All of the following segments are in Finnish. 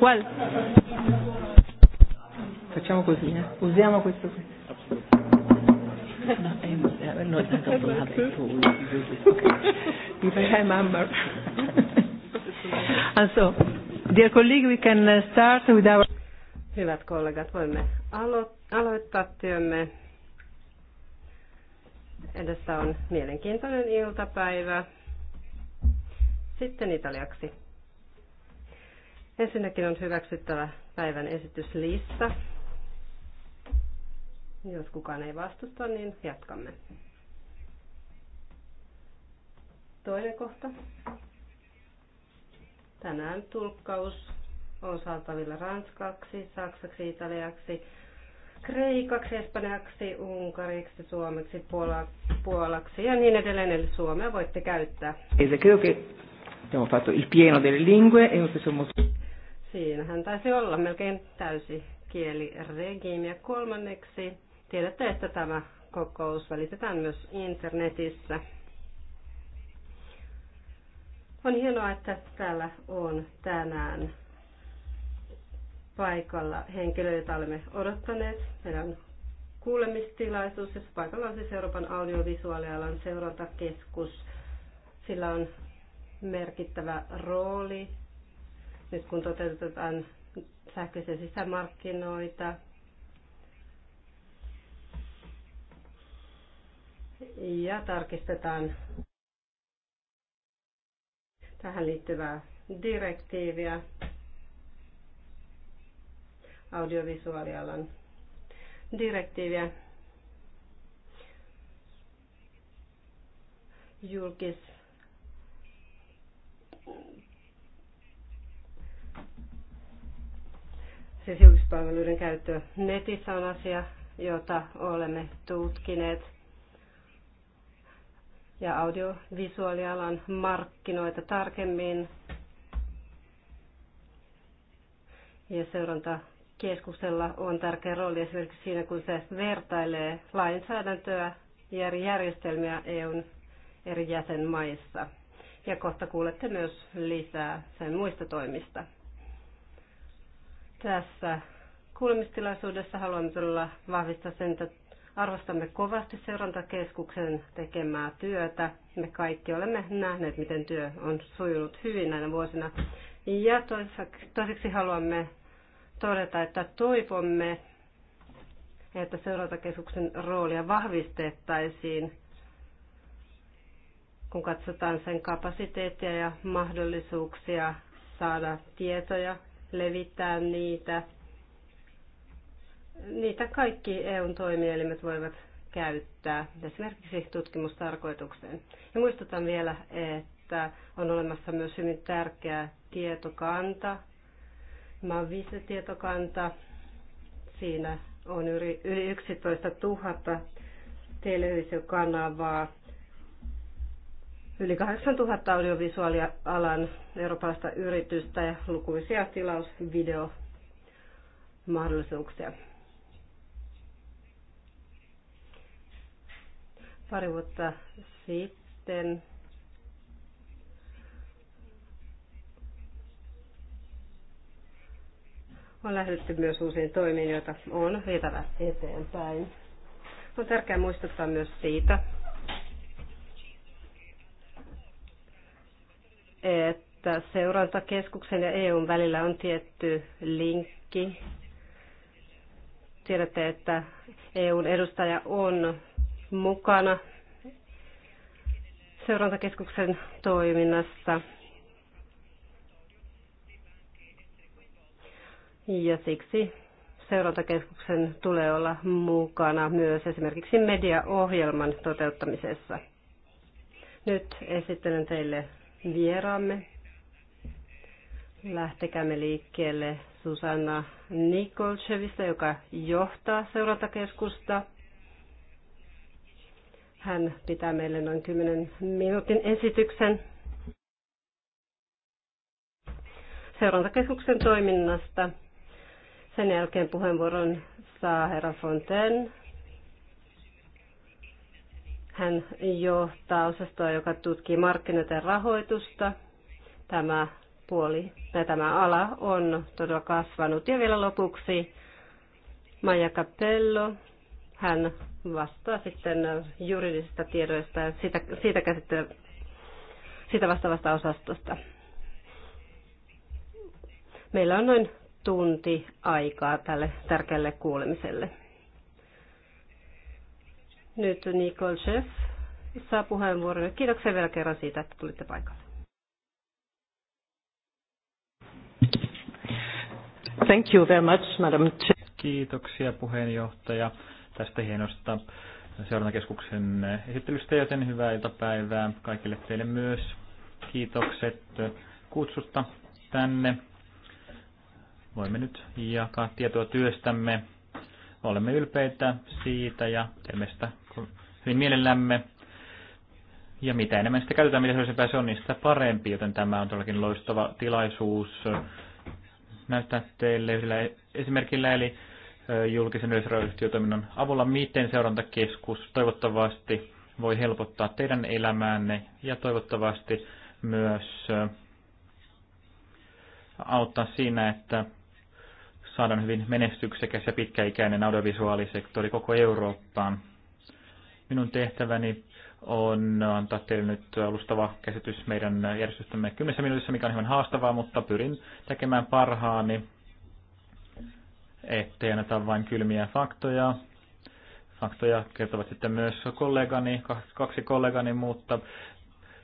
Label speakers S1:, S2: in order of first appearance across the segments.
S1: Well. Facciamo così, eh? usiamo questo qui. No, I, eh, no, I don't have it for okay. If I remember. and so, dear colleague, we can start with our...
S2: Hyvät kollegat, voimme alo- aloittaa työmme. Edessä on mielenkiintoinen iltapäivä. Sitten italiaksi. Ensinnäkin on hyväksyttävä päivän esityslista. Jos kukaan ei vastusta, niin jatkamme. Toinen kohta. Tänään tulkkaus on saatavilla ranskaksi, saksaksi, italiaksi, kreikaksi, espanjaksi, unkariksi, suomeksi, puola, puolaksi ja niin edelleen. Eli suomea voitte käyttää.
S1: creo che abbiamo fatto il pieno delle lingue e lo stesso
S2: modo. Siinähän taisi olla melkein täysi kieliregiimi. Ja kolmanneksi tiedätte, että tämä kokous välitetään myös internetissä. On hienoa, että täällä on tänään paikalla henkilöitä, joita olemme odottaneet. Meillä on kuulemistilaisuus, jossa paikalla on siis Euroopan audiovisuaalialan seurantakeskus. Sillä on merkittävä rooli nyt kun toteutetaan sähköisiä sisämarkkinoita. Ja tarkistetaan tähän liittyvää direktiiviä audiovisuaalialan direktiiviä julkis Siis käyttö netissä on asia, jota olemme tutkineet. Ja audiovisuaalialan markkinoita tarkemmin. Ja seurantakeskuksella on tärkeä rooli esimerkiksi siinä, kun se vertailee lainsäädäntöä ja eri järjestelmiä EUn eri jäsenmaissa. Ja kohta kuulette myös lisää sen muista toimista tässä kuulemistilaisuudessa haluamme todella vahvistaa sen, että arvostamme kovasti seurantakeskuksen tekemää työtä. Me kaikki olemme nähneet, miten työ on sujunut hyvin näinä vuosina. Ja toiseksi haluamme todeta, että toivomme, että seurantakeskuksen roolia vahvistettaisiin, kun katsotaan sen kapasiteettia ja mahdollisuuksia saada tietoja levittää niitä. Niitä kaikki EUn toimielimet voivat käyttää esimerkiksi tutkimustarkoitukseen. Ja muistutan vielä, että on olemassa myös hyvin tärkeä tietokanta, Mavise-tietokanta. Siinä on yli 11 000 televisiokanavaa yli 8000 audiovisuaalialan eurooppalaista yritystä ja lukuisia tilausvideomahdollisuuksia. Pari vuotta sitten on lähdetty myös uusiin toimiin, joita on vietävä eteenpäin. On tärkeää muistuttaa myös siitä, että seurantakeskuksen ja EUn välillä on tietty linkki. Tiedätte, että EUn edustaja on mukana seurantakeskuksen toiminnassa. Ja siksi seurantakeskuksen tulee olla mukana myös esimerkiksi mediaohjelman toteuttamisessa. Nyt esittelen teille vieraamme. Lähtekäämme liikkeelle Susanna Nikolchevista, joka johtaa seurantakeskusta. Hän pitää meille noin 10 minuutin esityksen seurantakeskuksen toiminnasta. Sen jälkeen puheenvuoron saa herra Fontaine hän johtaa osastoa, joka tutkii markkinoita ja rahoitusta. Tämä puoli tai tämä ala on todella kasvanut. Ja vielä lopuksi Maja Capello. Hän vastaa sitten juridisista tiedoista ja siitä, siitä, käsittää, siitä vastaavasta osastosta. Meillä on noin tunti aikaa tälle tärkeälle kuulemiselle. Nyt Nicole Chef saa puheenvuoron. Kiitoksia vielä kerran siitä, että tulitte paikalle.
S3: Thank you very much, Madam Kiitoksia puheenjohtaja tästä hienosta seurantakeskuksen esittelystä, joten hyvää iltapäivää kaikille teille myös. Kiitokset kutsusta tänne. Voimme nyt jakaa tietoa työstämme. Olemme ylpeitä siitä ja teemme sitä hyvin mielellämme. Ja mitä enemmän sitä käytetään, mitä hyödyllisempää se on, niin sitä parempi, joten tämä on todellakin loistava tilaisuus näyttää teille yhdellä e- esimerkillä, eli julkisen yleisradioyhtiötoiminnan avulla, miten seurantakeskus toivottavasti voi helpottaa teidän elämäänne ja toivottavasti myös auttaa siinä, että saadaan hyvin menestyksekäs ja pitkäikäinen audiovisuaalisektori koko Eurooppaan. Minun tehtäväni on antaa teille nyt alustava käsitys meidän järjestystämme 10 minuutissa, mikä on hieman haastavaa, mutta pyrin tekemään parhaani, ettei anneta vain kylmiä faktoja. Faktoja kertovat sitten myös kollegani, kaksi kollegani, mutta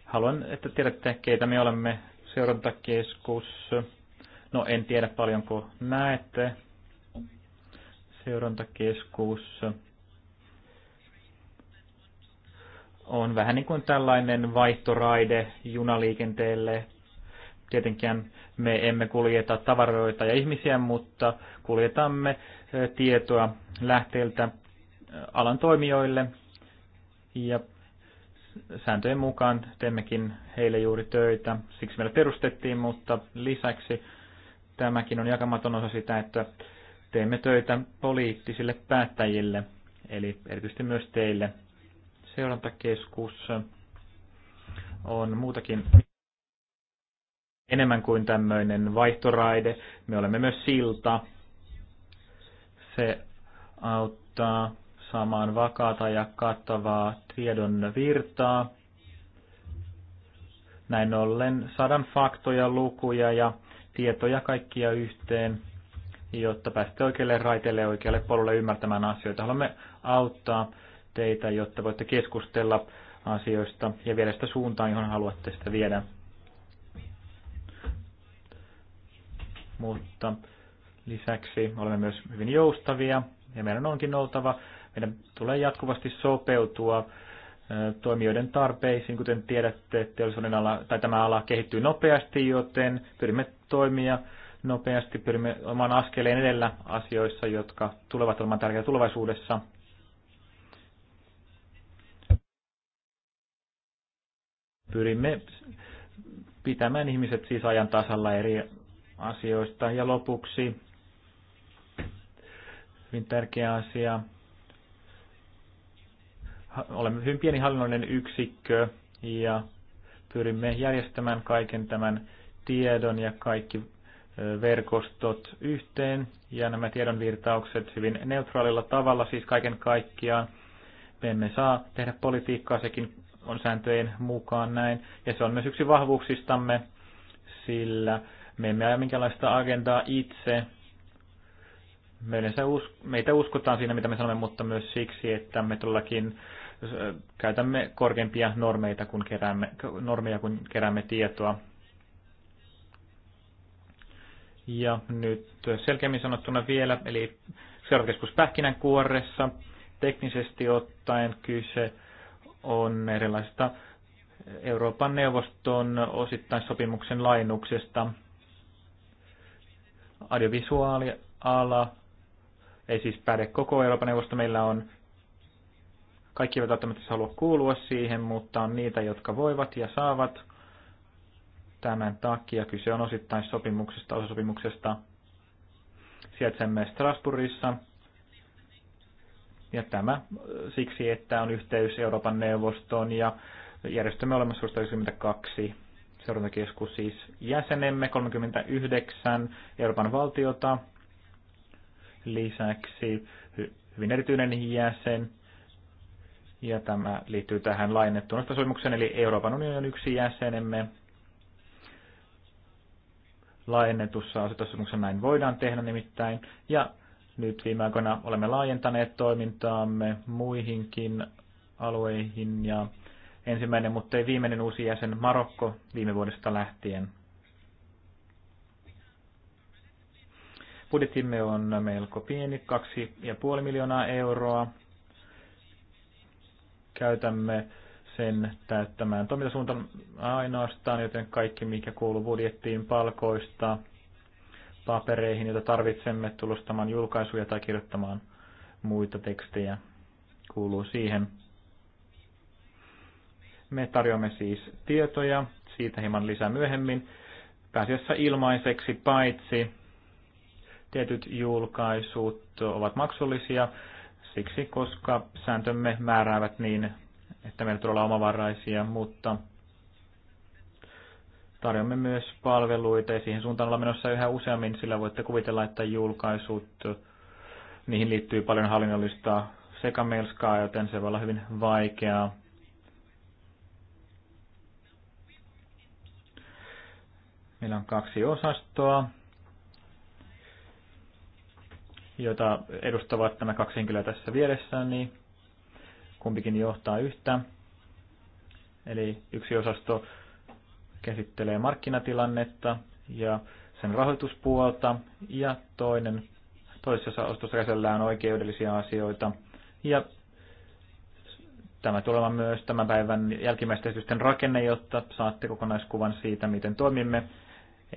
S3: haluan, että tiedätte, keitä me olemme. Seurantakeskus, no en tiedä paljonko näette. Seurantakeskus on vähän niin kuin tällainen vaihtoraide junaliikenteelle. Tietenkään me emme kuljeta tavaroita ja ihmisiä, mutta kuljetamme eh, tietoa lähteiltä eh, alan toimijoille ja sääntöjen mukaan teemmekin heille juuri töitä. Siksi meillä perustettiin, mutta lisäksi tämäkin on jakamaton osa sitä, että teemme töitä poliittisille päättäjille, eli erityisesti myös teille seurantakeskus on muutakin enemmän kuin tämmöinen vaihtoraide. Me olemme myös silta. Se auttaa saamaan vakaata ja kattavaa tiedon virtaa. Näin ollen sadan faktoja, lukuja ja tietoja kaikkia yhteen, jotta pääsette oikealle raiteelle ja oikealle polulle ymmärtämään asioita. Haluamme auttaa teitä, jotta voitte keskustella asioista ja viedä sitä suuntaan, johon haluatte sitä viedä. Mutta lisäksi olemme myös hyvin joustavia ja meidän onkin oltava, meidän tulee jatkuvasti sopeutua toimijoiden tarpeisiin. Kuten tiedätte, teollisuuden ala, tai tämä ala kehittyy nopeasti, joten pyrimme toimia nopeasti, pyrimme olemaan askeleen edellä asioissa, jotka tulevat olemaan tärkeitä tulevaisuudessa. Pyrimme pitämään ihmiset siis ajan tasalla eri asioista. Ja lopuksi hyvin tärkeä asia. Olemme hyvin pieni hallinnollinen yksikkö ja pyrimme järjestämään kaiken tämän tiedon ja kaikki verkostot yhteen ja nämä tiedonvirtaukset hyvin neutraalilla tavalla, siis kaiken kaikkiaan. Me emme saa tehdä politiikkaa, sekin on sääntöjen mukaan näin. Ja se on myös yksi vahvuuksistamme, sillä me emme aja minkälaista agendaa itse. Me meitä uskotaan siinä, mitä me sanomme, mutta myös siksi, että me todellakin käytämme korkeampia normeita, kun keräämme, normeja, kun keräämme tietoa. Ja nyt selkeämmin sanottuna vielä, eli seurakeskus Pähkinänkuoressa teknisesti ottaen kyse on erilaisista Euroopan neuvoston osittain sopimuksen lainuksesta. Audiovisuaaliala ei siis päde koko Euroopan neuvosto. Meillä on kaikki eivät välttämättä siis halua kuulua siihen, mutta on niitä, jotka voivat ja saavat. Tämän takia kyse on osittain sopimuksesta, osasopimuksesta. Sijaitsemme Strasbourgissa, ja tämä äh, siksi, että on yhteys Euroopan neuvostoon ja järjestömme olemassa 92 seurantakeskus siis jäsenemme, 39 Euroopan valtiota, lisäksi hyvin erityinen jäsen, ja tämä liittyy tähän lainettuun sopimukseen, eli Euroopan unionin yksi jäsenemme. Laajennetussa asetussopimuksessa näin voidaan tehdä nimittäin, ja nyt viime aikoina olemme laajentaneet toimintaamme muihinkin alueihin ja ensimmäinen, mutta ei viimeinen uusi jäsen Marokko viime vuodesta lähtien. Budjettimme on melko pieni, 2,5 miljoonaa euroa. Käytämme sen täyttämään toimintasuuntaan ainoastaan, joten kaikki mikä kuuluu budjettiin palkoista, papereihin, joita tarvitsemme tulostamaan julkaisuja tai kirjoittamaan muita tekstejä. Kuuluu siihen. Me tarjoamme siis tietoja, siitä hieman lisää myöhemmin, pääasiassa ilmaiseksi, paitsi tietyt julkaisut ovat maksullisia, siksi koska sääntömme määräävät niin, että meillä tulee olla omavaraisia, mutta tarjoamme myös palveluita ja siihen suuntaan ollaan menossa yhä useammin, sillä voitte kuvitella, että julkaisut, niihin liittyy paljon hallinnollista sekamelskaa, joten se voi olla hyvin vaikeaa. Meillä on kaksi osastoa, joita edustavat nämä kaksi henkilöä tässä vieressä, niin kumpikin johtaa yhtä. Eli yksi osasto käsittelee markkinatilannetta ja sen rahoituspuolta ja toinen, toisessa ostossa käsitellään oikeudellisia asioita ja tämä tulee myös tämän päivän jälkimmäisten rakenne, jotta saatte kokonaiskuvan siitä, miten toimimme.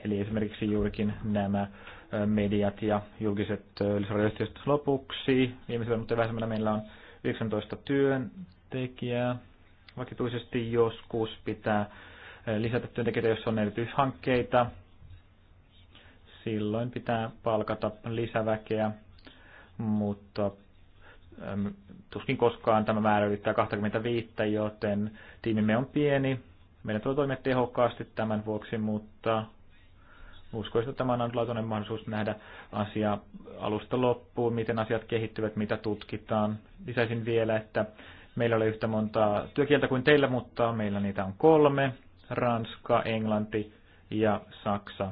S3: Eli esimerkiksi juurikin nämä mediat ja julkiset lisäradioyhtiöt lopuksi. Viimeisellä, mutta vähemmällä meillä on 19 työntekijää. Vakituisesti joskus pitää lisätä työntekijöitä, jos on erityishankkeita. Silloin pitää palkata lisäväkeä, mutta tuskin koskaan tämä määrä ylittää 25, joten tiimimme on pieni. Meidän tulee toimia tehokkaasti tämän vuoksi, mutta uskoisin, että tämä on ainutlaatuinen mahdollisuus nähdä asia alusta loppuun, miten asiat kehittyvät, mitä tutkitaan. Lisäisin vielä, että meillä oli yhtä montaa työkieltä kuin teillä, mutta meillä niitä on kolme. Ranska, Englanti ja Saksa.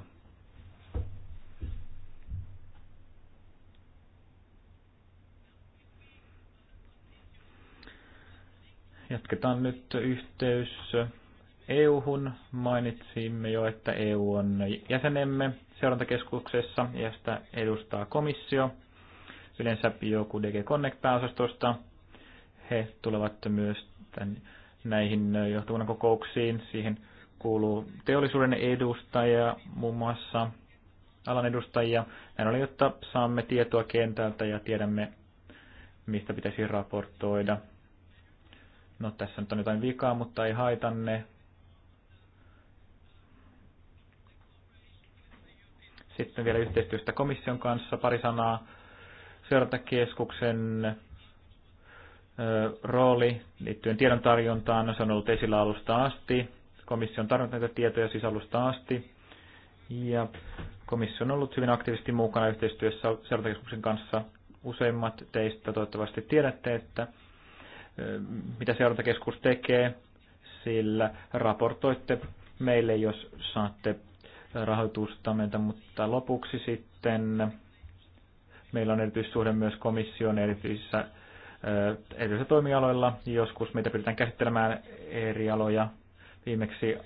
S3: Jatketaan nyt yhteys EU-hun. Mainitsimme jo, että EU on jäsenemme seurantakeskuksessa ja sitä edustaa komissio. Yleensä joku DG Connect-pääosastosta. He tulevat myös tämän, näihin johtuvan kokouksiin, siihen kuuluu teollisuuden edustajia, muun muassa alan edustajia. Näin oli, jotta saamme tietoa kentältä ja tiedämme, mistä pitäisi raportoida. No tässä nyt on jotain vikaa, mutta ei haitanne. Sitten vielä yhteistyöstä komission kanssa pari sanaa. Seurantakeskuksen rooli liittyen tiedon tarjontaan, no, se on ollut esillä alusta asti. Komissio on tarjonnut näitä tietoja sisällusta asti. Ja komissio on ollut hyvin aktiivisesti mukana yhteistyössä seurantakeskuksen kanssa. Useimmat teistä toivottavasti tiedätte, että mitä seurantakeskus tekee, sillä raportoitte meille, jos saatte rahoitusta meiltä, mutta lopuksi sitten meillä on erityissuhde myös komission erityisissä erityisissä toimialoilla. Joskus meitä pyritään käsittelemään eri aloja Viimeksi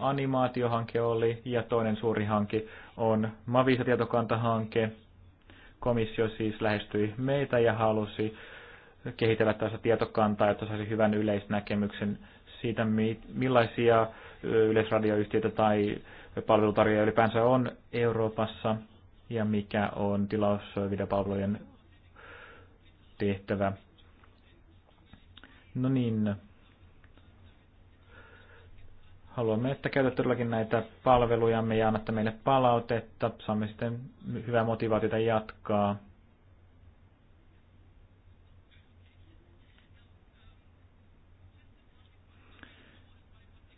S3: animaatiohanke oli ja toinen suuri hanke on Mavisa-tietokantahanke. Komissio siis lähestyi meitä ja halusi kehitellä tässä tietokantaa, jotta saisi hyvän yleisnäkemyksen siitä, millaisia yleisradioyhtiöitä tai palvelutarjoja ylipäänsä on Euroopassa ja mikä on tilausvideopalvelujen tehtävä. No niin, haluamme, että käytätte todellakin näitä palveluja ja annatte meille palautetta. Saamme sitten hyvää motivaatiota jatkaa.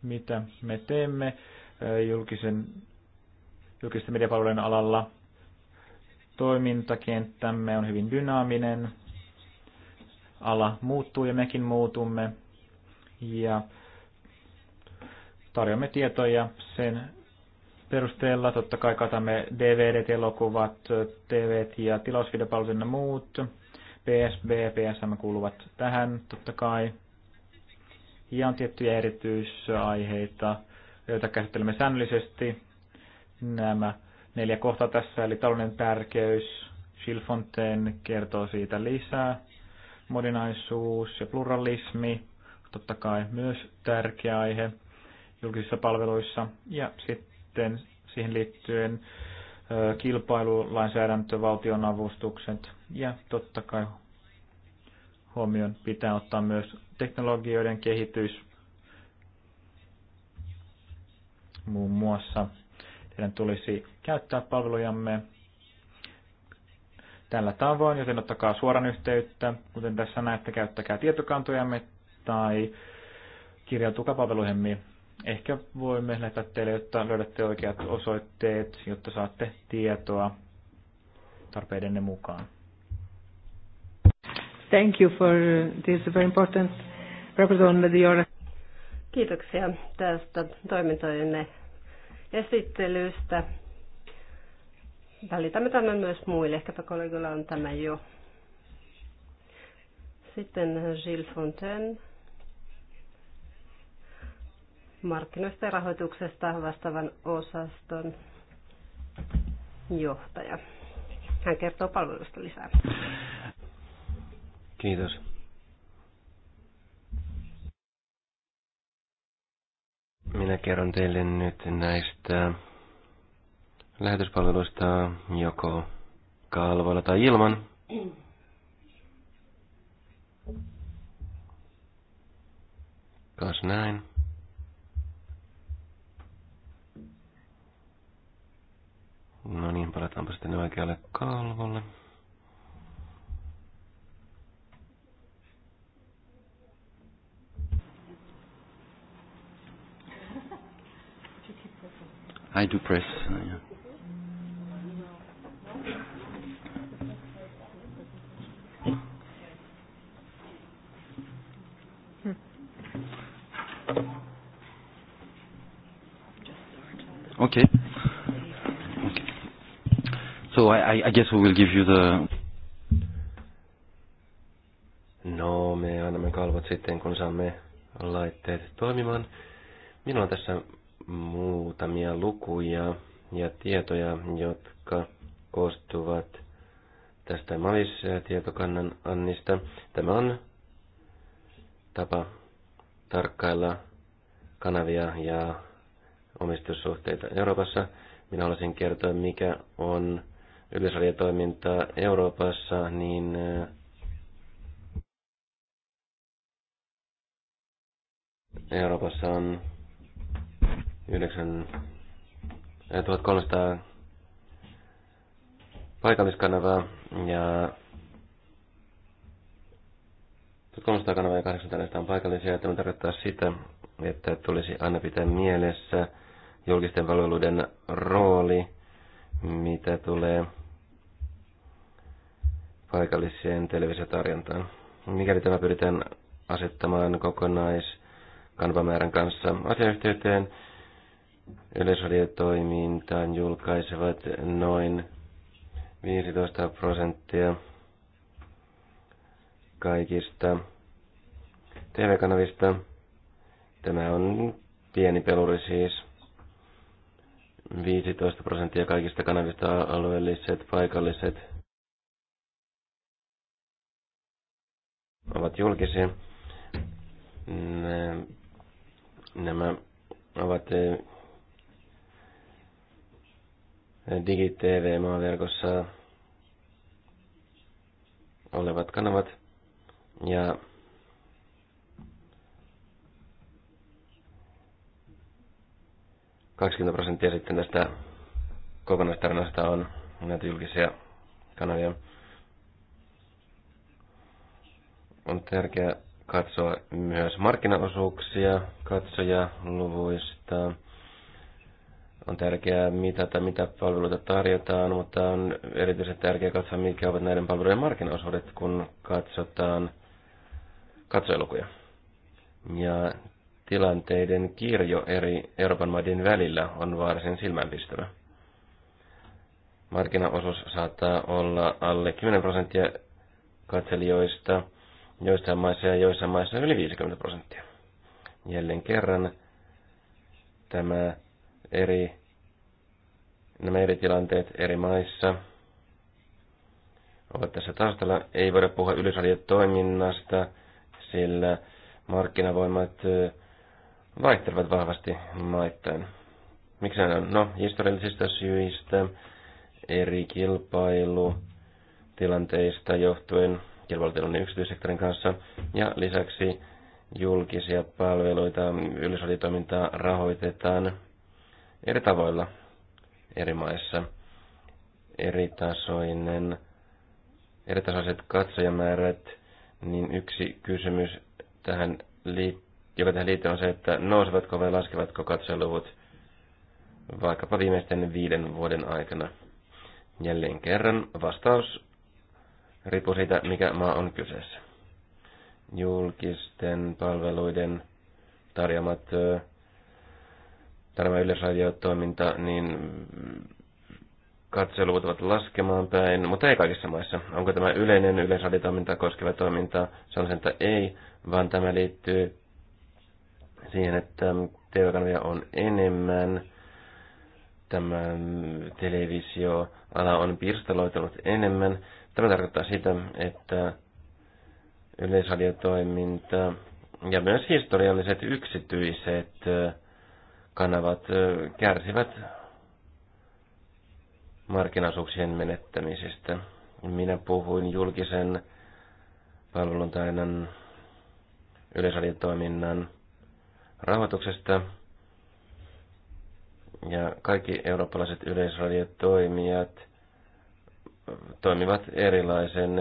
S3: Mitä me teemme äh, julkisen, julkisten mediapalvelujen alalla? Toimintakenttämme on hyvin dynaaminen. Ala muuttuu ja mekin muutumme. Ja tarjoamme tietoja sen perusteella. Totta kai katamme DVD-elokuvat, TV- ja tilausvideopalvelut ja muut. PSB ja PSM kuuluvat tähän totta kai. Ja on tiettyjä erityisaiheita, joita käsittelemme säännöllisesti. Nämä neljä kohtaa tässä, eli talouden tärkeys, Schilfonteen kertoo siitä lisää, modinaisuus ja pluralismi, totta kai myös tärkeä aihe julkisissa palveluissa ja sitten siihen liittyen kilpailulainsäädäntö, valtionavustukset ja totta kai huomioon pitää ottaa myös teknologioiden kehitys, muun muassa teidän tulisi käyttää palvelujamme tällä tavoin, joten ottakaa suoran yhteyttä, kuten tässä näette, käyttäkää tietokantojamme tai kirjautukaa palveluihin Ehkä voimme lähettää teille, jotta löydätte oikeat osoitteet, jotta saatte tietoa tarpeidenne mukaan.
S1: Thank you for this very important
S2: Kiitoksia tästä toimintojenne esittelystä. Välitämme tämän myös muille. Ehkäpä kollegoilla on tämä jo. Sitten Gilles Fontaine markkinoista ja rahoituksesta vastaavan osaston johtaja. Hän kertoo palveluista lisää.
S4: Kiitos. Minä kerron teille nyt näistä lähetyspalveluista joko kalvoilla tai ilman. Kas näin. No niin, palataanpa sitten oikealle kalvolle. I do press. Hmm. Okay. So I, I guess we will give you the... No, me annamme kalvot sitten, kun saamme laitteet toimimaan. Minulla on tässä muutamia lukuja ja tietoja, jotka koostuvat tästä MAVIS-tietokannan annista. Tämä on tapa tarkkailla kanavia ja omistussuhteita Euroopassa. Minä haluaisin kertoa, mikä on yleisradiotoimintaa Euroopassa, niin äh, Euroopassa on 9, 1300 äh, paikalliskanavaa ja 1300 kanavaa ja 800 on paikallisia. Tämä tarkoittaa sitä, että tulisi aina pitää mielessä julkisten palveluiden rooli, mitä tulee paikalliseen televisiotarjontaan. Mikäli tämä pyritään asettamaan kokonaiskanvamäärän kanssa asiayhteyteen, yleisradiotoimintaan julkaisevat noin 15 prosenttia kaikista TV-kanavista. Tämä on pieni peluri siis. 15 prosenttia kaikista kanavista alueelliset, paikalliset ovat julkisia. Nämä ovat eh, digitv-maaverkossa olevat kanavat ja Kaksikymmentä prosenttia sitten tästä kokonaistarinasta on näitä julkisia kanavia. On tärkeää katsoa myös markkinaosuuksia katsojaluvuista. On tärkeää mitata, mitä palveluita tarjotaan, mutta on erityisen tärkeää katsoa, mitkä ovat näiden palvelujen markkinaosuudet, kun katsotaan katsojalukuja. Ja tilanteiden kirjo eri Euroopan maiden välillä on varsin silmänpistävä. Markkinaosuus saattaa olla alle 10 prosenttia katselijoista – joissain maissa ja joissain maissa yli 50 prosenttia. Jälleen kerran tämä eri, nämä eri tilanteet eri maissa ovat tässä taustalla. Ei voida puhua yleisradiotoiminnasta, sillä markkinavoimat vaihtelevat vahvasti maittain. Miksi näin on? No, historiallisista syistä, eri kilpailutilanteista johtuen – kilpailutilanne yksityissektorin kanssa. Ja lisäksi julkisia palveluita, yleisradiotoimintaa rahoitetaan eri tavoilla eri maissa. Eritasoinen, eritasoiset katsojamäärät, niin yksi kysymys tähän liittyy joka tähän liittyy on se, että nousevatko vai laskevatko katsojaluvut vaikkapa viimeisten viiden vuoden aikana. Jälleen kerran vastaus riippuu siitä, mikä maa on kyseessä. Julkisten palveluiden tarjoamat tämä yleisradiotoiminta, niin katseluvut ovat laskemaan päin, mutta ei kaikissa maissa. Onko tämä yleinen yleisradiotoiminta koskeva toiminta? Sanoisin, että ei, vaan tämä liittyy siihen, että TV-kanavia on enemmän. Tämä televisioala on pirstaloitunut enemmän Tämä tarkoittaa sitä, että yleisradiotoiminta ja myös historialliset yksityiset kanavat kärsivät markkinasuuksien menettämisestä. Minä puhuin julkisen palveluntainan yleisradiotoiminnan rahoituksesta ja kaikki eurooppalaiset yleisradiotoimijat toimivat erilaisen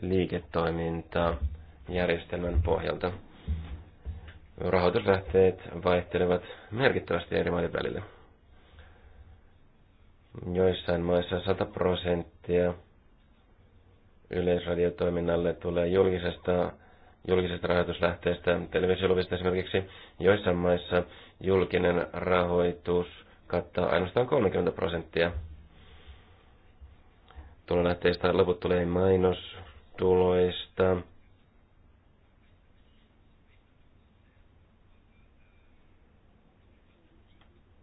S4: liiketoimintajärjestelmän pohjalta. Rahoituslähteet vaihtelevat merkittävästi eri maiden välillä. Joissain maissa 100 prosenttia yleisradiotoiminnalle tulee julkisesta, julkisesta rahoituslähteestä, televisioluvista esimerkiksi. Joissain maissa julkinen rahoitus kattaa ainoastaan 30 prosenttia tulolähteistä, loput tulee mainostuloista.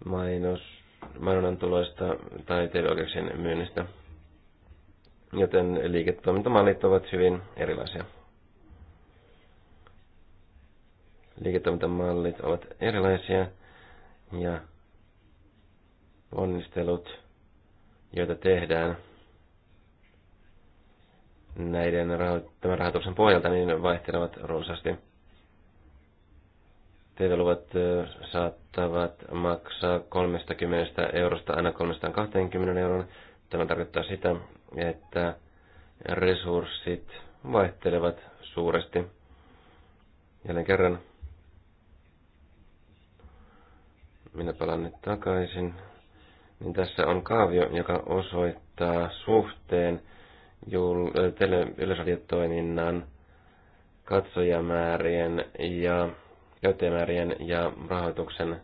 S4: Mainos, mainonnan tuloista tai TV-oikeuksien myynnistä. Joten liiketoimintamallit ovat hyvin erilaisia. Liiketoimintamallit ovat erilaisia ja ponnistelut, joita tehdään – näiden raho- tämän rahoituksen pohjalta, niin vaihtelevat runsaasti. TV-luvat saattavat maksaa 30 eurosta aina 320 euron. Tämä tarkoittaa sitä, että resurssit vaihtelevat suuresti. Jälleen kerran minä palaan nyt takaisin. Niin tässä on kaavio, joka osoittaa suhteen juul, tele, yleisradiotoiminnan katsojamäärien ja käyttäjämäärien ja rahoituksen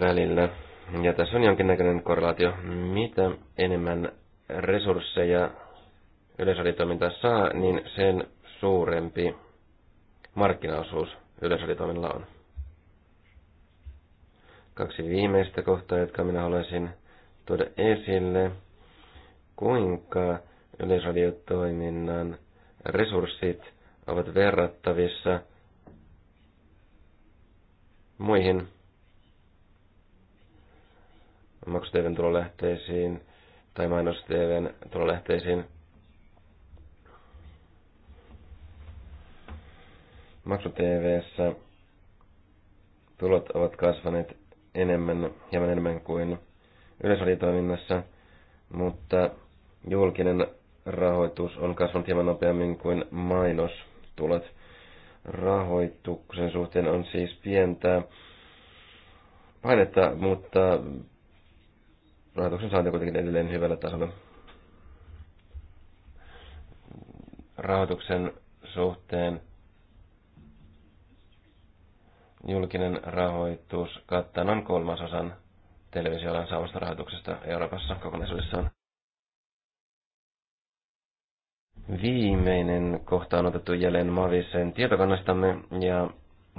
S4: välillä. Ja tässä on jonkinnäköinen korrelaatio. Mitä enemmän resursseja yleisradiotoiminta saa, niin sen suurempi markkinaosuus yleisradiotoiminnalla on. Kaksi viimeistä kohtaa, jotka minä haluaisin tuoda esille kuinka yleisradiotoiminnan resurssit ovat verrattavissa muihin maksuteven tulolähteisiin tai mainosteven tulolähteisiin. Maksutvssä tulot ovat kasvaneet enemmän, hieman enemmän kuin yleisradiotoiminnassa, mutta Julkinen rahoitus on kasvanut hieman nopeammin kuin mainostulot. Rahoituksen suhteen on siis pientä painetta, mutta rahoituksen saanti on kuitenkin edelleen hyvällä tasolla. Rahoituksen suhteen julkinen rahoitus kattaa noin kolmasosan televisioalan saamasta rahoituksesta Euroopassa kokonaisuudessaan. Viimeinen kohta on otettu jälleen Mavisen tietokannastamme ja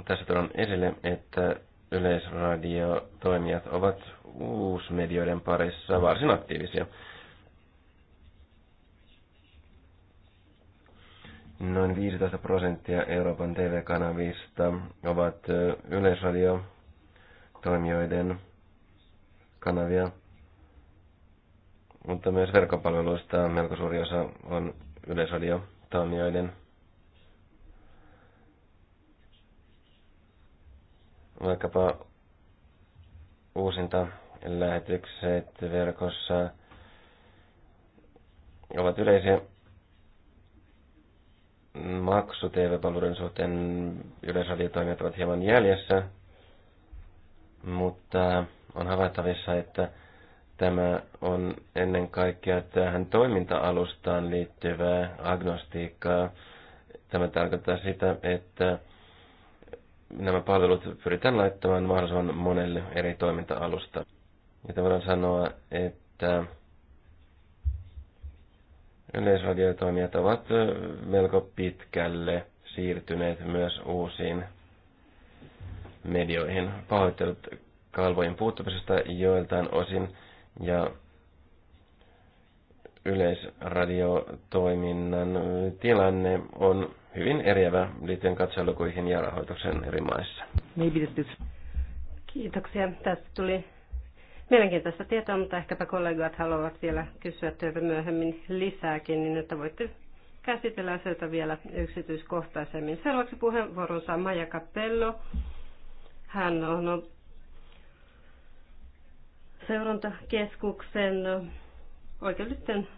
S4: tässä tuon esille, että yleisradiotoimijat ovat uusmedioiden parissa varsin aktiivisia. Noin 15 prosenttia Euroopan TV-kanavista ovat yleisradiotoimijoiden kanavia, mutta myös verkkopalveluista melko suuri osa on Yleisradio toimijoiden vaikkapa uusinta lähetykset verkossa ovat yleisiä maksu TV-palveluiden suhteen yleisradiotoimijat ovat hieman jäljessä, mutta on havaittavissa, että Tämä on ennen kaikkea tähän toiminta-alustaan liittyvää agnostiikkaa. Tämä tarkoittaa sitä, että nämä palvelut pyritään laittamaan mahdollisimman monelle eri toiminta-alusta. Ja voidaan sanoa, että yleisradiotoimijat ovat melko pitkälle siirtyneet myös uusiin medioihin. Pahoittelut kalvojen puuttumisesta joiltain osin ja yleisradiotoiminnan tilanne on hyvin eriävä liittyen katselukuihin ja rahoituksen eri
S1: maissa.
S2: Kiitoksia. Tästä tuli mielenkiintoista tietoa, mutta ehkäpä kollegat haluavat vielä kysyä työtä myöhemmin lisääkin, niin että voitte käsitellä asioita vielä yksityiskohtaisemmin. Seuraavaksi puheenvuoron saa Maja Capello. Hän on seurantakeskuksen oikeudellisten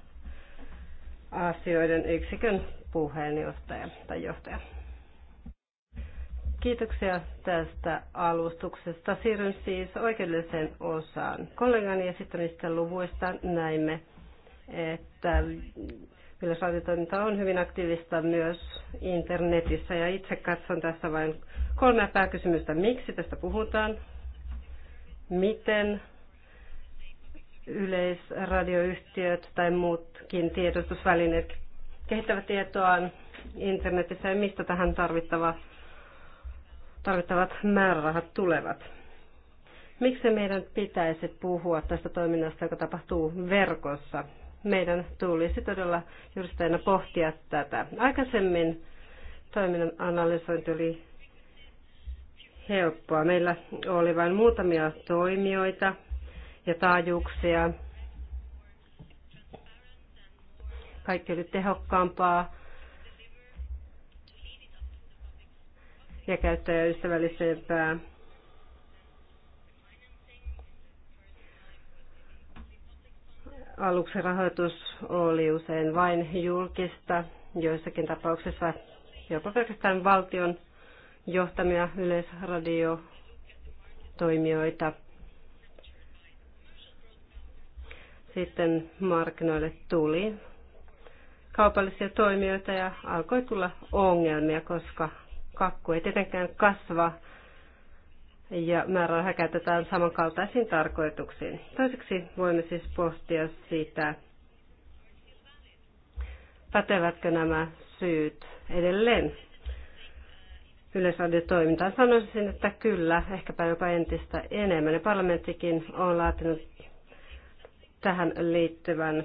S2: asioiden yksikön puheenjohtaja tai johtaja. Kiitoksia tästä alustuksesta. Siirryn siis oikeudelliseen osaan. Kollegani esittämistä luvuista näimme, että yleisradiotoiminta on hyvin aktiivista myös internetissä. Ja itse katson tässä vain kolmea pääkysymystä. Miksi tästä puhutaan? Miten yleisradioyhtiöt tai muutkin tiedotusvälineet kehittävät tietoaan internetissä ja mistä tähän tarvittava, tarvittavat määrärahat tulevat. Miksi meidän pitäisi puhua tästä toiminnasta, joka tapahtuu verkossa? Meidän tulisi todella juristajana pohtia tätä. Aikaisemmin toiminnan analysointi oli helppoa. Meillä oli vain muutamia toimijoita, ja taajuuksia. Kaikki oli tehokkaampaa ja käyttäjäystävällisempää. Aluksi rahoitus oli usein vain julkista, joissakin tapauksissa jopa pelkästään valtion johtamia yleisradiotoimijoita – sitten markkinoille tuli kaupallisia toimijoita ja alkoi tulla ongelmia, koska kakku ei tietenkään kasva ja määräraha käytetään samankaltaisiin tarkoituksiin. Toiseksi voimme siis pohtia sitä, pätevätkö nämä syyt edelleen yleisradiotoimintaan. Sanoisin, että kyllä, ehkäpä jopa entistä enemmän. Ja parlamenttikin on laatinut tähän liittyvän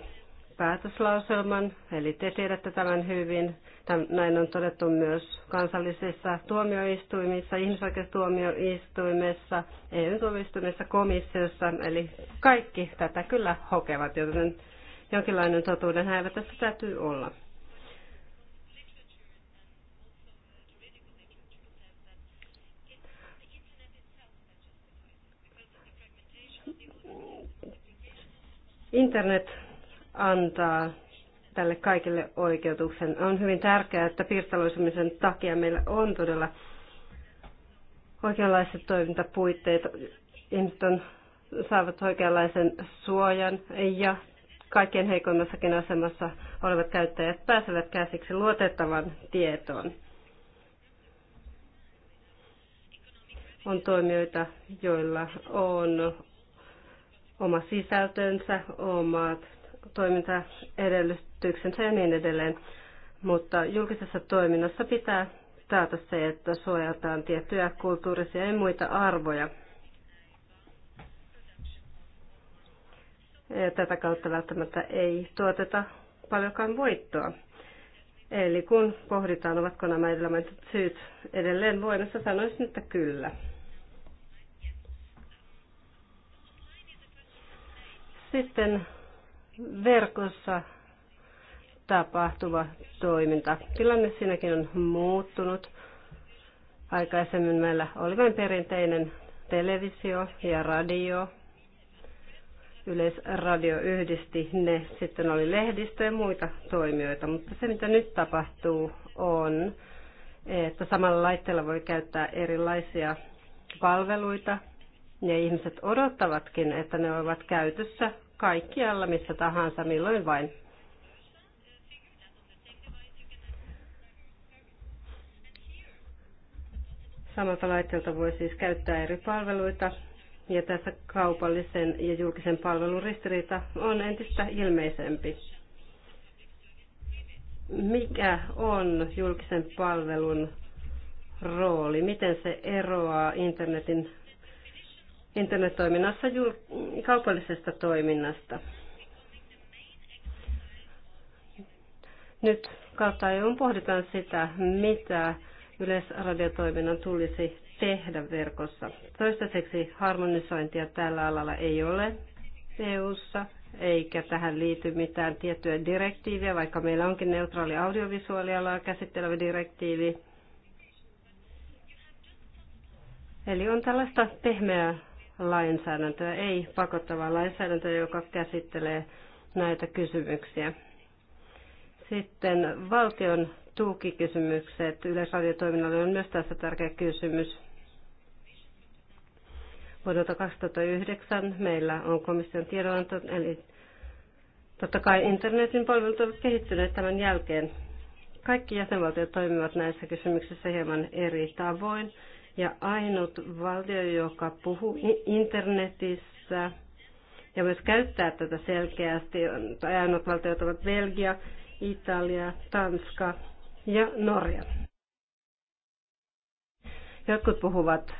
S2: päätöslauselman, eli te tiedätte tämän hyvin. Täm, näin on todettu myös kansallisissa tuomioistuimissa, ihmisoikeustuomioistuimessa, EU-tuomioistuimessa, komissiossa, eli kaikki tätä kyllä hokevat, joten jonkinlainen totuuden häivä tässä täytyy olla. Internet antaa tälle kaikille oikeutuksen. On hyvin tärkeää, että pirstaloisemisen takia meillä on todella oikeanlaiset toimintapuitteet. Ihmiset on, saavat oikeanlaisen suojan ja kaikkien heikoimmassakin asemassa olevat käyttäjät pääsevät käsiksi luotettavan tietoon. On toimijoita, joilla on oma sisältönsä, omat toimintaedellytyksensä ja niin edelleen. Mutta julkisessa toiminnassa pitää taata se, että suojataan tiettyjä kulttuurisia ja muita arvoja. Ja tätä kautta välttämättä ei tuoteta paljonkaan voittoa. Eli kun pohditaan, ovatko nämä edellä mainitut syyt edelleen voimassa, sanoisin, että kyllä. Sitten verkossa tapahtuva toiminta. Tilanne siinäkin on muuttunut. Aikaisemmin meillä oli vain perinteinen televisio ja radio. Yleisradio yhdisti ne. Sitten oli lehdistö ja muita toimijoita. Mutta se, mitä nyt tapahtuu, on, että samalla laitteella voi käyttää erilaisia palveluita – ne ihmiset odottavatkin, että ne ovat käytössä kaikkialla, missä tahansa, milloin vain. Samalta laitteelta voi siis käyttää eri palveluita, ja tässä kaupallisen ja julkisen palvelun ristiriita on entistä ilmeisempi. Mikä on julkisen palvelun rooli? Miten se eroaa internetin internettoiminnassa kaupallisesta toiminnasta. Nyt kautta EUn pohditaan sitä, mitä yleisradiotoiminnan tulisi tehdä verkossa. Toistaiseksi harmonisointia tällä alalla ei ole EUssa, eikä tähän liity mitään tiettyä direktiiviä, vaikka meillä onkin neutraali audiovisuaalialaa käsittelevä direktiivi. Eli on tällaista pehmeää lainsäädäntöä, ei pakottavaa lainsäädäntöä, joka käsittelee näitä kysymyksiä. Sitten valtion tukikysymykset yleisradiotoiminnalle on myös tässä tärkeä kysymys. Vuodelta 2009 meillä on komission tiedonanto, eli totta kai internetin palvelut ovat kehittyneet tämän jälkeen. Kaikki jäsenvaltiot toimivat näissä kysymyksissä hieman eri tavoin ja ainut valtio, joka puhuu internetissä ja myös käyttää tätä selkeästi, tai ainut valtiot ovat Belgia, Italia, Tanska ja Norja. Jotkut puhuvat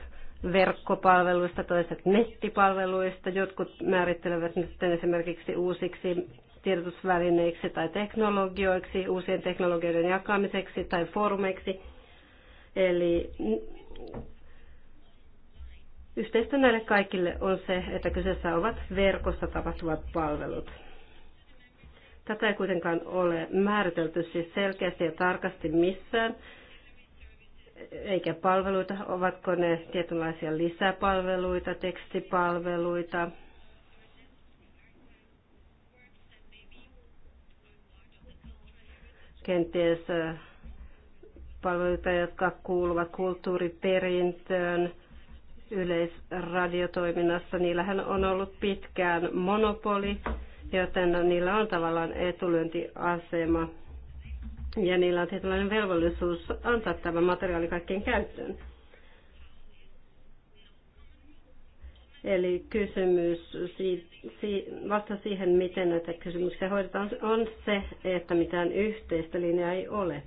S2: verkkopalveluista, toiset nettipalveluista, jotkut määrittelevät nyt esimerkiksi uusiksi tiedotusvälineiksi tai teknologioiksi, uusien teknologioiden jakamiseksi tai foorumeiksi. Eli Yhteistä näille kaikille on se, että kyseessä ovat verkossa tapahtuvat palvelut. Tätä ei kuitenkaan ole määritelty siis selkeästi ja tarkasti missään, eikä palveluita, ovatko ne tietynlaisia lisäpalveluita, tekstipalveluita. Kenties palveluita, jotka kuuluvat kulttuuriperintöön yleisradiotoiminnassa. Niillähän on ollut pitkään monopoli, joten niillä on tavallaan etulyöntiasema. Ja niillä on tietynlainen velvollisuus antaa tämä materiaali kaikkien käyttöön. Eli kysymys vasta siihen, miten näitä kysymyksiä hoidetaan, on se, että mitään yhteistä linjaa ei ole.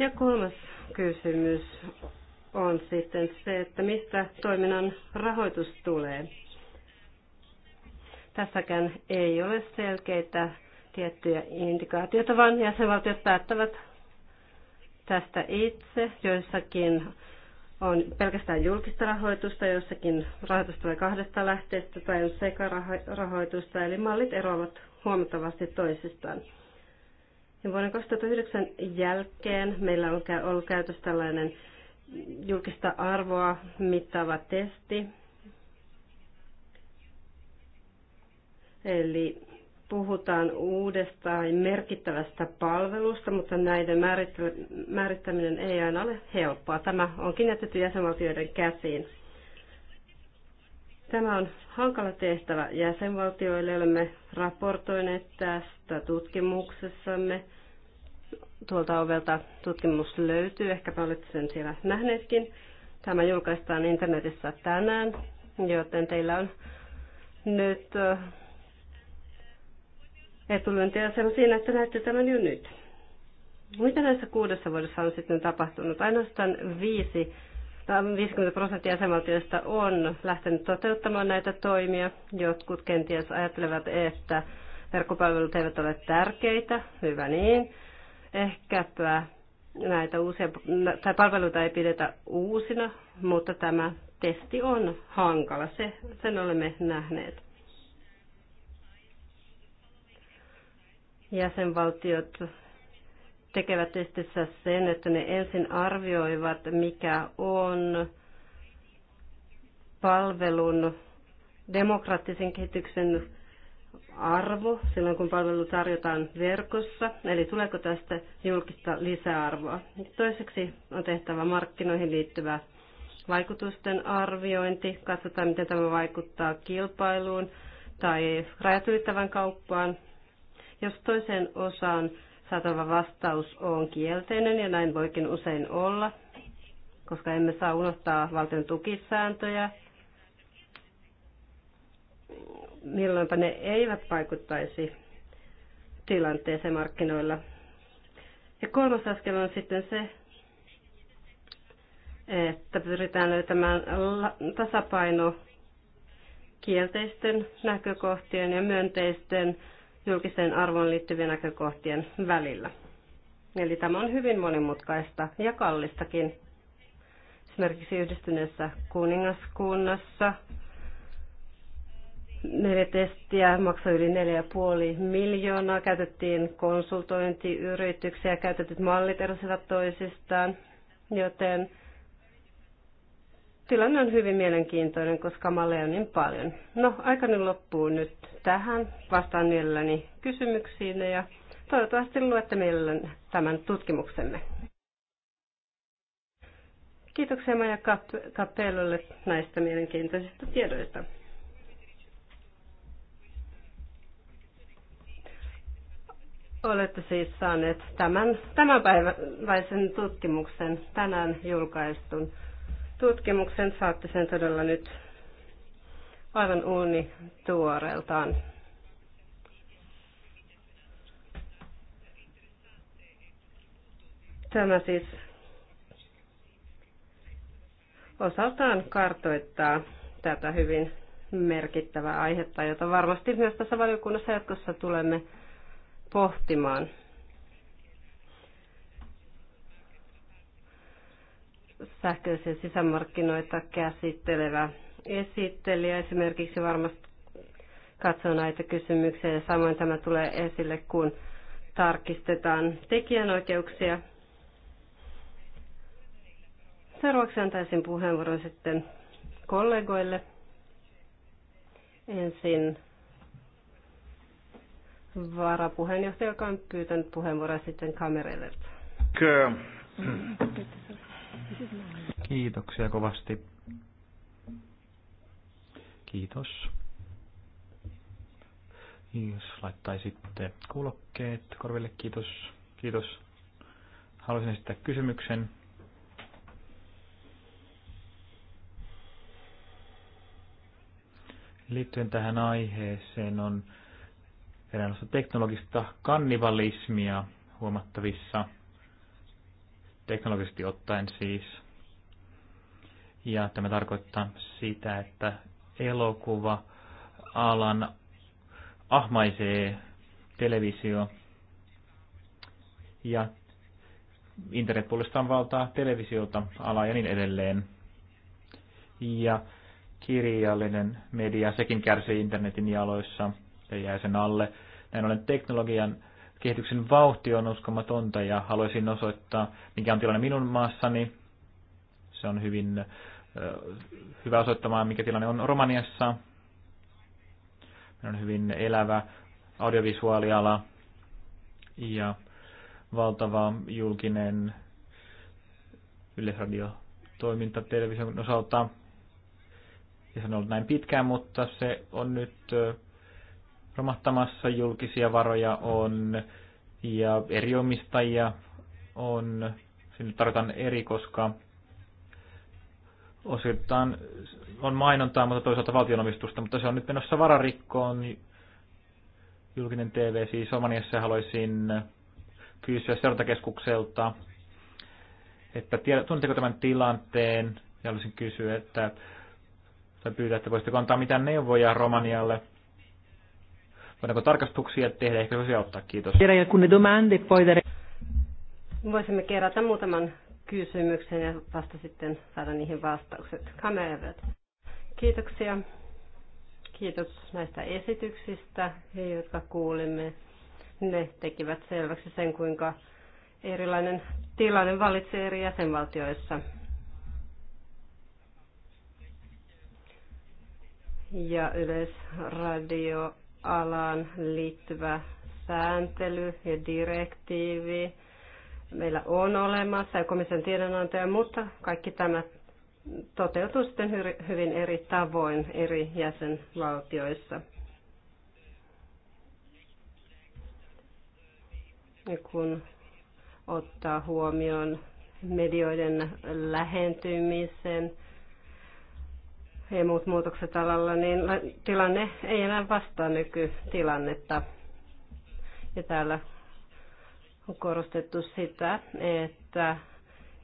S2: Ja kolmas kysymys on sitten se, että mistä toiminnan rahoitus tulee. Tässäkään ei ole selkeitä tiettyjä indikaatioita, vaan jäsenvaltiot päättävät tästä itse. Joissakin on pelkästään julkista rahoitusta, joissakin rahoitus tulee kahdesta lähteestä tai on sekarahoitusta, eli mallit eroavat huomattavasti toisistaan. Ja vuoden 2009 jälkeen meillä on ollut käytössä tällainen julkista arvoa mittaava testi. Eli puhutaan uudesta tai merkittävästä palvelusta, mutta näiden määrittäminen ei aina ole helppoa. Tämä onkin jätetty jäsenvaltioiden käsiin. Tämä on hankala tehtävä jäsenvaltioille. Olemme raportoineet tästä tutkimuksessamme. Tuolta ovelta tutkimus löytyy, ehkäpä olette sen siellä nähneetkin. Tämä julkaistaan internetissä tänään, joten teillä on nyt eh, etulyöntiasema siinä, että näette tämän jo nyt. Mitä näissä kuudessa vuodessa on sitten tapahtunut? Ainoastaan viisi 50 prosenttia jäsenvaltioista on lähtenyt toteuttamaan näitä toimia. Jotkut kenties ajattelevat, että verkkopalvelut eivät ole tärkeitä. Hyvä niin. Ehkäpä näitä uusia, tai palveluita ei pidetä uusina, mutta tämä testi on hankala. Se, sen olemme nähneet. Jäsenvaltiot tekevät testissä sen, että ne ensin arvioivat, mikä on palvelun demokraattisen kehityksen arvo silloin, kun palvelu tarjotaan verkossa, eli tuleeko tästä julkista lisäarvoa. Toiseksi on tehtävä markkinoihin liittyvä vaikutusten arviointi, katsotaan miten tämä vaikuttaa kilpailuun tai rajat ylittävän kauppaan. Jos toiseen osaan saatava vastaus on kielteinen ja näin voikin usein olla, koska emme saa unohtaa valtion tukisääntöjä, milloinpa ne eivät vaikuttaisi tilanteeseen markkinoilla. Ja kolmas askel on sitten se, että pyritään löytämään tasapaino kielteisten näkökohtien ja myönteisten julkiseen arvoon liittyvien näkökohtien välillä. Eli tämä on hyvin monimutkaista ja kallistakin. Esimerkiksi yhdistyneessä kuningaskunnassa neljä testiä maksoi yli 4,5 miljoonaa, käytettiin konsultointiyrityksiä, käytetyt mallit erosivat toisistaan, joten tilanne on hyvin mielenkiintoinen, koska malleja on niin paljon. No, aikani loppuu nyt tähän. Vastaan mielelläni kysymyksiin ja toivottavasti luette mielelläni tämän tutkimuksemme. Kiitoksia Maja Kapellolle näistä mielenkiintoisista tiedoista. Olette siis saaneet tämän, tämänpäiväisen tutkimuksen tänään julkaistun tutkimuksen. Saatte sen todella nyt aivan uuni tuoreeltaan. Tämä siis osaltaan kartoittaa tätä hyvin merkittävää aihetta, jota varmasti myös tässä valiokunnassa jatkossa tulemme pohtimaan. sähköisiä sisämarkkinoita käsittelevä esittelijä esimerkiksi varmasti katsoo näitä kysymyksiä ja samoin tämä tulee esille, kun tarkistetaan tekijänoikeuksia. Seuraavaksi antaisin puheenvuoron sitten kollegoille. Ensin varapuheenjohtaja, joka on pyytänyt puheenvuoroa sitten kamereille.
S3: Kiitoksia kovasti. Kiitos. Jos laittaisitte kuulokkeet korville, kiitos. Kiitos. Haluaisin esittää kysymyksen. Liittyen tähän aiheeseen on eräänlaista teknologista kannibalismia huomattavissa – teknologisesti ottaen siis. Ja tämä tarkoittaa sitä, että elokuva alan ahmaisee televisio ja internet puolestaan valtaa televisiota alaa ja niin edelleen. Ja kirjallinen media, sekin kärsii internetin jaloissa ja jää sen alle. Näin ollen teknologian kehityksen vauhti on uskomatonta ja haluaisin osoittaa, mikä on tilanne minun maassani. Se on hyvin hyvä osoittamaan, mikä tilanne on Romaniassa. Meillä on hyvin elävä audiovisuaaliala ja valtava julkinen yleisradiotoiminta television osalta. Ja se on ollut näin pitkään, mutta se on nyt romahtamassa, julkisia varoja on ja eri omistajia on. Sinne tarvitaan eri, koska osittain on mainontaa, mutta toisaalta valtionomistusta, mutta se on nyt menossa vararikkoon. Julkinen TV siis Omaniassa haluaisin kysyä seurantakeskukselta, että tunnetteko tämän tilanteen, ja haluaisin kysyä, että tai pyytää, että voisitteko antaa mitään neuvoja Romanialle Voidaanko tarkastuksia tehdä? Ehkä voisi auttaa. Kiitos.
S2: Voisimme kerätä muutaman kysymyksen ja vasta sitten saada niihin vastaukset. Kamerat. Kiitoksia. Kiitos näistä esityksistä, jotka kuulimme. Ne tekivät selväksi sen, kuinka erilainen tilanne valitsee eri jäsenvaltioissa. Ja Yleisradio alaan liittyvä sääntely ja direktiivi meillä on olemassa ja komission tiedonantoja, mutta kaikki tämä toteutuu sitten hyvin eri tavoin eri jäsenvaltioissa. Ja kun ottaa huomioon medioiden lähentymisen, ja muut muutokset alalla, niin tilanne ei enää vastaa nykytilannetta. Ja täällä on korostettu sitä, että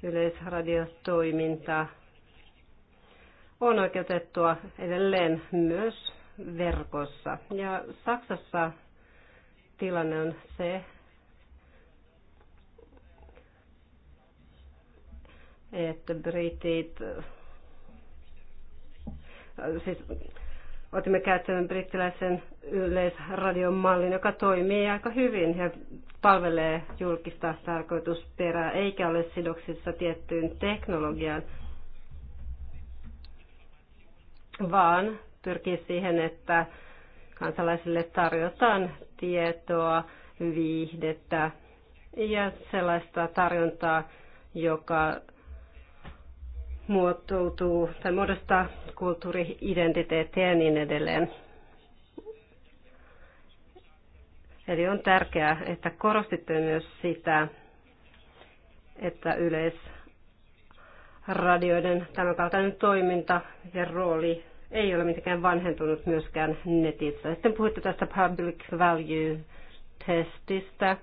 S2: yleisradiotoiminta on oikeutettua edelleen myös verkossa. Ja Saksassa tilanne on se, että britit siis otimme käyttöön brittiläisen yleisradion mallin, joka toimii aika hyvin ja palvelee julkista tarkoitusperää, eikä ole sidoksissa tiettyyn teknologiaan, vaan pyrkii siihen, että kansalaisille tarjotaan tietoa, viihdettä ja sellaista tarjontaa, joka muotoutuu tai muodostaa kulttuuriidentiteettiä ja niin edelleen. Eli on tärkeää, että korostitte myös sitä, että yleisradioiden tämänkaltainen toiminta ja rooli ei ole mitenkään vanhentunut myöskään netissä. Sitten puhuitte tästä public value testistä.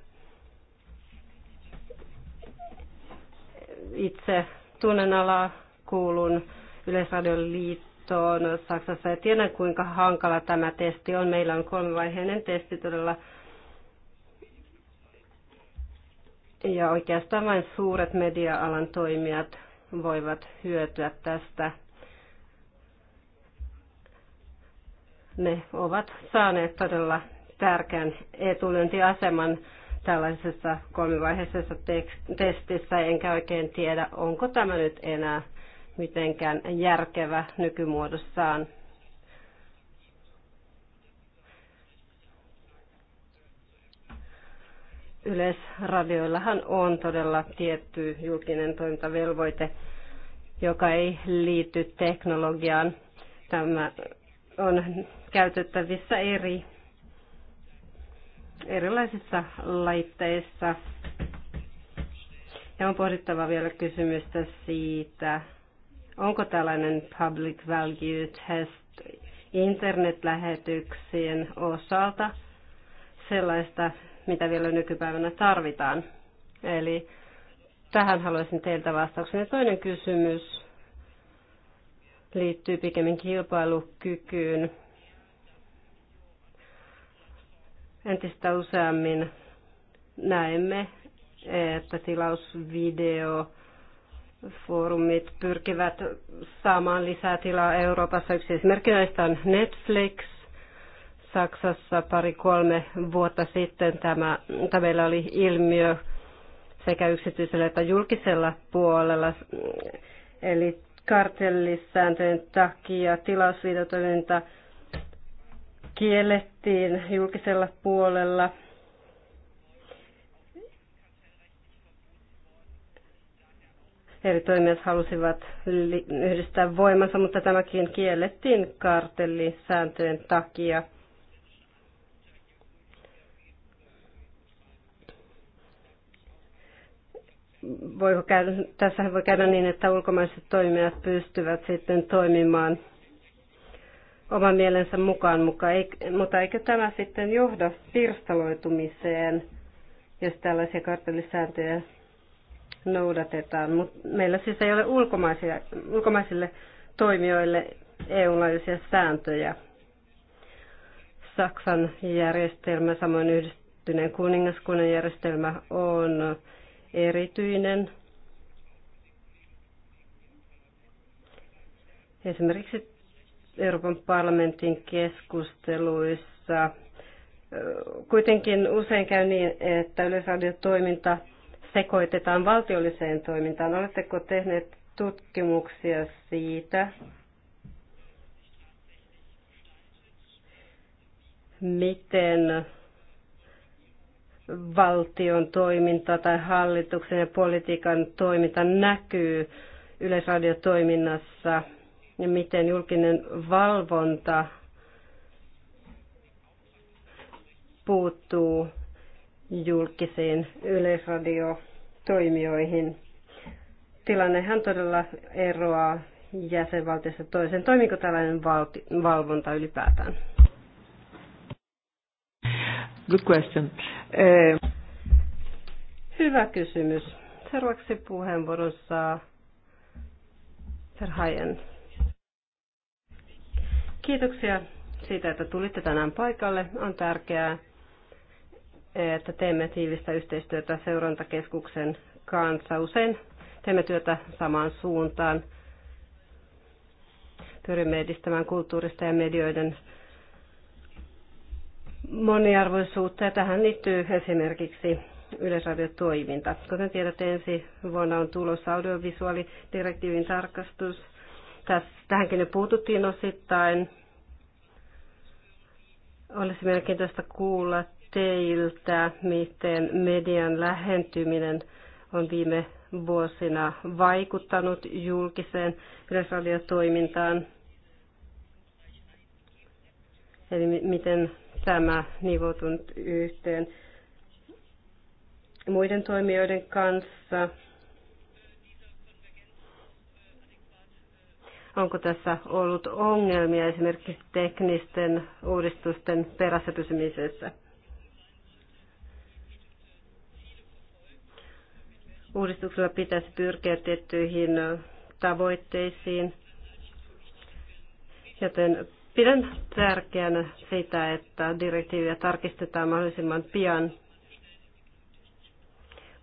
S2: Itse tunnen alaa kuulun Yleisradion liittoon Saksassa ja tiedän kuinka hankala tämä testi on. Meillä on kolmivaiheinen testi todella ja oikeastaan vain suuret media-alan toimijat voivat hyötyä tästä. Ne ovat saaneet todella tärkeän etulyöntiaseman tällaisessa kolmivaiheisessa testissä, enkä oikein tiedä, onko tämä nyt enää mitenkään järkevä nykymuodossaan. Yleisradioillahan on todella tietty julkinen toimintavelvoite, joka ei liity teknologiaan. Tämä on käytettävissä eri, erilaisissa laitteissa. Ja on pohdittava vielä kysymystä siitä, Onko tällainen public value test internetlähetyksien osalta sellaista, mitä vielä nykypäivänä tarvitaan? Eli tähän haluaisin teiltä vastauksen. Ja toinen kysymys liittyy pikemmin kilpailukykyyn. Entistä useammin näemme, että tilausvideo foorumit pyrkivät saamaan lisää tilaa Euroopassa. Yksi esimerkki näistä on Netflix. Saksassa pari-kolme vuotta sitten tämä, tämä meillä oli ilmiö sekä yksityisellä että julkisella puolella. Eli kartellissääntöjen takia tilausviitotoiminta kiellettiin julkisella puolella – eri toimijat halusivat yhdistää voimansa, mutta tämäkin kiellettiin kartellisääntöjen takia. Voiko käydä, tässähän voi käydä niin, että ulkomaiset toimijat pystyvät sitten toimimaan oman mielensä mukaan, mutta eikö tämä sitten johda pirstaloitumiseen, jos tällaisia kartellisääntöjä noudatetaan. Mutta meillä siis ei ole ulkomaisia, ulkomaisille toimijoille EU-laajuisia sääntöjä. Saksan järjestelmä, samoin yhdistyneen kuningaskunnan järjestelmä on erityinen. Esimerkiksi Euroopan parlamentin keskusteluissa kuitenkin usein käy niin, että yleisradiotoiminta sekoitetaan valtiolliseen toimintaan. Oletteko tehneet tutkimuksia siitä, miten valtion toiminta tai hallituksen ja politiikan toiminta näkyy yleisradiotoiminnassa ja miten julkinen valvonta puuttuu julkisiin yleisradiotoimijoihin. Tilannehan todella eroaa jäsenvaltiossa toiseen. Toimiko tällainen valti, valvonta ylipäätään?
S1: Good question. Eh...
S2: Hyvä kysymys. Seuraavaksi puheenvuorossa saa Kiitoksia siitä, että tulitte tänään paikalle. On tärkeää, että teemme tiivistä yhteistyötä seurantakeskuksen kanssa. Usein teemme työtä samaan suuntaan. Pyrimme edistämään kulttuurista ja medioiden moniarvoisuutta ja tähän liittyy esimerkiksi yleisradiotoiminta. Kuten tiedätte, ensi vuonna on tulossa audiovisuaalidirektiivin tarkastus. Tähänkin jo puututtiin osittain. Olisi mielenkiintoista kuulla teiltä, miten median lähentyminen on viime vuosina vaikuttanut julkiseen yleisradiotoimintaan. Eli miten tämä nivoutunut yhteen muiden toimijoiden kanssa. Onko tässä ollut ongelmia esimerkiksi teknisten uudistusten perässä pysymisessä? Uudistuksella pitäisi pyrkiä tiettyihin tavoitteisiin, joten pidän tärkeänä sitä, että direktiiviä tarkistetaan mahdollisimman pian.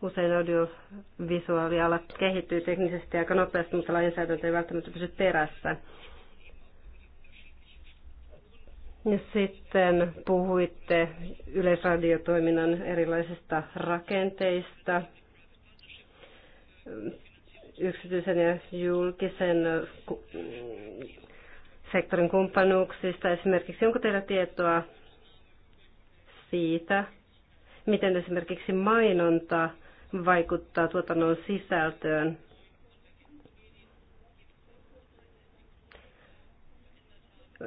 S2: Usein audiovisuaaliala kehittyy teknisesti aika nopeasti, mutta lainsäädäntö ei välttämättä pysy perässä. Ja sitten puhuitte yleisradiotoiminnan erilaisista rakenteista yksityisen ja julkisen sektorin kumppanuuksista. Esimerkiksi onko teillä tietoa siitä, miten esimerkiksi mainonta vaikuttaa tuotannon sisältöön?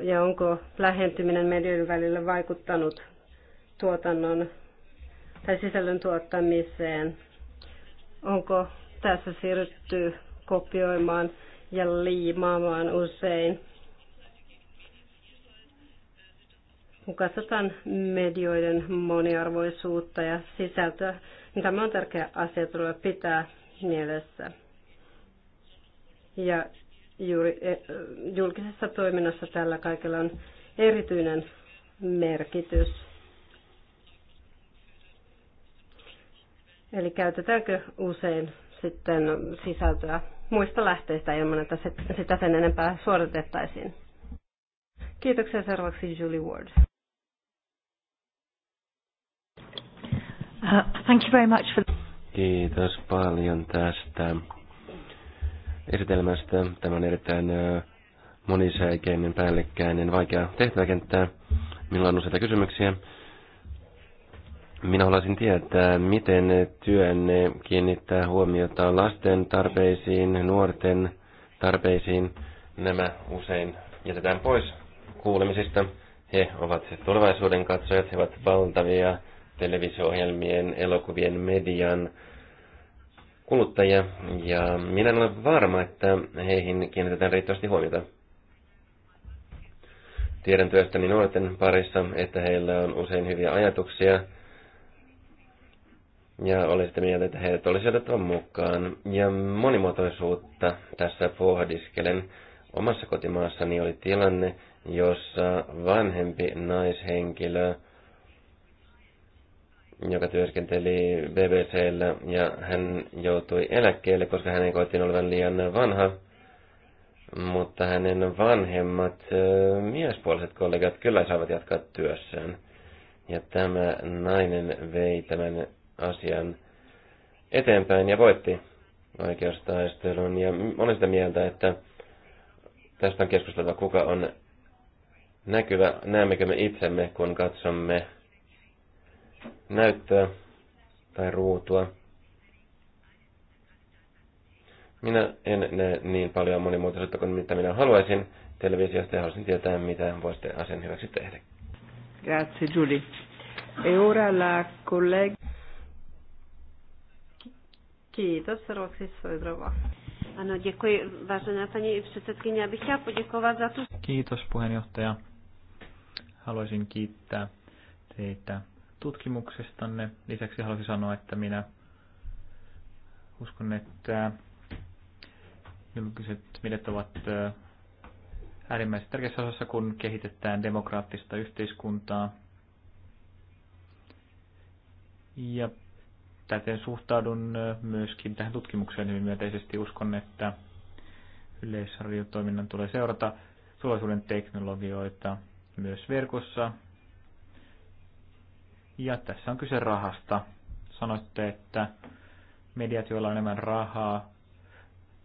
S2: Ja onko lähentyminen medioiden välillä vaikuttanut tuotannon tai sisällön tuottamiseen? Onko tässä siirrytty kopioimaan ja liimaamaan usein. Kun katsotaan medioiden moniarvoisuutta ja sisältöä, niin tämä on tärkeä asia tulee pitää mielessä. Ja juuri e, julkisessa toiminnassa tällä kaikella on erityinen merkitys. Eli käytetäänkö usein sitten sisältöä muista lähteistä ilman, että sitä sen enempää suoritettaisiin. Kiitoksia seuraavaksi Julie Ward.
S1: Uh, thank you very much for...
S4: Kiitos paljon tästä esitelmästä. Tämä on erittäin uh, monisäikeinen, päällekkäinen, vaikea tehtäväkenttä. Minulla on useita kysymyksiä. Minä haluaisin tietää, miten työnne kiinnittää huomiota lasten tarpeisiin, nuorten tarpeisiin. Nämä usein jätetään pois kuulemisista. He ovat siis tulevaisuuden katsojat, he ovat valtavia televisio-ohjelmien, elokuvien, median kuluttajia. Ja minä en ole varma, että heihin kiinnitetään riittävästi huomiota. Tiedän työstäni nuorten parissa, että heillä on usein hyviä ajatuksia – ja oli sitä mieltä, että heidät olisi otettava mukaan. Ja monimuotoisuutta tässä pohdiskelen. Omassa kotimaassani oli tilanne, jossa vanhempi naishenkilö, joka työskenteli BBCllä, ja hän joutui eläkkeelle, koska hänen koettiin olevan liian vanha, mutta hänen vanhemmat miespuoliset kollegat kyllä saivat jatkaa työssään. Ja tämä nainen vei tämän asian eteenpäin ja voitti oikeustaistelun. Ja olen sitä mieltä, että tästä on keskusteltava, kuka on näkyvä, näemmekö me itsemme, kun katsomme näyttöä tai ruutua. Minä en näe niin paljon monimuotoisuutta kuin mitä minä haluaisin televisiosta ja haluaisin tietää, mitä voisitte asian hyväksi tehdä.
S1: Grazie Julie. E ora la collega...
S2: Kiitos. Seuraavaksi Soidrova. Ano, děkuji, vážená paní předsedkyně. Já bych chtěla poděkovat za tu...
S3: Kiitos, puheenjohtaja. Haluaisin kiittää teitä tutkimuksestanne. Lisäksi haluaisin sanoa, että minä uskon, että julkiset mediat ovat äärimmäisen tärkeässä osassa, kun kehitetään demokraattista yhteiskuntaa. Ja täten suhtaudun myöskin tähän tutkimukseen hyvin myönteisesti. Uskon, että yleisradiotoiminnan tulee seurata tulevaisuuden teknologioita myös verkossa. Ja tässä on kyse rahasta. Sanoitte, että mediat, joilla on enemmän rahaa,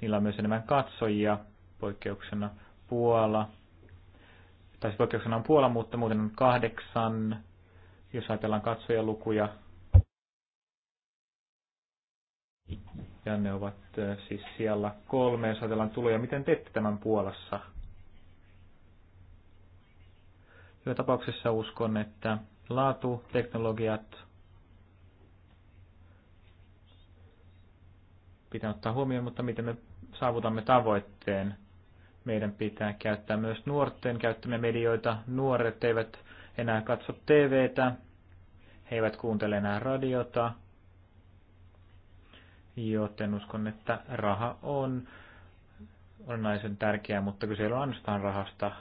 S3: niillä on myös enemmän katsojia, poikkeuksena Puola. Tai siis poikkeuksena on Puola, mutta muuten on kahdeksan, jos ajatellaan katsojalukuja, Ja ne ovat siis siellä kolme, jos ajatellaan tuloja. Miten teette tämän Puolassa? Joka tapauksessa uskon, että laatu, teknologiat pitää ottaa huomioon, mutta miten me saavutamme tavoitteen. Meidän pitää käyttää myös nuorten käyttämiä medioita. Nuoret eivät enää katso TVtä, he eivät kuuntele enää radiota, joten uskon, että raha on olennaisen tärkeää, mutta kyse ei ole ainoastaan rahasta.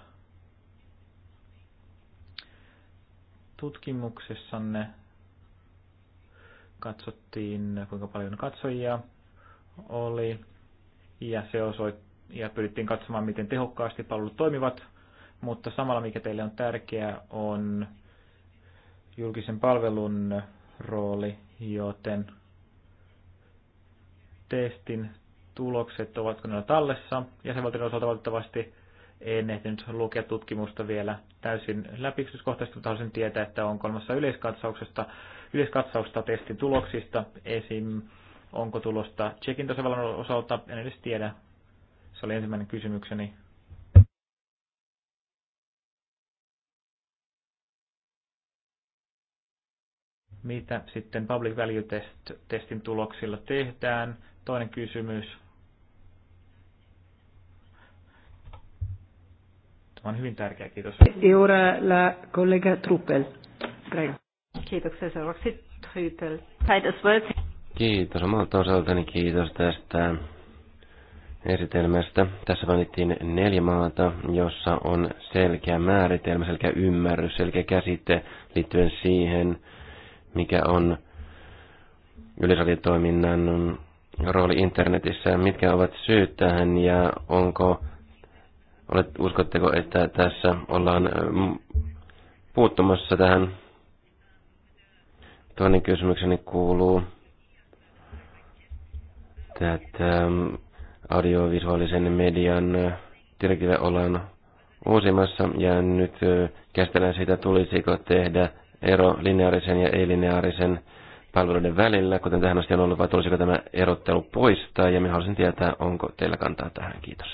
S3: Tutkimuksessanne katsottiin, kuinka paljon katsojia oli, ja, se osoit, ja pyrittiin katsomaan, miten tehokkaasti palvelut toimivat, mutta samalla mikä teille on tärkeää on julkisen palvelun rooli, joten testin tulokset, ovatko ne tallessa. Jäsenvaltion osalta valitettavasti en ehtinyt lukea tutkimusta vielä täysin läpi yksityiskohtaisesti, mutta haluaisin tietää, että on kolmassa yleiskatsauksesta, yleiskatsauksesta testin tuloksista, esim. onko tulosta Checkin tasavallan osalta, en edes tiedä. Se oli ensimmäinen kysymykseni. Mitä sitten public value test, testin tuloksilla tehdään? Toinen kysymys.
S1: Tämä on hyvin tärkeä, kiitos. E ora la kollega Truppel. Prego.
S2: Kiitoksia seuraavaksi Truppel.
S4: Kiitos omalta osaltani, kiitos tästä esitelmästä. Tässä valittiin neljä maata, jossa on selkeä määritelmä, selkeä ymmärrys, selkeä käsite liittyen siihen, mikä on yleisradiotoiminnan rooli internetissä, mitkä ovat syyt tähän ja onko, olet, uskotteko, että tässä ollaan mm, puuttumassa tähän? Toinen kysymykseni kuuluu, että mm, audiovisuaalisen median mm, direktiivä ollaan uusimassa ja nyt käsitellään sitä, tulisiko tehdä ero lineaarisen ja ei-lineaarisen palveluiden välillä, kuten tähän asti on ollut, vai tulisiko tämä erottelu poistaa, ja minä haluaisin tietää, onko teillä kantaa tähän. Kiitos.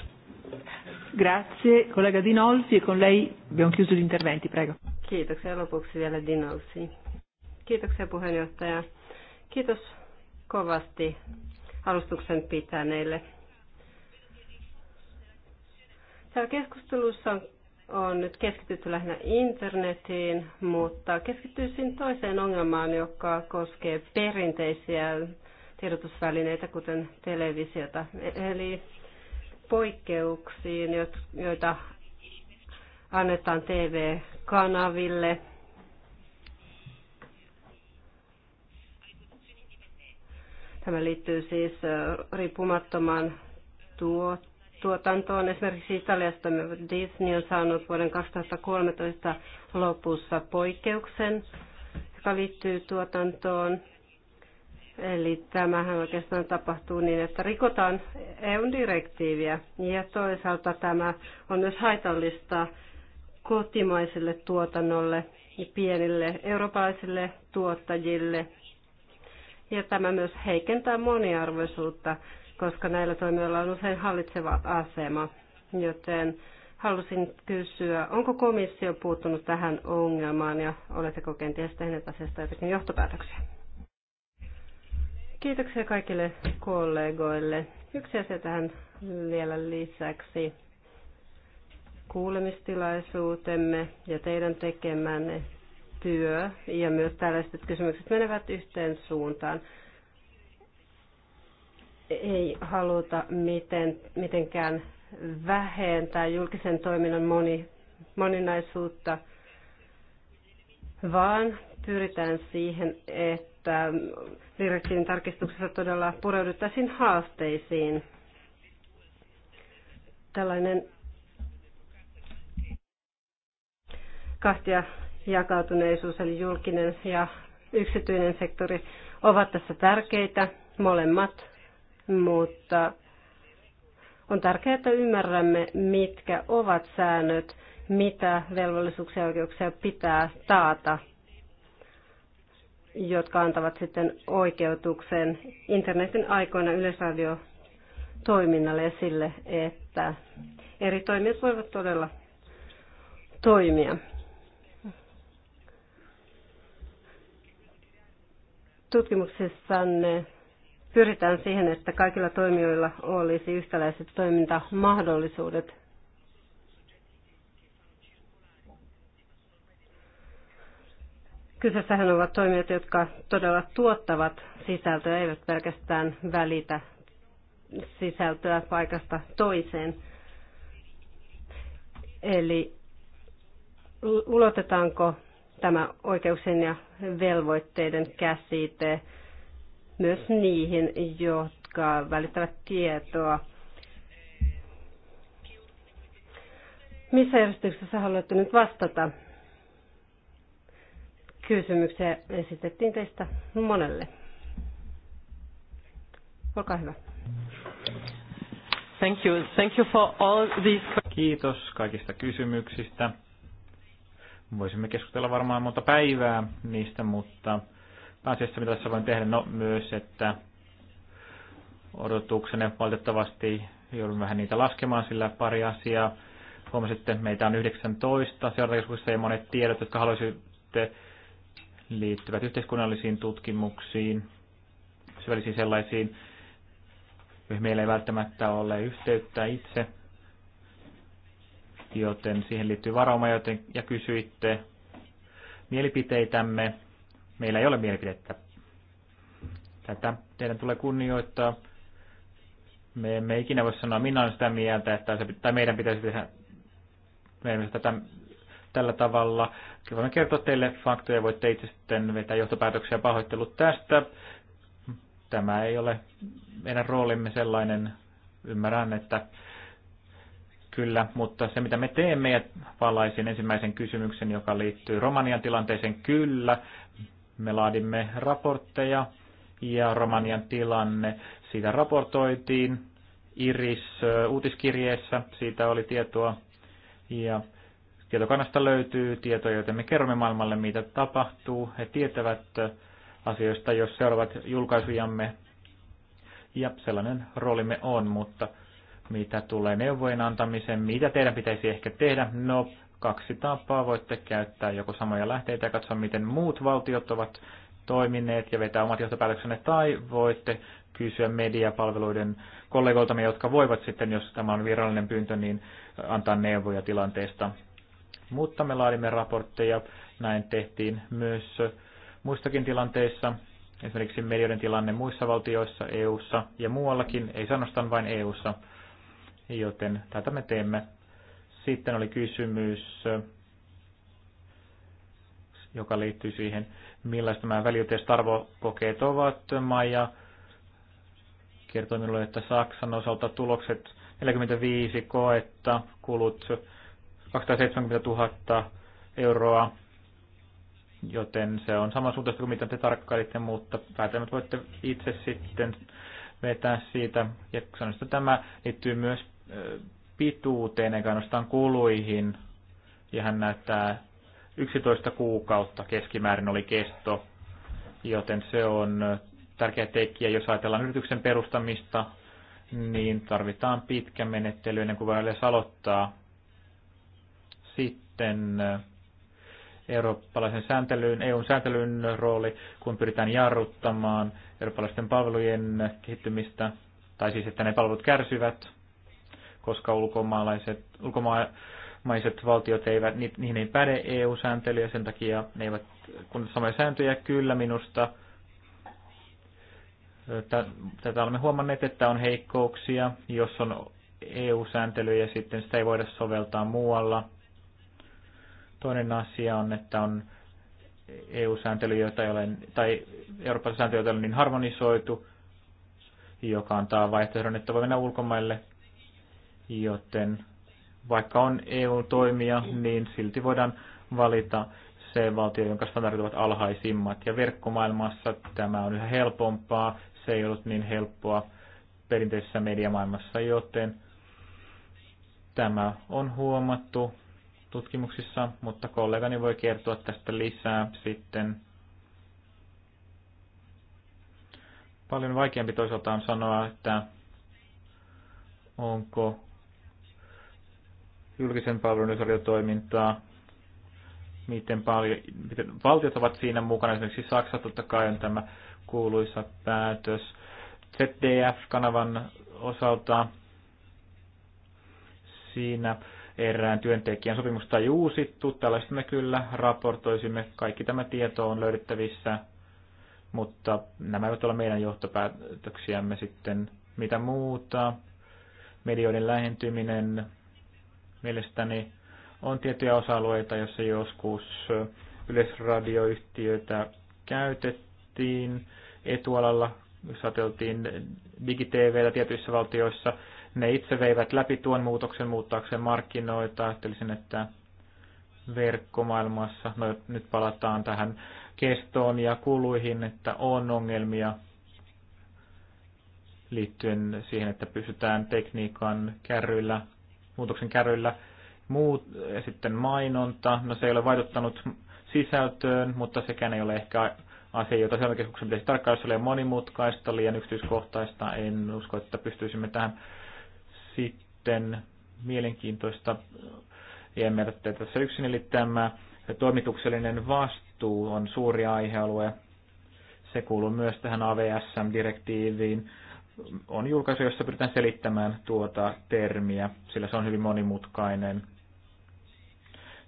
S1: Grazie, collega Dinolfi, e con lei abbiamo chiuso gli interventi, prego.
S2: Kiitoksia lopuksi vielä Dinolfi. Kiitoksia puheenjohtaja. Kiitos kovasti alustuksen pitäneille. Täällä keskustelussa on on nyt keskitytty lähinnä internetiin, mutta keskittyisin toiseen ongelmaan, joka koskee perinteisiä tiedotusvälineitä, kuten televisiota, eli poikkeuksiin, joita annetaan TV-kanaville. Tämä liittyy siis riippumattoman tuot tuotantoon. Esimerkiksi Italiasta Disney on saanut vuoden 2013 lopussa poikkeuksen, joka liittyy tuotantoon. Eli tämähän oikeastaan tapahtuu niin, että rikotaan EU-direktiiviä ja toisaalta tämä on myös haitallista kotimaiselle tuotannolle ja pienille eurooppalaisille tuottajille. Ja tämä myös heikentää moniarvoisuutta koska näillä toimijoilla on usein hallitseva asema. Joten halusin kysyä, onko komissio puuttunut tähän ongelmaan ja oletteko kenties tehneet asiasta jotakin johtopäätöksiä? Kiitoksia kaikille kollegoille. Yksi asia tähän vielä lisäksi. Kuulemistilaisuutemme ja teidän tekemänne työ ja myös tällaiset kysymykset menevät yhteen suuntaan ei haluta miten, mitenkään vähentää julkisen toiminnan moni, moninaisuutta, vaan pyritään siihen, että direktiivin tarkistuksessa todella pureuduttaisiin haasteisiin. Tällainen kahtia jakautuneisuus, eli julkinen ja yksityinen sektori, ovat tässä tärkeitä molemmat mutta on tärkeää, että ymmärrämme, mitkä ovat säännöt, mitä velvollisuuksia ja oikeuksia pitää taata, jotka antavat sitten oikeutuksen internetin aikoina yleisradio toiminnalle ja sille, että eri toimijat voivat todella toimia. Tutkimuksessanne pyritään siihen, että kaikilla toimijoilla olisi yhtäläiset toimintamahdollisuudet. Kyseessähän ovat toimijat, jotka todella tuottavat sisältöä, eivät pelkästään välitä sisältöä paikasta toiseen. Eli ulotetaanko tämä oikeuksien ja velvoitteiden käsite myös niihin, jotka välittävät tietoa. Missä järjestyksessä haluatte nyt vastata? Kysymyksiä esitettiin teistä monelle. Olkaa hyvä.
S3: Thank you. Thank you for all these... Kiitos kaikista kysymyksistä. Voisimme keskustella varmaan monta päivää niistä, mutta asiassa, mitä tässä voin tehdä, no myös, että odotuksenne valitettavasti joudun vähän niitä laskemaan, sillä pari asiaa. että meitä on 19 seurantakeskuksessa ja monet tiedot, jotka haluaisitte liittyvät yhteiskunnallisiin tutkimuksiin, syvällisiin sellaisiin, joihin meillä ei välttämättä ole yhteyttä itse, joten siihen liittyy varauma, joten, ja kysyitte mielipiteitämme Meillä ei ole mielipidettä. Tätä teidän tulee kunnioittaa. Me emme ikinä voi sanoa, minä olen sitä mieltä, että se, tai meidän pitäisi tehdä pitäisi tätä tällä tavalla. Voimme kertoa teille faktoja, voitte itse sitten vetää johtopäätöksiä pahoittelut tästä. Tämä ei ole meidän roolimme sellainen, ymmärrän, että kyllä, mutta se mitä me teemme, ja valaisin ensimmäisen kysymyksen, joka liittyy Romanian tilanteeseen, kyllä, me laadimme raportteja ja Romanian tilanne, siitä raportoitiin Iris uutiskirjeessä, siitä oli tietoa ja tietokannasta löytyy tietoja, joten me kerromme maailmalle, mitä tapahtuu. He tietävät asioista, jos seuraavat julkaisujamme. Ja sellainen roolimme on, mutta mitä tulee neuvojen antamiseen, mitä teidän pitäisi ehkä tehdä? No, kaksi tapaa. Voitte käyttää joko samoja lähteitä ja katsoa, miten muut valtiot ovat toimineet ja vetää omat johtopäätöksenne, tai voitte kysyä mediapalveluiden kollegoiltamme, jotka voivat sitten, jos tämä on virallinen pyyntö, niin antaa neuvoja tilanteesta. Mutta me laadimme raportteja, näin tehtiin myös muistakin tilanteissa, esimerkiksi medioiden tilanne muissa valtioissa, EU:ssa ja muuallakin, ei sanostan vain EU:ssa, joten tätä me teemme sitten oli kysymys, joka liittyy siihen, millaista nämä väliutestarvokokeet ovat. Maija kertoi minulle, että Saksan osalta tulokset 45 koetta, kulut 270 000 euroa, joten se on suuntaista kuin mitä te tarkkailitte, mutta päätelmät voitte itse sitten vetää siitä. Ja sanon, että tämä liittyy myös pituuteen eikä ainoastaan kuluihin. Ja hän näyttää 11 kuukautta keskimäärin oli kesto, joten se on tärkeä tekijä, jos ajatellaan yrityksen perustamista, niin tarvitaan pitkä menettely ennen kuin voidaan edes aloittaa. Sitten eh, eurooppalaisen sääntelyyn, EUn sääntelyn rooli, kun pyritään jarruttamaan eurooppalaisten palvelujen kehittymistä, tai siis että ne palvelut kärsivät koska ulkomaalaiset, ulkomaiset valtiot eivät, niihin ei päde EU-sääntely ja sen takia ne eivät kun samoja sääntöjä kyllä minusta. Tätä olemme huomanneet, että on heikkouksia, jos on EU-sääntely ja sitten sitä ei voida soveltaa muualla. Toinen asia on, että on EU-sääntely, joita ei ole, tai Euroopan sääntely, jota ei ole niin harmonisoitu, joka antaa vaihtoehdon, että voi mennä ulkomaille joten vaikka on EU-toimija, niin silti voidaan valita se valtio, jonka standardit ovat alhaisimmat. Ja verkkomaailmassa tämä on yhä helpompaa, se ei ollut niin helppoa perinteisessä mediamaailmassa, joten tämä on huomattu tutkimuksissa, mutta kollegani voi kertoa tästä lisää sitten. Paljon vaikeampi toisaalta on sanoa, että onko julkisen palvelun toimintaa. miten paljon miten valtiot ovat siinä mukana. Esimerkiksi Saksa totta kai on tämä kuuluisa päätös. ZDF-kanavan osalta siinä erään työntekijän sopimusta ei uusittu. Tällaista me kyllä raportoisimme. Kaikki tämä tieto on löydettävissä, mutta nämä eivät ole meidän johtopäätöksiämme sitten. Mitä muuta? Medioiden lähentyminen, Mielestäni on tiettyjä osa-alueita, joissa joskus yleisradioyhtiöitä käytettiin etualalla, jos ajateltiin digitv tietyissä valtioissa. Ne itse veivät läpi tuon muutoksen muuttaakseen markkinoita. Ajattelisin, että verkkomaailmassa, no nyt palataan tähän kestoon ja kuluihin, että on ongelmia liittyen siihen, että pysytään tekniikan kärryillä muutoksen kärryillä. Muut, ja sitten mainonta, no se ei ole vaikuttanut sisältöön, mutta sekään ei ole ehkä asia, jota seurantakeskuksen pitäisi tarkkaan, jos ei monimutkaista, liian yksityiskohtaista, en usko, että pystyisimme tähän sitten mielenkiintoista jämmertää tässä yksin, eli tämä toimituksellinen vastuu on suuri aihealue. Se kuuluu myös tähän AVSM-direktiiviin, on julkaisu, jossa pyritään selittämään tuota termiä, sillä se on hyvin monimutkainen.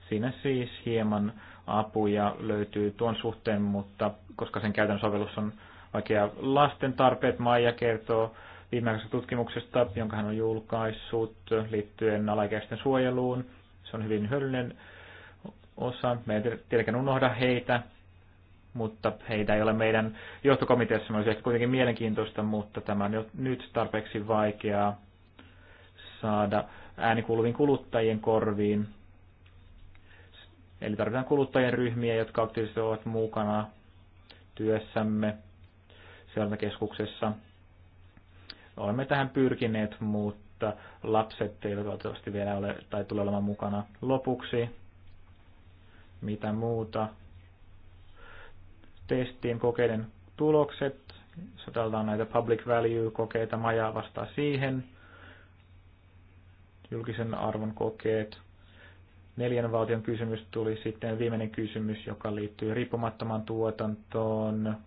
S3: Siinä siis hieman apuja löytyy tuon suhteen, mutta koska sen käytön sovellus on vaikea lasten tarpeet, Maija kertoo viimeaikaisesta tutkimuksesta, jonka hän on julkaissut liittyen alaikäisten suojeluun. Se on hyvin hyödyllinen osa. Me ei tietenkään unohda heitä, mutta heitä ei ole meidän johtokomiteassa. Olisi ehkä kuitenkin mielenkiintoista, mutta tämä on jo nyt tarpeeksi vaikeaa saada ääni kuuluviin kuluttajien korviin. Eli tarvitaan kuluttajien ryhmiä, jotka aktiivisesti ovat mukana työssämme seurantakeskuksessa. Olemme tähän pyrkineet, mutta lapset eivät valitettavasti vielä ole tai tule olemaan mukana lopuksi. Mitä muuta? testien kokeiden tulokset. Sotellaan näitä public value-kokeita, Maja vastaa siihen. Julkisen arvon kokeet. Neljän valtion kysymys tuli sitten viimeinen kysymys, joka liittyy riippumattomaan tuotantoon.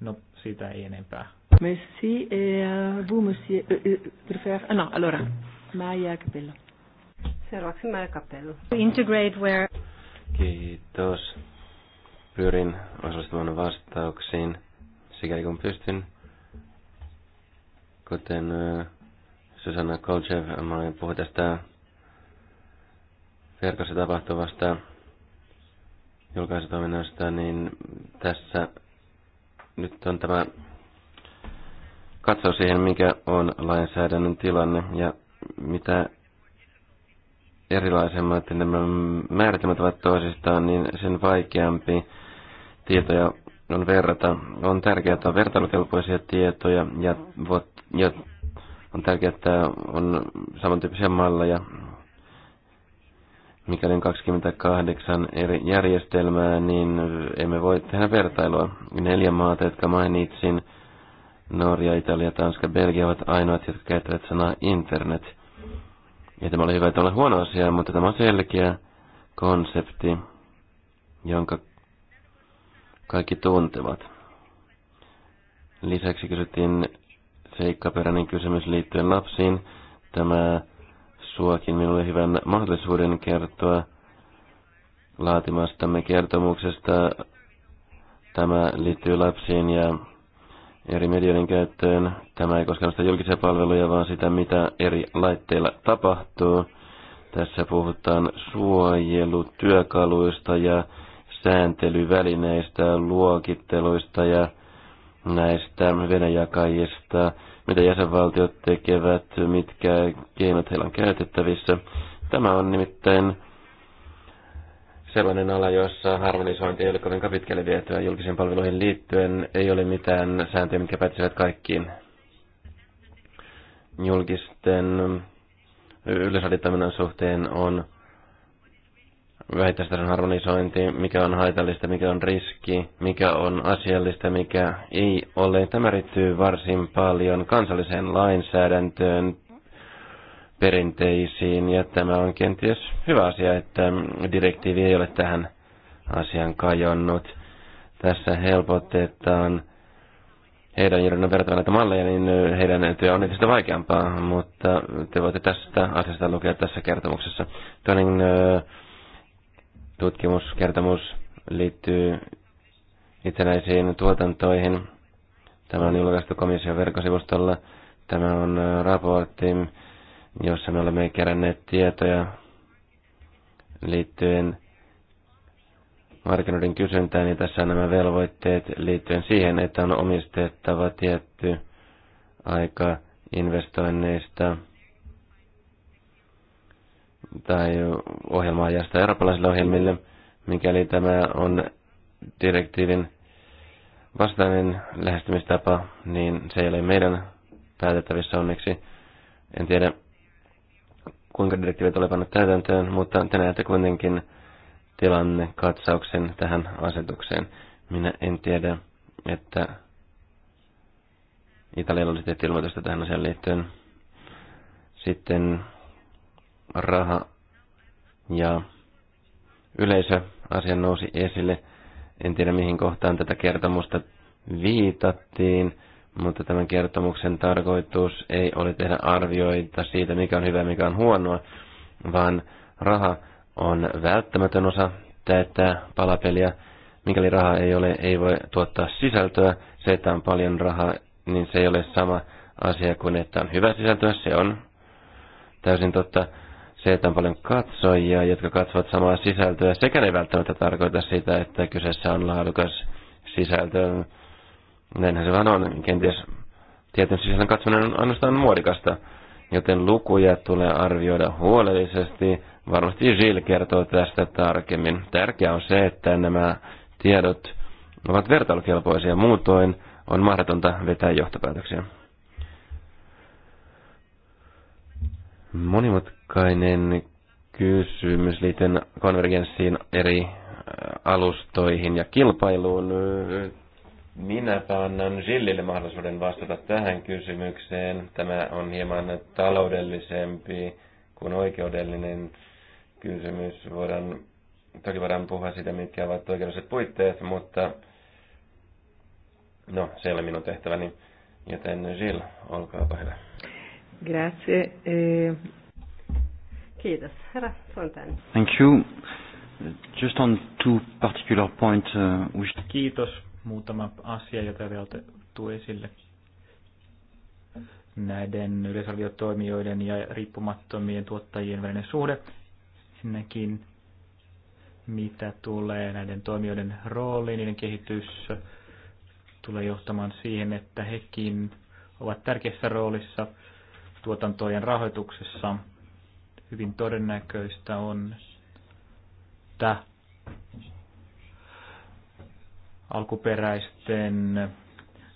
S3: No, siitä ei enempää.
S1: Merci. Et vous, monsieur, préfère... Euh, euh, ah non, allora, Maja Capello.
S2: Seuraavaksi Maja Capello. Integrate where...
S4: Kiitos Pyrin osallistumaan vastauksiin sikäli kun pystyn. Kuten Susanna Kolchev puhui tästä verkossa tapahtuvasta julkaisutoiminnasta, niin tässä nyt on tämä katso siihen, mikä on lainsäädännön tilanne ja mitä erilaisemmat nämä määritelmät ovat toisistaan, niin sen vaikeampi tietoja on verrata. On tärkeää, että on vertailukelpoisia tietoja ja, voit, ja on tärkeää, että on samantyyppisiä malleja. Mikäli on 28 eri järjestelmää, niin emme voi tehdä vertailua. Neljä maata, jotka mainitsin, Norja, Italia, Tanska, Belgia ovat ainoat, jotka käyttävät sanaa internet. Ja tämä oli hyvä, että olla huono asia, mutta tämä on selkeä konsepti, jonka kaikki tuntevat. Lisäksi kysyttiin seikkaperäinen kysymys liittyen lapsiin. Tämä suokin minulle hyvän mahdollisuuden kertoa laatimastamme kertomuksesta. Tämä liittyy lapsiin ja eri medioiden käyttöön. Tämä ei koskaan sitä julkisia palveluja, vaan sitä, mitä eri laitteilla tapahtuu. Tässä puhutaan suojelutyökaluista ja sääntelyvälineistä, luokitteluista ja näistä venäjakajista, mitä jäsenvaltiot tekevät, mitkä keinot heillä on käytettävissä. Tämä on nimittäin sellainen ala, jossa harmonisointi ei ole kovin pitkälle vietyä julkisiin palveluihin liittyen. Ei ole mitään sääntöjä, mitkä pätisivät kaikkiin julkisten yleisradiotoiminnan suhteen on vähittäisten harmonisointi, mikä on haitallista, mikä on riski, mikä on asiallista, mikä ei ole. Tämä riittyy varsin paljon kansalliseen lainsäädäntöön, perinteisiin, ja tämä on kenties hyvä asia, että direktiivi ei ole tähän asian kajonnut. Tässä helpotetaan heidän, joiden verrattuna näitä malleja, niin heidän työ on entistä vaikeampaa, mutta te voitte tästä asiasta lukea tässä kertomuksessa. Toinen tutkimuskertomus liittyy itsenäisiin tuotantoihin. Tämä on julkaistu komission verkkosivustolla. Tämä on raportti, jossa me olemme keränneet tietoja liittyen markkinoiden kysyntään, niin tässä on nämä velvoitteet liittyen siihen, että on omistettava tietty aika investoinneista – tai ohjelmaa eurooppalaisille ohjelmille, mikäli tämä on direktiivin vastainen lähestymistapa, niin se ei ole meidän päätettävissä onneksi. En tiedä, kuinka direktiivit ole pannut täytäntöön, mutta te näette kuitenkin katsauksen tähän asetukseen. Minä en tiedä, että Italialla olisi tehty ilmoitusta tähän asiaan liittyen. Sitten raha ja yleisö asia nousi esille. En tiedä mihin kohtaan tätä kertomusta viitattiin, mutta tämän kertomuksen tarkoitus ei ole tehdä arvioita siitä, mikä on hyvä ja mikä on huonoa, vaan raha on välttämätön osa tätä palapeliä. Mikäli raha ei ole, ei voi tuottaa sisältöä. Se, että on paljon rahaa, niin se ei ole sama asia kuin, että on hyvä sisältöä. Se on täysin totta se, että on paljon katsojia, jotka katsovat samaa sisältöä, sekä ei välttämättä tarkoita sitä, että kyseessä on laadukas sisältö. Näinhän se vaan on. Kenties tietyn sisällön katsominen on ainoastaan muodikasta, joten lukuja tulee arvioida huolellisesti. Varmasti Jill kertoo tästä tarkemmin. Tärkeää on se, että nämä tiedot ovat vertailukelpoisia. Muutoin on mahdotonta vetää johtopäätöksiä. monimutkainen kysymys liittyen konvergenssiin eri äh, alustoihin ja kilpailuun. Minä annan Jillille mahdollisuuden vastata tähän kysymykseen. Tämä on hieman taloudellisempi kuin oikeudellinen kysymys. Voidaan, toki voidaan puhua siitä, mitkä ovat oikeudelliset puitteet, mutta no, se ei ole minun tehtäväni. Joten Jill, olkaapa
S2: hyvä. Grazie. E- Kiitos. Herra Fontaine.
S4: Thank you. Just on two particular points. Uh, which...
S3: Kiitos. Muutama asia, jota ei vielä otettu esille. Näiden yleisarviotoimijoiden ja riippumattomien tuottajien välinen suhde. Ensinnäkin, mitä tulee näiden toimijoiden rooliin, niiden kehitys tulee johtamaan siihen, että hekin ovat tärkeässä roolissa – tuotantojen rahoituksessa hyvin todennäköistä on, että alkuperäisten,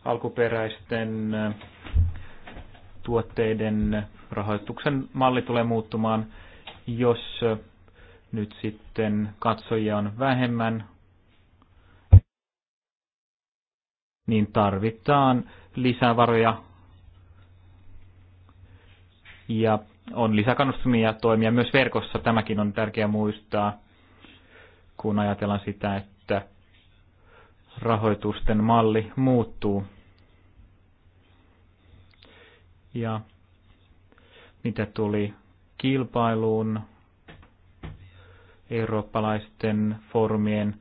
S3: alkuperäisten tuotteiden rahoituksen malli tulee muuttumaan, jos nyt sitten katsojia on vähemmän, niin tarvitaan lisää varoja ja on lisäkannustumia toimia myös verkossa. Tämäkin on tärkeää muistaa, kun ajatellaan sitä, että rahoitusten malli muuttuu. Ja mitä tuli kilpailuun eurooppalaisten formien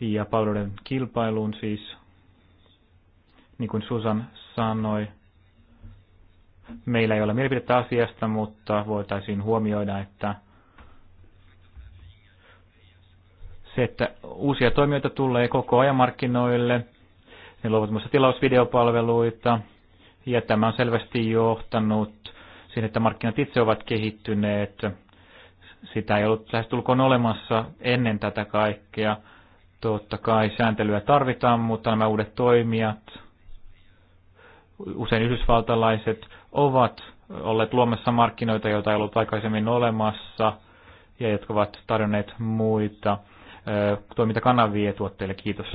S3: ja palveluiden kilpailuun siis, niin kuin Susan sanoi, Meillä ei ole mielipidettä asiasta, mutta voitaisiin huomioida, että se, että uusia toimijoita tulee koko ajan markkinoille, ne luovat muassa tilausvideopalveluita, ja tämä on selvästi johtanut siihen, että markkinat itse ovat kehittyneet. Sitä ei ollut tulkoon olemassa ennen tätä kaikkea. Totta kai sääntelyä tarvitaan, mutta nämä uudet toimijat, usein yhdysvaltalaiset, ovat olleet luomassa markkinoita, joita ei ollut aikaisemmin olemassa ja jotka ovat tarjonneet muita toimintakanavia tuotteille. Kiitos.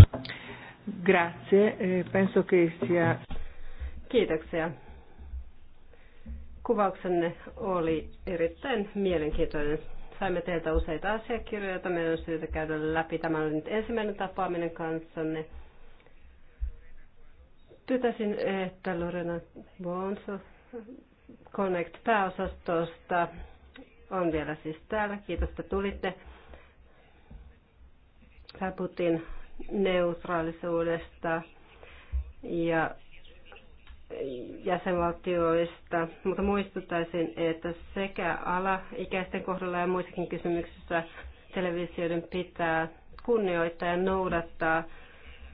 S1: Grazie, e, penso che sia...
S2: Kiitoksia. Kuvauksenne oli erittäin mielenkiintoinen. Saimme teiltä useita asiakirjoja, joita meidän on syytä käydä läpi. Tämä oli nyt ensimmäinen tapaaminen kanssanne. Tytäsin että Lorena Bonso Connect-pääosastosta on vielä siis täällä. Kiitos, että tulitte. Hän puhuttiin neutraalisuudesta ja jäsenvaltioista, mutta muistuttaisin, että sekä alaikäisten kohdalla ja muissakin kysymyksissä televisioiden pitää kunnioittaa ja noudattaa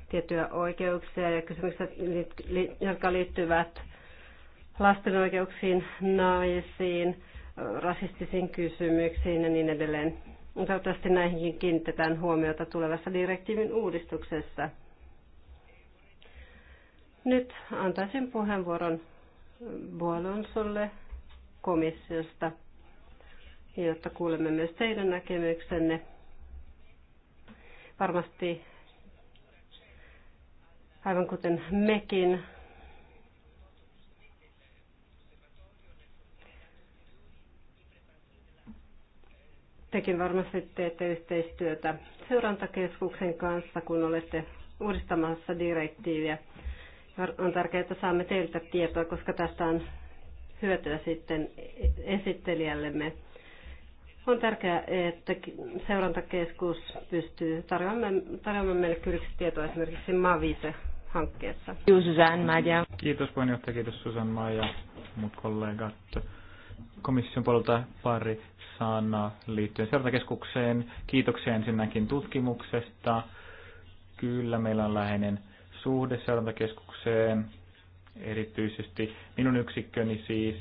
S2: tiettyjä oikeuksia ja kysymyksiä, jotka liittyvät lasten oikeuksiin, naisiin, rasistisiin kysymyksiin ja niin edelleen. Toivottavasti näihinkin kiinnitetään huomiota tulevassa direktiivin uudistuksessa. Nyt antaisin puheenvuoron Boalonsolle komissiosta, jotta kuulemme myös teidän näkemyksenne. Varmasti, aivan kuten mekin, tekin varmasti teette yhteistyötä seurantakeskuksen kanssa, kun olette uudistamassa direktiiviä. On tärkeää, että saamme teiltä tietoa, koska tästä on hyötyä sitten esittelijällemme. On tärkeää, että seurantakeskus pystyy tarjoamaan, meille kylliksi tietoa esimerkiksi Mavise-hankkeessa. Kiitos Susan Maija.
S3: Kiitos puheenjohtaja, kiitos Susan Maija ja muut kollegat komission puolelta pari sanaa liittyen seurantakeskukseen. Kiitoksia ensinnäkin tutkimuksesta. Kyllä, meillä on läheinen suhde seurantakeskukseen, erityisesti minun yksikköni siis.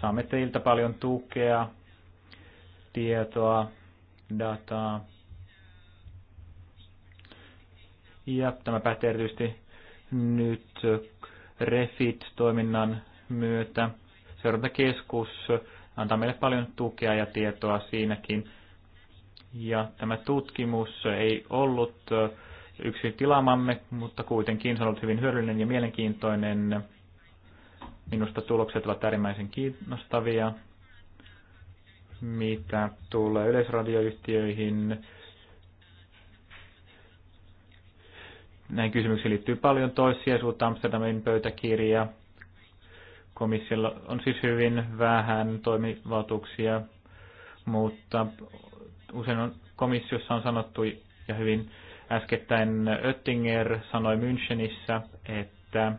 S3: Saamme teiltä paljon tukea, tietoa, dataa. Ja tämä pätee erityisesti nyt Refit-toiminnan myötä seurantakeskus antaa meille paljon tukea ja tietoa siinäkin. Ja tämä tutkimus ei ollut yksi tilaamamme, mutta kuitenkin se on ollut hyvin hyödyllinen ja mielenkiintoinen. Minusta tulokset ovat äärimmäisen kiinnostavia. Mitä tulee yleisradioyhtiöihin, näihin kysymyksiin liittyy paljon toissijaisuutta, Amsterdamin pöytäkirjaa. Komissiolla on siis hyvin vähän toimivaltuuksia, mutta usein on, komissiossa on sanottu ja hyvin äskettäin Oettinger sanoi Münchenissä, että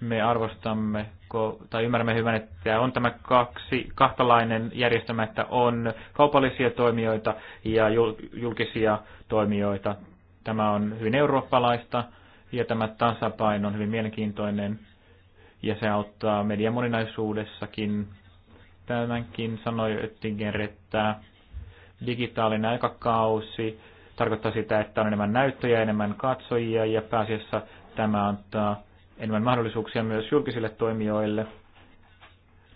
S3: me arvostamme tai ymmärrämme hyvän, että on tämä kaksi, kahtalainen järjestelmä, että on kaupallisia toimijoita ja julkisia toimijoita. Tämä on hyvin eurooppalaista, ja tämä tasapaino on hyvin mielenkiintoinen ja se auttaa median moninaisuudessakin. Tämänkin sanoi Oettinger, että digitaalinen aikakausi tarkoittaa sitä, että on enemmän näyttöjä, enemmän katsojia ja pääasiassa tämä antaa enemmän mahdollisuuksia myös julkisille toimijoille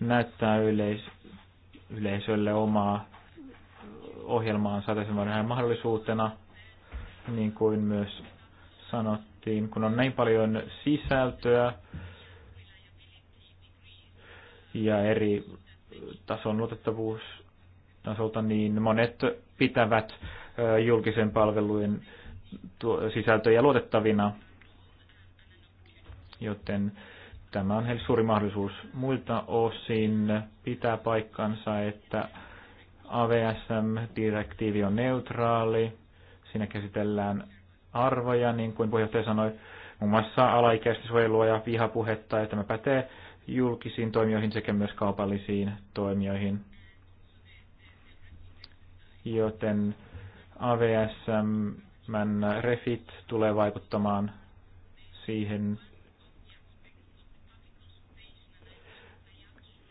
S3: näyttää yleis- yleisölle omaa ohjelmaansa tai mahdollisuutena, niin kuin myös sanottiin, kun on näin paljon sisältöä ja eri tason luotettavuus tasolta, niin monet pitävät julkisen palvelujen sisältöjä luotettavina, joten tämä on heille suuri mahdollisuus. Muilta osin pitää paikkansa, että AVSM-direktiivi on neutraali, siinä käsitellään arvoja, niin kuin puheenjohtaja sanoi, muun muassa alaikäistä suojelua ja vihapuhetta, ja tämä pätee julkisiin toimijoihin sekä myös kaupallisiin toimijoihin. Joten AVSM refit tulee vaikuttamaan siihen.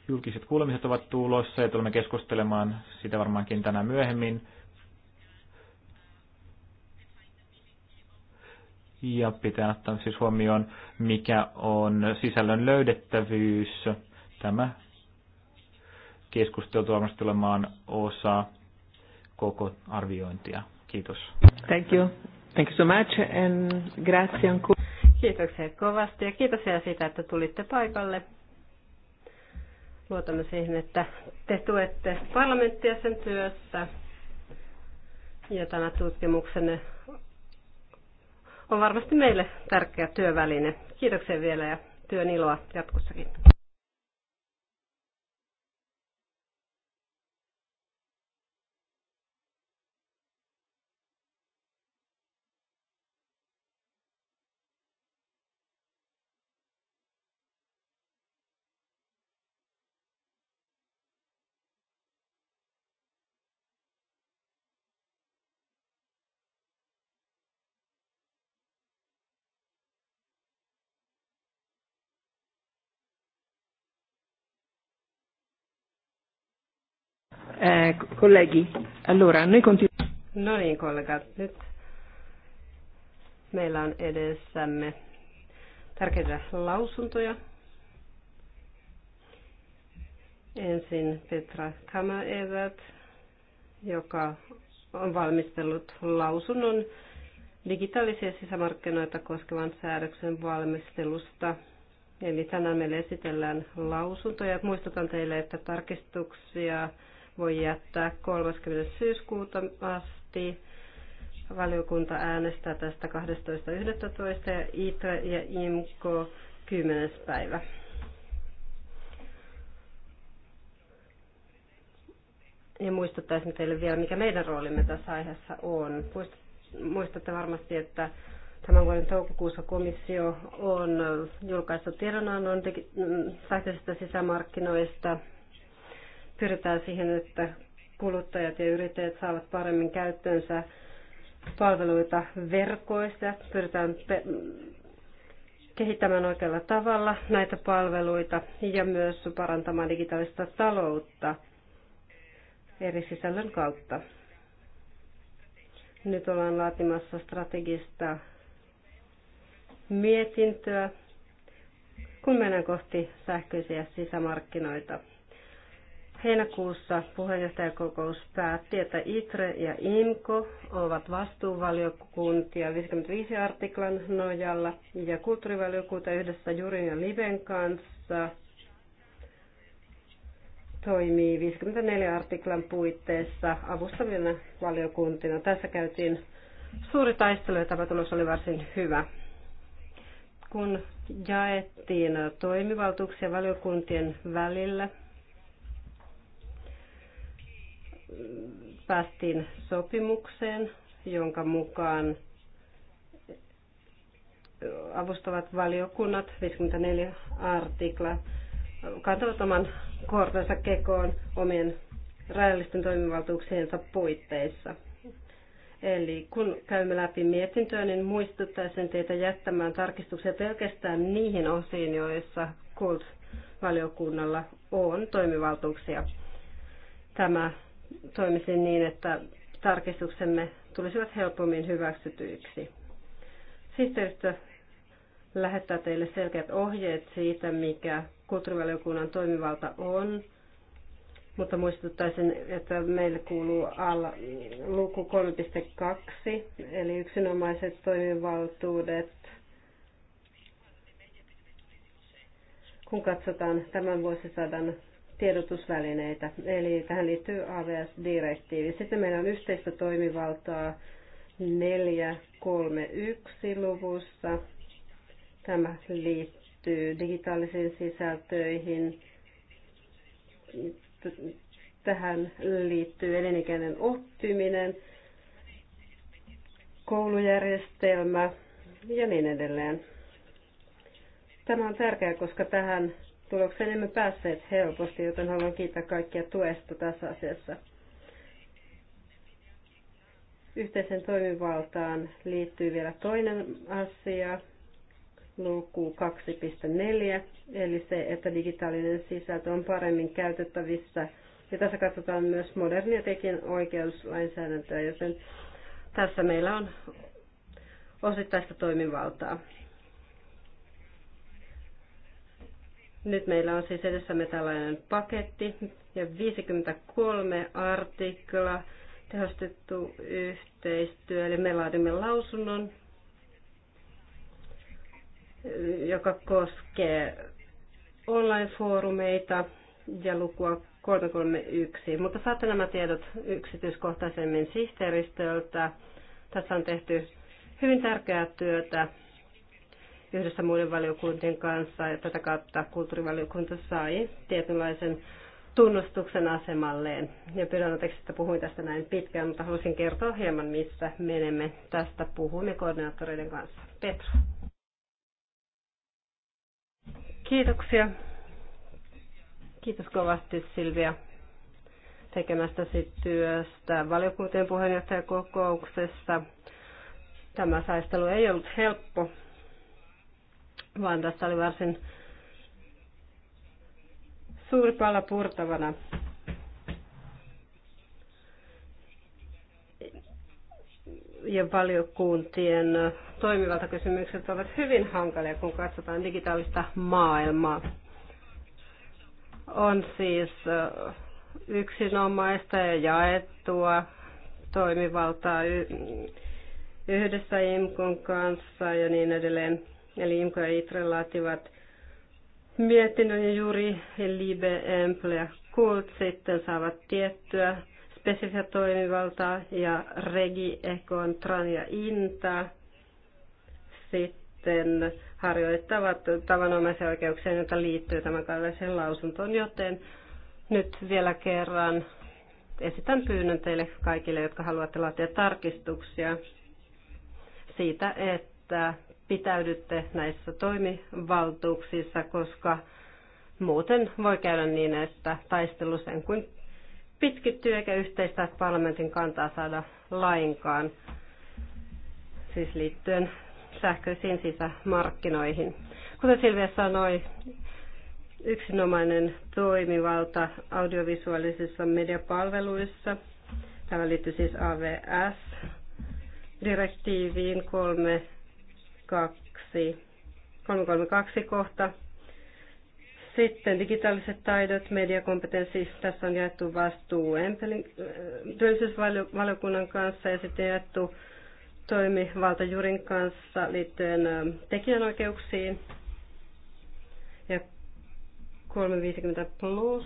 S3: Julkiset kuulemiset ovat tulossa ja tulemme keskustelemaan sitä varmaankin tänään myöhemmin. ja pitää ottaa siis huomioon, mikä on sisällön löydettävyys. Tämä keskustelu varmasti olemaan osa koko arviointia. Kiitos.
S1: Thank you. Thank you so much and grazie ancora.
S2: Kiitoksia kovasti ja kiitoksia siitä, että tulitte paikalle. Luotamme siihen, että te tuette parlamenttia sen työssä. Ja tämä tutkimuksenne on varmasti meille tärkeä työväline. Kiitoksia vielä ja työn iloa jatkossakin.
S1: Eh, kollegi, allora, noi continuiamo.
S2: No niin, kollegat, nyt meillä on edessämme tärkeitä lausuntoja. Ensin Petra Kamaevät, joka on valmistellut lausunnon digitaalisia sisämarkkinoita koskevan säädöksen valmistelusta. Eli tänään meille esitellään lausuntoja. Muistutan teille, että tarkistuksia voi jättää 30. syyskuuta asti. Valiokunta äänestää tästä 12.11. ja ITRE ja IMKO 10. päivä. Ja muistuttaisin teille vielä, mikä meidän roolimme tässä aiheessa on. Muistatte varmasti, että tämän vuoden toukokuussa komissio on julkaissut tiedonannon mm, sähköisistä sisämarkkinoista – pyritään siihen, että kuluttajat ja yrittäjät saavat paremmin käyttöönsä palveluita verkoista. Pyritään kehittämään oikealla tavalla näitä palveluita ja myös parantamaan digitaalista taloutta eri sisällön kautta. Nyt ollaan laatimassa strategista mietintöä, kun mennään kohti sähköisiä sisämarkkinoita. Heinäkuussa puheenjohtajakokous päätti, että ITRE ja IMKO ovat vastuuvaliokuntia 55 artiklan nojalla ja kulttuurivaliokunta yhdessä Jurin ja Liven kanssa toimii 54 artiklan puitteissa avustavina valiokuntina. Tässä käytiin suuri taistelu ja tämä tulos oli varsin hyvä. Kun jaettiin toimivaltuuksia valiokuntien välillä, päästiin sopimukseen, jonka mukaan avustavat valiokunnat, 54 artikla, kantavat oman kortensa kekoon omien rajallisten toimivaltuuksiensa puitteissa. Eli kun käymme läpi mietintöä, niin muistuttaisin teitä jättämään tarkistuksia pelkästään niihin osiin, joissa kult valiokunnalla on toimivaltuuksia. Tämä toimisi niin, että tarkistuksemme tulisivat helpommin hyväksytyiksi. Sihteeristö lähettää teille selkeät ohjeet siitä, mikä kulttuurivaliokunnan toimivalta on, mutta muistuttaisin, että meille kuuluu alla luku 3.2, eli yksinomaiset toimivaltuudet. Kun katsotaan tämän vuosisadan tiedotusvälineitä. Eli tähän liittyy AVS-direktiivi. Sitten meillä on yhteistä toimivaltaa 431 luvussa. Tämä liittyy digitaalisiin sisältöihin. Tähän liittyy elinikäinen oppiminen, koulujärjestelmä ja niin edelleen. Tämä on tärkeää, koska tähän tulokseen emme päässeet helposti, joten haluan kiittää kaikkia tuesta tässä asiassa. Yhteisen toimivaltaan liittyy vielä toinen asia, luku 2.4, eli se, että digitaalinen sisältö on paremmin käytettävissä. Ja tässä katsotaan myös modernia tekin oikeuslainsäädäntöä, joten tässä meillä on osittaista toimivaltaa. Nyt meillä on siis edessämme tällainen paketti ja 53 artikla, tehostettu yhteistyö, eli me laadimme lausunnon, joka koskee online-foorumeita ja lukua 331. Mutta saatte nämä tiedot yksityiskohtaisemmin sihteeristöltä. Tässä on tehty hyvin tärkeää työtä yhdessä muiden valiokuntien kanssa ja tätä kautta kulttuurivaliokunta sai tietynlaisen tunnustuksen asemalleen. Ja pyydän anteeksi, että puhuin tästä näin pitkään, mutta haluaisin kertoa hieman, missä menemme. Tästä puhumme koordinaattoreiden kanssa. Petra. Kiitoksia. Kiitos kovasti Silvia tekemästäsi työstä valiokuntien puheenjohtajakokouksessa. Tämä saistelu ei ollut helppo, vaan tässä oli varsin suuri pala purtavana. Ja valiokuntien toimivalta kysymykset ovat hyvin hankalia, kun katsotaan digitaalista maailmaa. On siis yksinomaista ja jaettua toimivaltaa yhdessä IMKon kanssa ja niin edelleen. Eli IMKO ja ITRE laativat mietinnön ja juuri Libe, Emple ja Kult sitten saavat tiettyä spesifiä toimivaltaa ja Regi, Ekon, Tran ja Inta sitten harjoittavat tavanomaisia oikeuksia, joita liittyy tämän kaltaiseen lausuntoon, joten nyt vielä kerran esitän pyynnön teille kaikille, jotka haluatte laatia tarkistuksia siitä, että pitäydytte näissä toimivaltuuksissa, koska muuten voi käydä niin, että taistelu sen kuin pitkittyy eikä yhteistä parlamentin kantaa saada lainkaan, siis liittyen sähköisiin sisämarkkinoihin. Kuten Silvia sanoi, yksinomainen toimivalta audiovisuaalisissa mediapalveluissa. Tämä liittyy siis AVS-direktiiviin 3 kaksi 332 kohta. Sitten digitaaliset taidot, mediakompetenssi, tässä on jaettu vastuu Empelin, äh, työllisyysvaliokunnan kanssa ja sitten jaettu toimivaltajurin kanssa liittyen ähm, tekijänoikeuksiin. Ja 350 plus.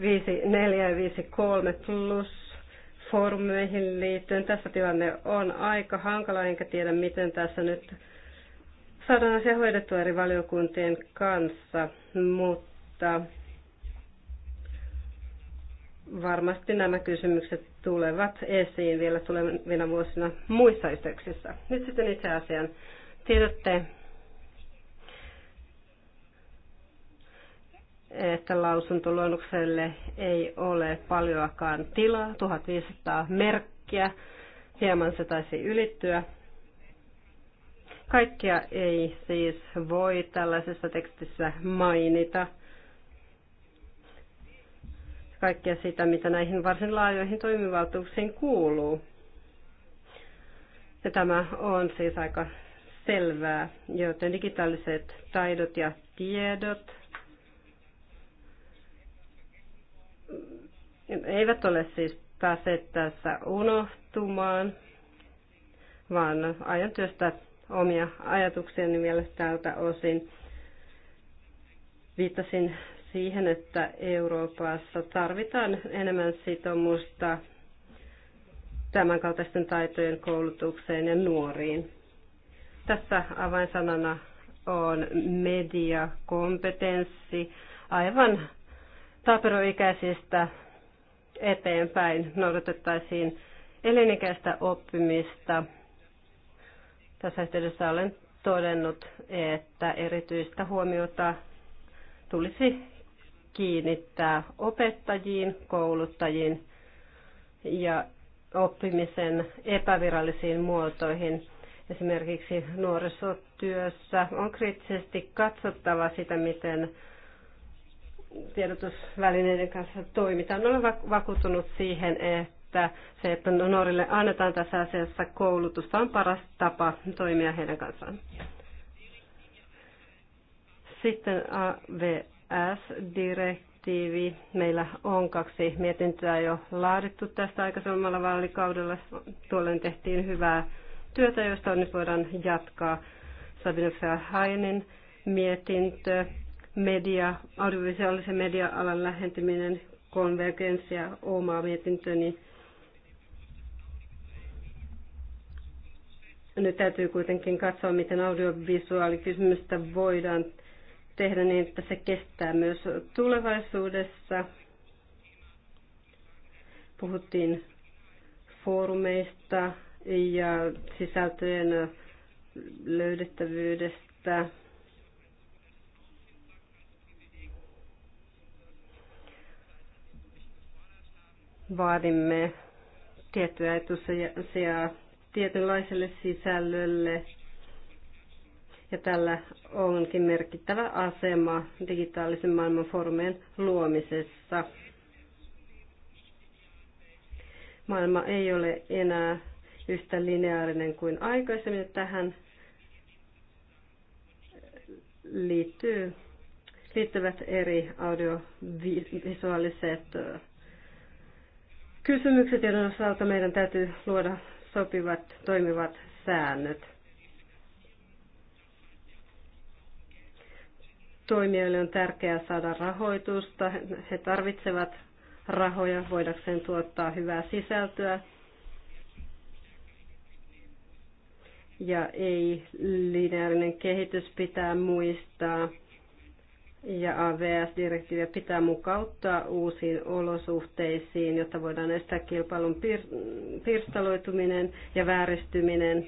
S2: 54 ja 53 plus foorumeihin liittyen. Tässä tilanne on aika hankala, enkä tiedä miten tässä nyt saadaan asia hoidettua eri valiokuntien kanssa, mutta varmasti nämä kysymykset tulevat esiin vielä tulevina vuosina muissa yhteyksissä. Nyt sitten itse asian. Tiedätte, että lausuntoluonnokselle ei ole paljoakaan tilaa, 1500 merkkiä, hieman se taisi ylittyä. Kaikkia ei siis voi tällaisessa tekstissä mainita. Kaikkea sitä, mitä näihin varsin laajoihin toimivaltuuksiin kuuluu. Ja tämä on siis aika selvää, joten digitaaliset taidot ja tiedot eivät ole siis päässeet tässä unohtumaan, vaan ajan työstä omia ajatuksiani vielä tältä osin. Viittasin siihen, että Euroopassa tarvitaan enemmän sitomusta tämänkaltaisten taitojen koulutukseen ja nuoriin. Tässä avainsanana on mediakompetenssi, aivan taaperoikäisistä eteenpäin noudatettaisiin elinikäistä oppimista. Tässä yhteydessä olen todennut, että erityistä huomiota tulisi kiinnittää opettajiin, kouluttajiin ja oppimisen epävirallisiin muotoihin. Esimerkiksi nuorisotyössä on kriittisesti katsottava sitä, miten tiedotusvälineiden kanssa toimitaan. Olen vakuuttunut siihen, että se, että nuorille annetaan tässä asiassa koulutusta, on paras tapa toimia heidän kanssaan. Sitten AVS-direktiivi. Meillä on kaksi mietintöä jo laadittu tästä aikaisemmalla vaalikaudella. Tuolle tehtiin hyvää työtä, josta nyt voidaan jatkaa. Sabine Verhainen mietintö media, audiovisuaalisen media-alan lähentyminen, konvergenssia, omaa mietintöni. Nyt täytyy kuitenkin katsoa, miten audiovisuaalikysymystä voidaan tehdä niin, että se kestää myös tulevaisuudessa. Puhuttiin foorumeista ja sisältöjen löydettävyydestä. vaadimme tiettyä etusijaa tietynlaiselle sisällölle. Ja tällä onkin merkittävä asema digitaalisen maailman foorumien luomisessa. Maailma ei ole enää yhtä lineaarinen kuin aikaisemmin. Tähän liittyy, liittyvät eri audiovisuaaliset kysymykset, joiden osalta meidän täytyy luoda sopivat, toimivat säännöt. Toimijoille on tärkeää saada rahoitusta. He tarvitsevat rahoja voidakseen tuottaa hyvää sisältöä ja ei-lineaarinen kehitys pitää muistaa ja AVS-direktiiviä pitää mukauttaa uusiin olosuhteisiin, jotta voidaan estää kilpailun pir- pirstaloituminen ja vääristyminen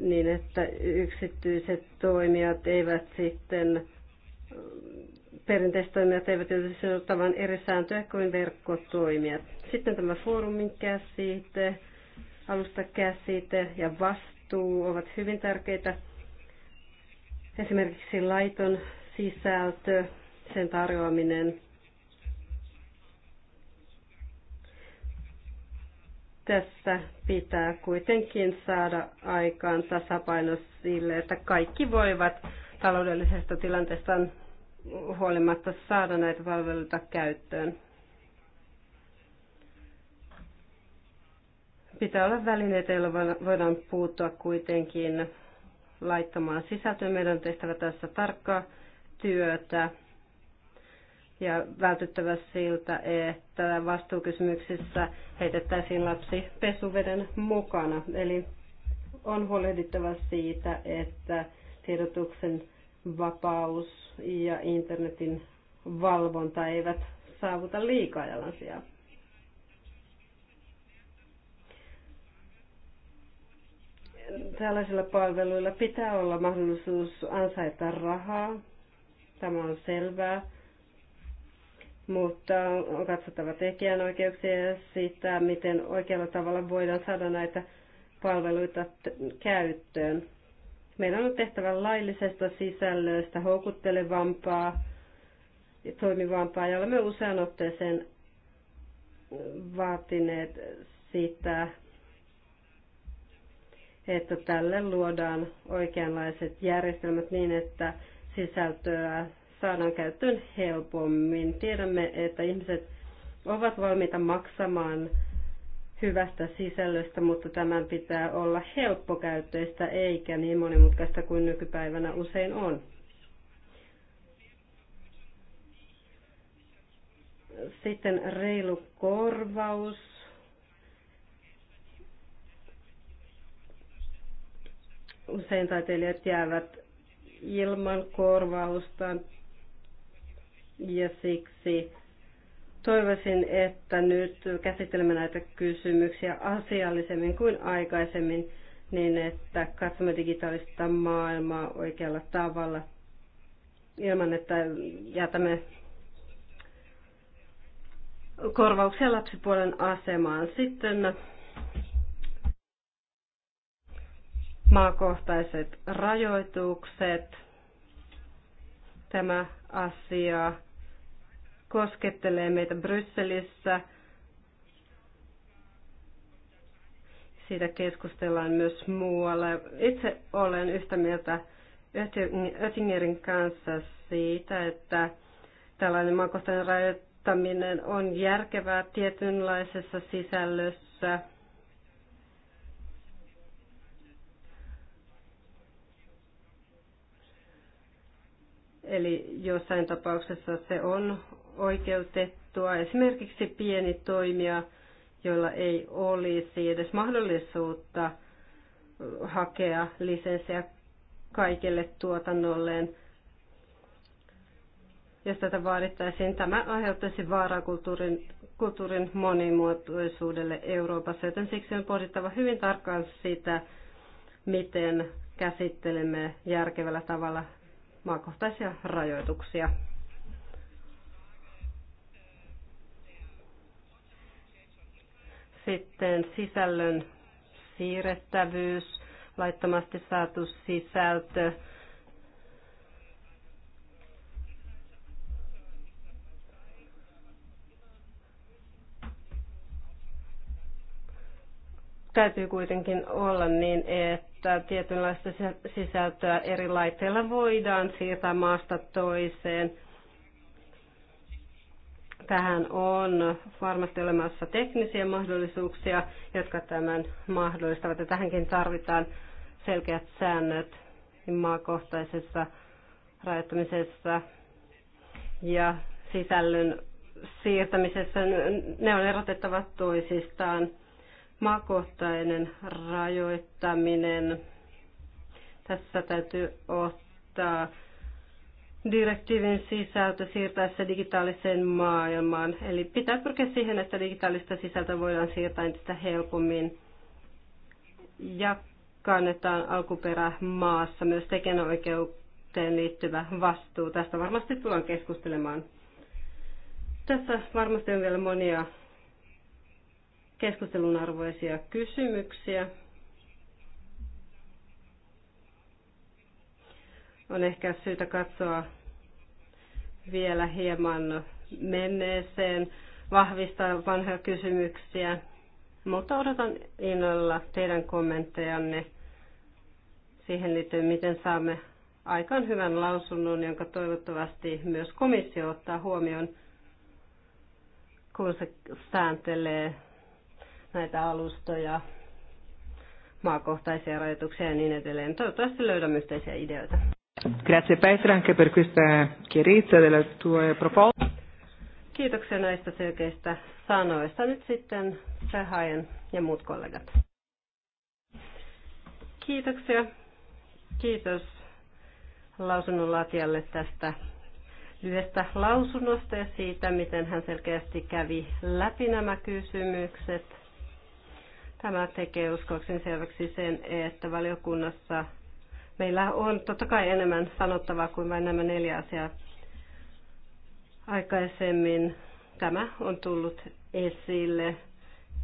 S2: niin, että yksityiset toimijat eivät sitten, perinteiset toimijat eivät joudu soveltamaan eri sääntöjä kuin verkkotoimijat. Sitten tämä foorumin käsite, käsite ja vastuu ovat hyvin tärkeitä Esimerkiksi laiton sisältö, sen tarjoaminen. Tässä pitää kuitenkin saada aikaan tasapaino sille, että kaikki voivat taloudellisesta tilanteesta huolimatta saada näitä palveluita käyttöön. Pitää olla välineitä, joilla voidaan puuttua kuitenkin Laittamaan sisältöön. Meidän on tehtävä tässä tarkkaa työtä ja vältyttävä siltä, että vastuukysymyksissä heitettäisiin lapsi pesuveden mukana. Eli on huolehdittava siitä, että tiedotuksen vapaus ja internetin valvonta eivät saavuta liikaa jalansijaa. tällaisilla palveluilla pitää olla mahdollisuus ansaita rahaa. Tämä on selvää. Mutta on katsottava tekijänoikeuksia ja sitä, miten oikealla tavalla voidaan saada näitä palveluita käyttöön. Meidän on tehtävä laillisesta sisällöstä houkuttelevampaa ja toimivampaa, ja olemme usean otteeseen vaatineet sitä, että tälle luodaan oikeanlaiset järjestelmät niin, että sisältöä saadaan käyttöön helpommin. Tiedämme, että ihmiset ovat valmiita maksamaan hyvästä sisällöstä, mutta tämän pitää olla helppokäyttöistä eikä niin monimutkaista kuin nykypäivänä usein on. Sitten reilu korvaus usein taiteilijat jäävät ilman korvausta ja siksi toivoisin, että nyt käsittelemme näitä kysymyksiä asiallisemmin kuin aikaisemmin, niin että katsomme digitaalista maailmaa oikealla tavalla ilman, että jätämme korvauksia lapsipuolen asemaan. Sitten maakohtaiset rajoitukset. Tämä asia koskettelee meitä Brysselissä. Siitä keskustellaan myös muualla. Itse olen yhtä mieltä Oettingerin kanssa siitä, että tällainen maakohtainen rajoittaminen on järkevää tietynlaisessa sisällössä. Eli jossain tapauksessa se on oikeutettua. Esimerkiksi pieni toimija, jolla ei olisi edes mahdollisuutta hakea lisenssiä kaikille tuotannolleen. Jos tätä vaadittaisiin, tämä aiheuttaisi vaaraa kulttuurin, kulttuurin monimuotoisuudelle Euroopassa, joten siksi on pohdittava hyvin tarkkaan sitä, miten käsittelemme järkevällä tavalla maakohtaisia rajoituksia. Sitten sisällön siirrettävyys, laittomasti saatu sisältö, täytyy kuitenkin olla niin, että tietynlaista sisältöä eri laitteilla voidaan siirtää maasta toiseen. Tähän on varmasti olemassa teknisiä mahdollisuuksia, jotka tämän mahdollistavat. Ja tähänkin tarvitaan selkeät säännöt maakohtaisessa rajoittamisessa ja sisällön siirtämisessä. Ne on erotettava toisistaan maakohtainen rajoittaminen. Tässä täytyy ottaa direktiivin sisältö siirtäessä digitaaliseen maailmaan. Eli pitää pyrkiä siihen, että digitaalista sisältöä voidaan siirtää entistä helpommin ja kannetaan alkuperä maassa myös tekijänoikeuteen liittyvä vastuu. Tästä varmasti tullaan keskustelemaan. Tässä varmasti on vielä monia keskustelun arvoisia kysymyksiä. On ehkä syytä katsoa vielä hieman menneeseen, vahvistaa vanhoja kysymyksiä, mutta odotan innolla teidän kommenttejanne siihen liittyen, miten saamme aikaan hyvän lausunnon, jonka toivottavasti myös komissio ottaa huomioon, kun se sääntelee näitä alustoja, maakohtaisia rajoituksia ja niin edelleen. Toivottavasti löydämme yhteisiä ideoita.
S1: Grazie Petra anche per questa chiarezza proposta.
S2: Kiitoksia näistä selkeistä sanoista. Nyt sitten Sahajan ja muut kollegat. Kiitoksia. Kiitos lausunnonlaatijalle tästä lyhyestä lausunnosta ja siitä, miten hän selkeästi kävi läpi nämä kysymykset. Tämä tekee uskoakseni selväksi sen, että valiokunnassa meillä on totta kai enemmän sanottavaa kuin vain nämä neljä asiaa aikaisemmin. Tämä on tullut esille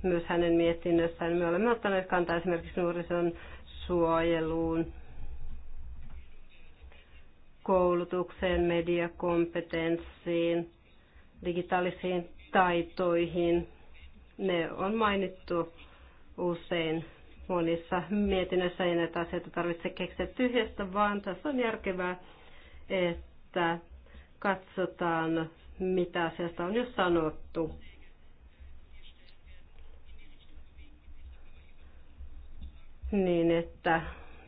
S2: myös hänen mietinnössään. Me olemme ottaneet kantaa esimerkiksi nuorison suojeluun, koulutukseen, mediakompetenssiin, digitaalisiin taitoihin. Ne on mainittu usein monissa mietinnöissä ei näitä asioita tarvitse keksiä tyhjästä, vaan tässä on järkevää, että katsotaan, mitä asiasta on jo sanottu. Niin, että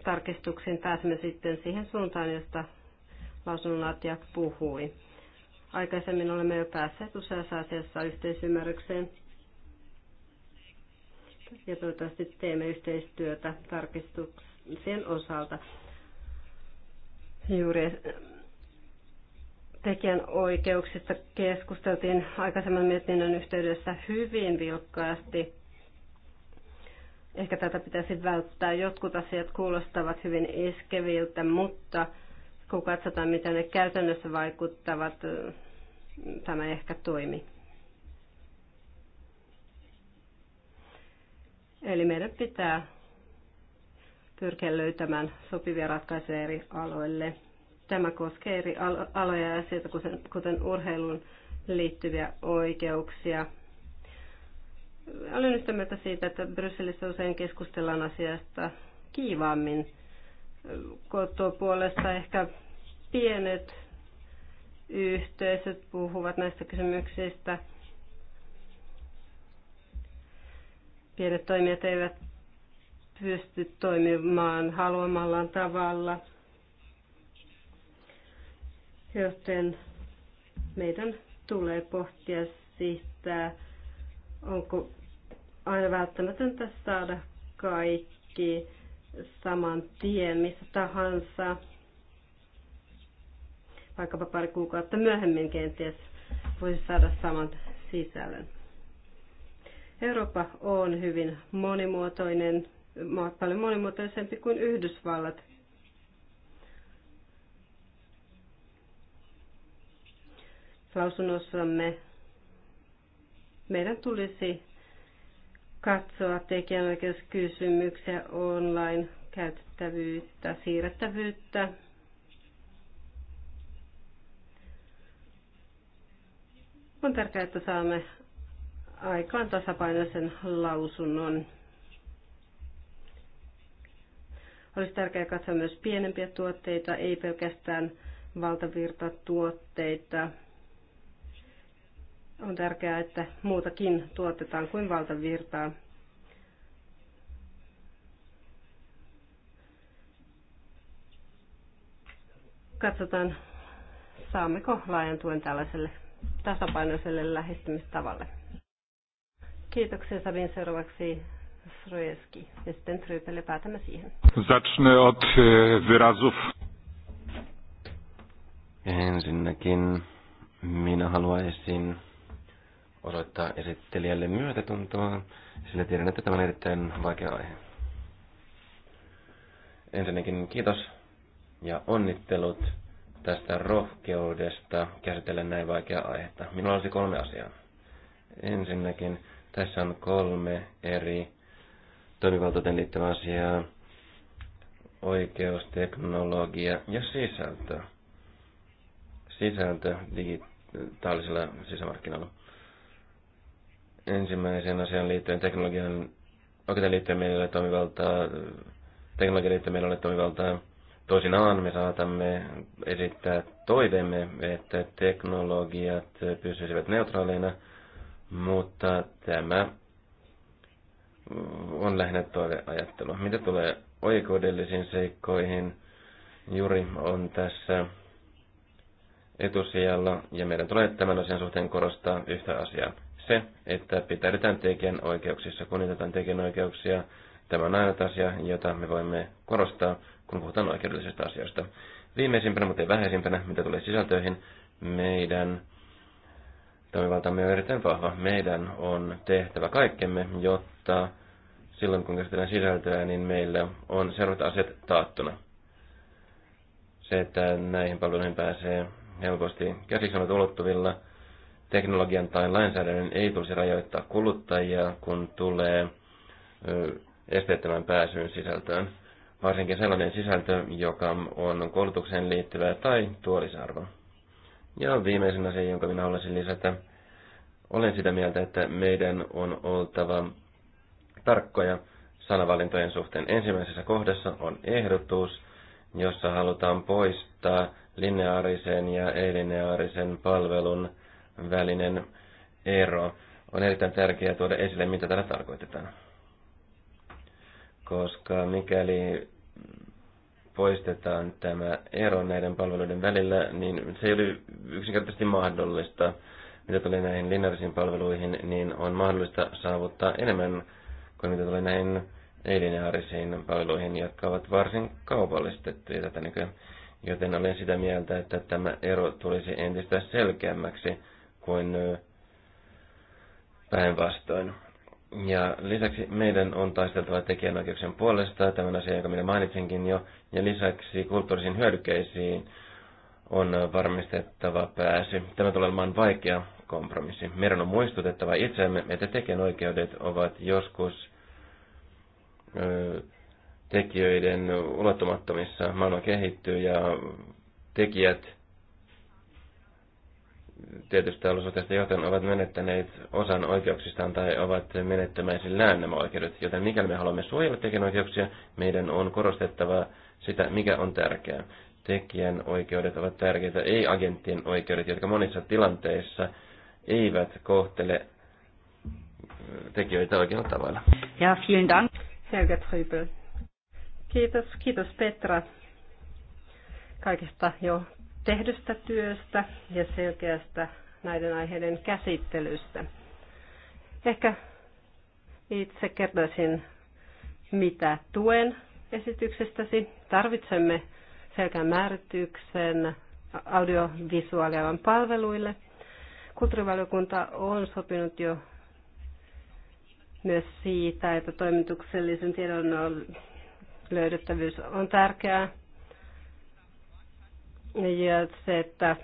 S2: tarkistuksiin pääsemme sitten siihen suuntaan, josta ja puhui. Aikaisemmin olemme jo päässeet useassa asiassa yhteisymmärrykseen ja toivottavasti teemme yhteistyötä tarkistuksen osalta. Juuri oikeuksista keskusteltiin aikaisemman mietinnön yhteydessä hyvin vilkkaasti. Ehkä tätä pitäisi välttää. Jotkut asiat kuulostavat hyvin iskeviltä, mutta kun katsotaan, miten ne käytännössä vaikuttavat, tämä ehkä toimi. Eli meidän pitää pyrkiä löytämään sopivia ratkaisuja eri aloille. Tämä koskee eri aloja ja sieltä, kuten, kuten urheiluun liittyviä oikeuksia. Olen yhtä mieltä siitä, että Brysselissä usein keskustellaan asiasta kiivaammin. Kotoa puolesta ehkä pienet yhteisöt puhuvat näistä kysymyksistä – Pienet toimijat eivät pysty toimimaan haluamallaan tavalla, joten meidän tulee pohtia sitä, onko aina välttämätöntä saada kaikki saman tien missä tahansa, vaikkapa pari kuukautta myöhemmin kenties voisi saada saman sisällön. Eurooppa on hyvin monimuotoinen, paljon monimuotoisempi kuin Yhdysvallat. Lausunnossamme meidän tulisi katsoa tekijänoikeuskysymyksiä online, käytettävyyttä, siirrettävyyttä. On tärkeää, että saamme aikaan tasapainoisen lausunnon. Olisi tärkeää katsoa myös pienempiä tuotteita, ei pelkästään valtavirtatuotteita. On tärkeää, että muutakin tuotetaan kuin valtavirtaa. Katsotaan, saammeko laajan tuen tällaiselle tasapainoiselle lähestymistavalle. Kiitoksia Sabin seuraavaksi Srojeski ja sitten Trypele päätämme siihen.
S1: Zacznę od e, wyrazów.
S4: Ensinnäkin minä haluaisin osoittaa esittelijälle myötätuntoa, sillä tiedän, että tämä on erittäin vaikea aihe. Ensinnäkin kiitos ja onnittelut tästä rohkeudesta käsitellä näin vaikea aihetta. Minulla olisi kolme asiaa. Ensinnäkin tässä on kolme eri toimivaltuuteen liittyvää asiaa. Oikeus, teknologia ja sisältö. Sisältö digitaalisella sisämarkkinoilla. Ensimmäisen asian liittyen teknologian, oikeuteen liittyen meillä ei toimivaltaa, teknologian liittyen meillä ei toimivaltaa. Toisinaan me saatamme esittää toiveemme, että teknologiat pysyisivät neutraaleina – mutta tämä on lähinnä toiveajattelu. Mitä tulee oikeudellisiin seikkoihin, Juri on tässä etusijalla ja meidän tulee tämän asian suhteen korostaa yhtä asiaa. Se, että pitäydytään tekijänoikeuksissa, kunnitetaan tekijänoikeuksia, tämä on aina asia, jota me voimme korostaa, kun puhutaan oikeudellisista asioista. Viimeisimpänä, mutta ei vähäisimpänä, mitä tulee sisältöihin, meidän Toimivaltamme on erittäin vahva. Meidän on tehtävä kaikkemme, jotta silloin kun käsitellään sisältöä, niin meillä on seuraavat asiat taattuna. Se, että näihin palveluihin pääsee helposti käsiksi ulottuvilla, teknologian tai lainsäädännön ei tulisi rajoittaa kuluttajia, kun tulee esteettömän pääsyyn sisältöön. Varsinkin sellainen sisältö, joka on koulutukseen liittyvää tai tuolisarvoa. Ja viimeisen asian, jonka minä haluaisin lisätä, olen sitä mieltä, että meidän on oltava tarkkoja sanavalintojen suhteen. Ensimmäisessä kohdassa on ehdotus, jossa halutaan poistaa lineaarisen ja ei-lineaarisen palvelun välinen ero. On erittäin tärkeää tuoda esille, mitä tällä tarkoitetaan. Koska mikäli poistetaan tämä ero näiden palveluiden välillä, niin se ei ole yksinkertaisesti mahdollista. Mitä tulee näihin lineaarisiin palveluihin, niin on mahdollista saavuttaa enemmän kuin mitä tulee näihin ei-lineaarisiin palveluihin, jotka ovat varsin kaupallistettuja tätä nykyään. Joten olen sitä mieltä, että tämä ero tulisi entistä selkeämmäksi kuin päinvastoin. Ja lisäksi meidän on taisteltava tekijänoikeuksien puolesta, tämän asian, jonka minä mainitsinkin jo, ja lisäksi kulttuurisiin hyödykkeisiin on varmistettava pääsy. Tämä tulee olemaan vaikea kompromissi. Meidän on muistutettava itseämme, että tekijänoikeudet ovat joskus ö, tekijöiden ulottumattomissa. Maailma kehittyy ja tekijät tietystä olosuhteista joten ovat menettäneet osan oikeuksistaan tai ovat menettämäisillään nämä oikeudet. Joten mikäli me haluamme suojella tekijänoikeuksia, meidän on korostettava sitä, mikä on tärkeää. Tekijän oikeudet ovat tärkeitä, ei agenttien oikeudet, jotka monissa tilanteissa eivät kohtele tekijöitä oikealla tavalla.
S2: Ja, vielen dank. Helga Trübel. Kiitos, kiitos Petra kaikista jo tehdystä työstä ja selkeästä näiden aiheiden käsittelystä. Ehkä itse kertoisin, mitä tuen esityksestäsi. Tarvitsemme selkeän määrityksen audiovisuaalialan palveluille. Kulttuurivaliokunta on sopinut jo myös siitä, että toimituksellisen tiedon löydettävyys on tärkeää ja se, että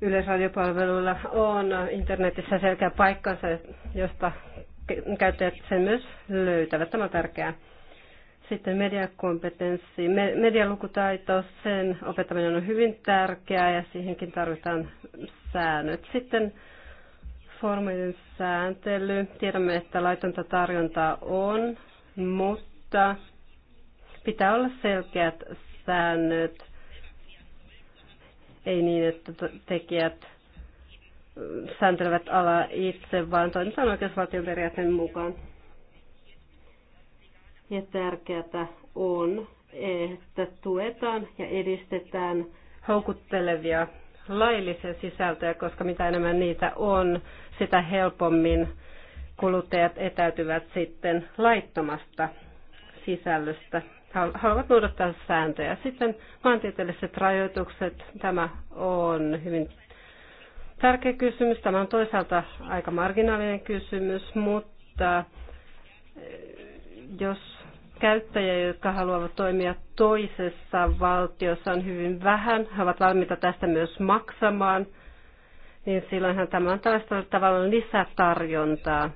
S2: yleisradiopalveluilla on internetissä selkeä paikkansa, josta käyttäjät sen myös löytävät. Tämä on tärkeää. Sitten mediakompetenssi, medialukutaito, sen opettaminen on hyvin tärkeää ja siihenkin tarvitaan säännöt. Sitten foorumeiden sääntely. Tiedämme, että laitonta tarjontaa on, mutta pitää olla selkeät säännöt ei niin, että tekijät mm, sääntelevät ala itse, vaan toimitaan oikeusvaltion periaatteen mukaan. Ja tärkeää on, että tuetaan ja edistetään houkuttelevia laillisia sisältöjä, koska mitä enemmän niitä on, sitä helpommin kuluttajat etäytyvät sitten laittomasta sisällöstä haluavat noudattaa sääntöjä. Sitten maantieteelliset rajoitukset, tämä on hyvin tärkeä kysymys. Tämä on toisaalta aika marginaalinen kysymys, mutta eh, jos käyttäjiä, jotka haluavat toimia toisessa valtiossa on hyvin vähän, he ovat valmiita tästä myös maksamaan, niin silloinhan tämä on tällaista tavallaan lisätarjontaa.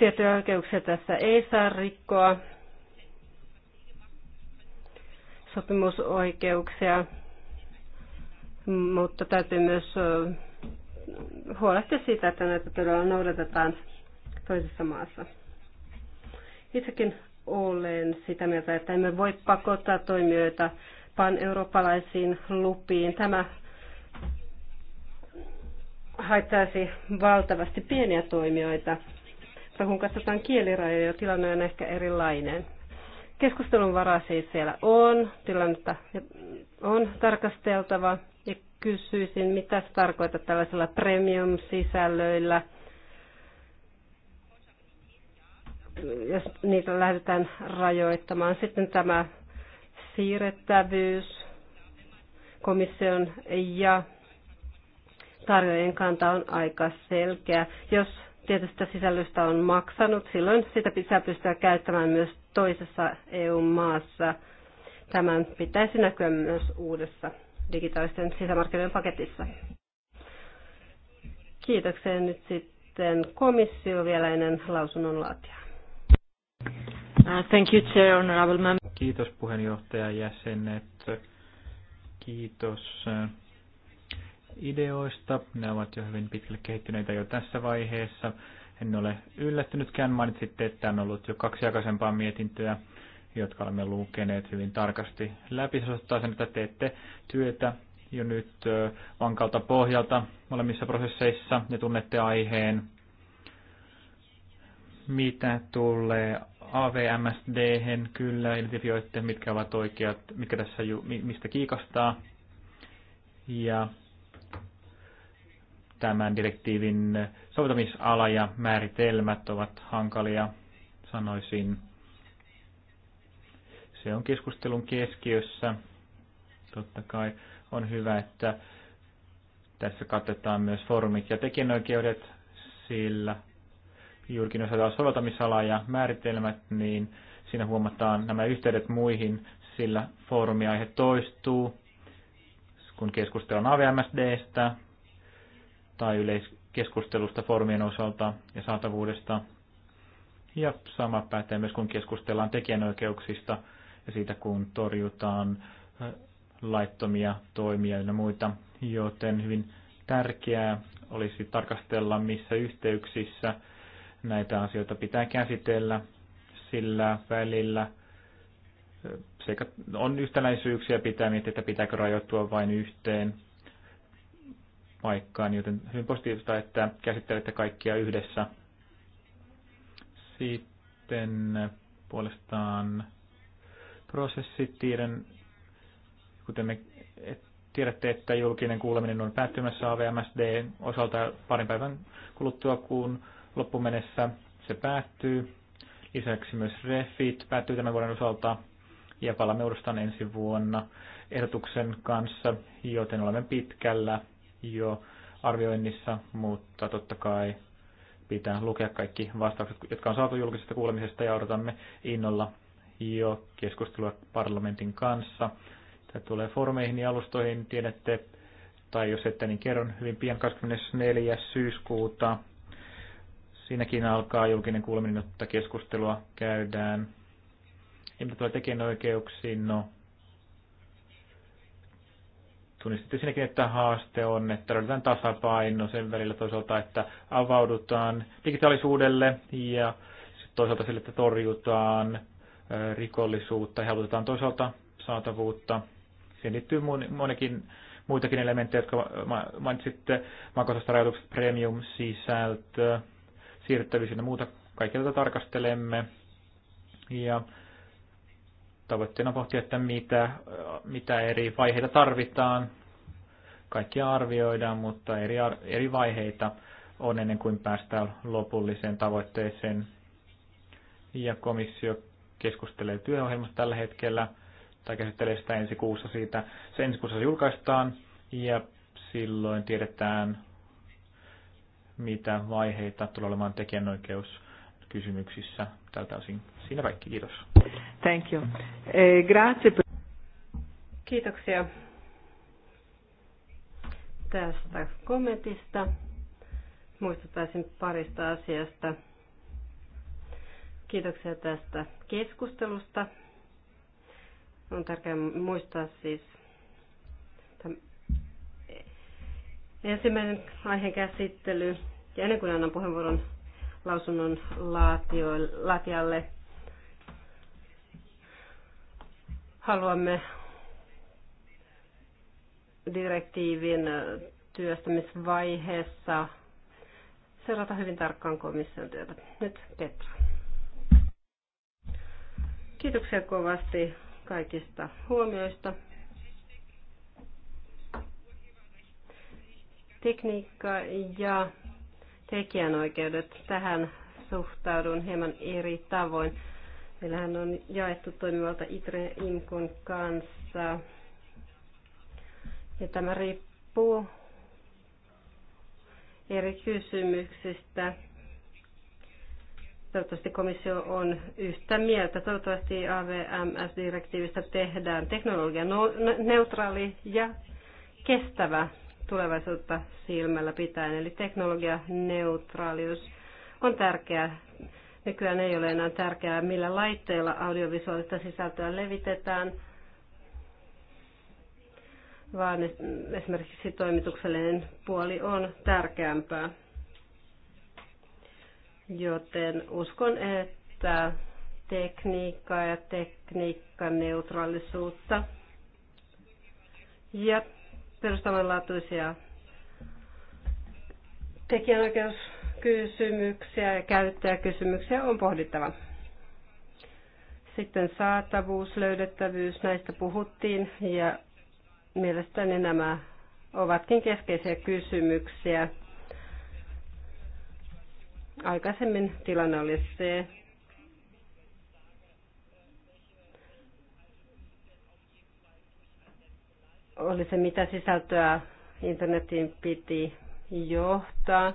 S2: Tiettyjä oikeuksia tässä ei saa rikkoa. Sopimusoikeuksia, mutta täytyy myös huolehtia siitä, että näitä todella noudatetaan toisessa maassa. Itsekin olen sitä mieltä, että emme voi pakottaa toimijoita pan-eurooppalaisiin lupiin. Tämä haittaisi valtavasti pieniä toimijoita mutta kun katsotaan kielirajoja, tilanne on ehkä erilainen. Keskustelun varaa siis siellä on, tilannetta on tarkasteltava ja kysyisin, mitä tarkoittaa tällaisilla premium-sisällöillä, jos niitä lähdetään rajoittamaan. Sitten tämä siirrettävyys komission ja tarjoajien kanta on aika selkeä. Jos tietystä sisällöstä on maksanut, silloin sitä pitää pystyä käyttämään myös toisessa EU-maassa. Tämän pitäisi näkyä myös uudessa digitaalisten sisämarkkinoiden paketissa. Kiitoksia nyt sitten komissio vielä ennen lausunnon laatia. Uh,
S3: thank you, Chair, Honorable Member. Kiitos puheenjohtaja jäsenet. Kiitos uh, ideoista. Ne ovat jo hyvin pitkälle kehittyneitä jo tässä vaiheessa. En ole yllättynytkään. Mainitsitte, että on ollut jo kaksi aikaisempaa mietintöä, jotka olemme lukeneet hyvin tarkasti läpi. Se osoittaa sen, että teette työtä jo nyt vankalta pohjalta molemmissa prosesseissa ja tunnette aiheen. Mitä tulee AVMSD, kyllä identifioitte, mitkä ovat oikeat, mitkä tässä, ju, mistä kiikastaa. Ja tämän direktiivin soveltamisala ja määritelmät ovat hankalia, sanoisin. Se on keskustelun keskiössä. Totta kai on hyvä, että tässä katsotaan myös foorumit ja tekijänoikeudet, sillä juurikin jos soveltamisala ja määritelmät, niin siinä huomataan nämä yhteydet muihin, sillä foorumiaihe toistuu, kun keskustellaan AVMSDstä, tai yleiskeskustelusta formien osalta ja saatavuudesta. Ja sama pätee myös, kun keskustellaan tekijänoikeuksista ja siitä, kun torjutaan laittomia toimia ja muita, joten hyvin tärkeää olisi tarkastella, missä yhteyksissä näitä asioita pitää käsitellä, sillä välillä sekä on yhtäläisyyksiä pitää miettiä, että pitääkö rajoittua vain yhteen paikkaan, joten hyvin positiivista, että käsittelette kaikkia yhdessä. Sitten puolestaan prosessit, kuten me tiedätte, että julkinen kuuleminen on päättymässä AVMSD osalta parin päivän kuluttua kuun loppumennessä se päättyy. Lisäksi myös REFIT päättyy tämän vuoden osalta ja palaamme uudestaan ensi vuonna ehdotuksen kanssa, joten olemme pitkällä jo arvioinnissa, mutta totta kai pitää lukea kaikki vastaukset, jotka on saatu julkisesta kuulemisesta ja odotamme innolla jo keskustelua parlamentin kanssa. Tämä tulee foorumeihin ja alustoihin, tiedätte, tai jos ette, niin kerron hyvin pian 24. syyskuuta. Siinäkin alkaa julkinen kuuleminen, jotta keskustelua käydään. Ja mitä tulee tekijänoikeuksiin, no tunnistitte sinnekin, että haaste on, että löydetään tasapaino sen välillä toisaalta, että avaudutaan digitaalisuudelle ja toisaalta sille, että torjutaan rikollisuutta ja helpotetaan toisaalta saatavuutta. Siihen liittyy monikin muitakin elementtejä, jotka mainitsitte, makosasta rajoitukset, premium, sisältö, siirrettävyys ja muuta. Kaikkea tätä tarkastelemme. Ja Tavoitteena on pohtia, että mitä, mitä eri vaiheita tarvitaan. Kaikkia arvioidaan, mutta eri, eri vaiheita on ennen kuin päästään lopulliseen tavoitteeseen. Ja komissio keskustelee työohjelmasta tällä hetkellä tai käsittelee sitä ensi kuussa siitä. Se ensi kuussa se julkaistaan ja silloin tiedetään, mitä vaiheita tulee olemaan tekijänoikeuskysymyksissä tältä osin. Siinä kaikki, kiitos.
S1: Thank you. Eh, grazie.
S2: Kiitoksia tästä kommentista. Muistuttaisin parista asiasta. Kiitoksia tästä keskustelusta. On tärkeää muistaa siis ensimmäinen aiheen käsittely. Ja ennen kuin annan puheenvuoron lausunnon laatijalle. Haluamme direktiivin työstämisvaiheessa seurata hyvin tarkkaan komission työtä. Nyt Petra. Kiitoksia kovasti kaikista huomioista. Tekniikka ja tekijänoikeudet. Tähän suhtaudun hieman eri tavoin. Meillähän on jaettu toimivalta ITRE IMKON kanssa. Ja tämä riippuu eri kysymyksistä. Toivottavasti komissio on yhtä mieltä. Toivottavasti AVMS-direktiivistä tehdään teknologia no- neutraali ja kestävä tulevaisuutta silmällä pitäen. Eli teknologianeutraalius on tärkeää. Nykyään ei ole enää tärkeää, millä laitteilla audiovisuaalista sisältöä levitetään, vaan esimerkiksi toimituksellinen puoli on tärkeämpää. Joten uskon, että tekniikkaa ja tekniikkaneutraalisuutta ja perustavanlaatuisia tekijänoikeuskysymyksiä ja käyttäjäkysymyksiä on pohdittava. Sitten saatavuus, löydettävyys, näistä puhuttiin ja mielestäni nämä ovatkin keskeisiä kysymyksiä. Aikaisemmin tilanne oli se, oli se, mitä sisältöä internetiin piti johtaa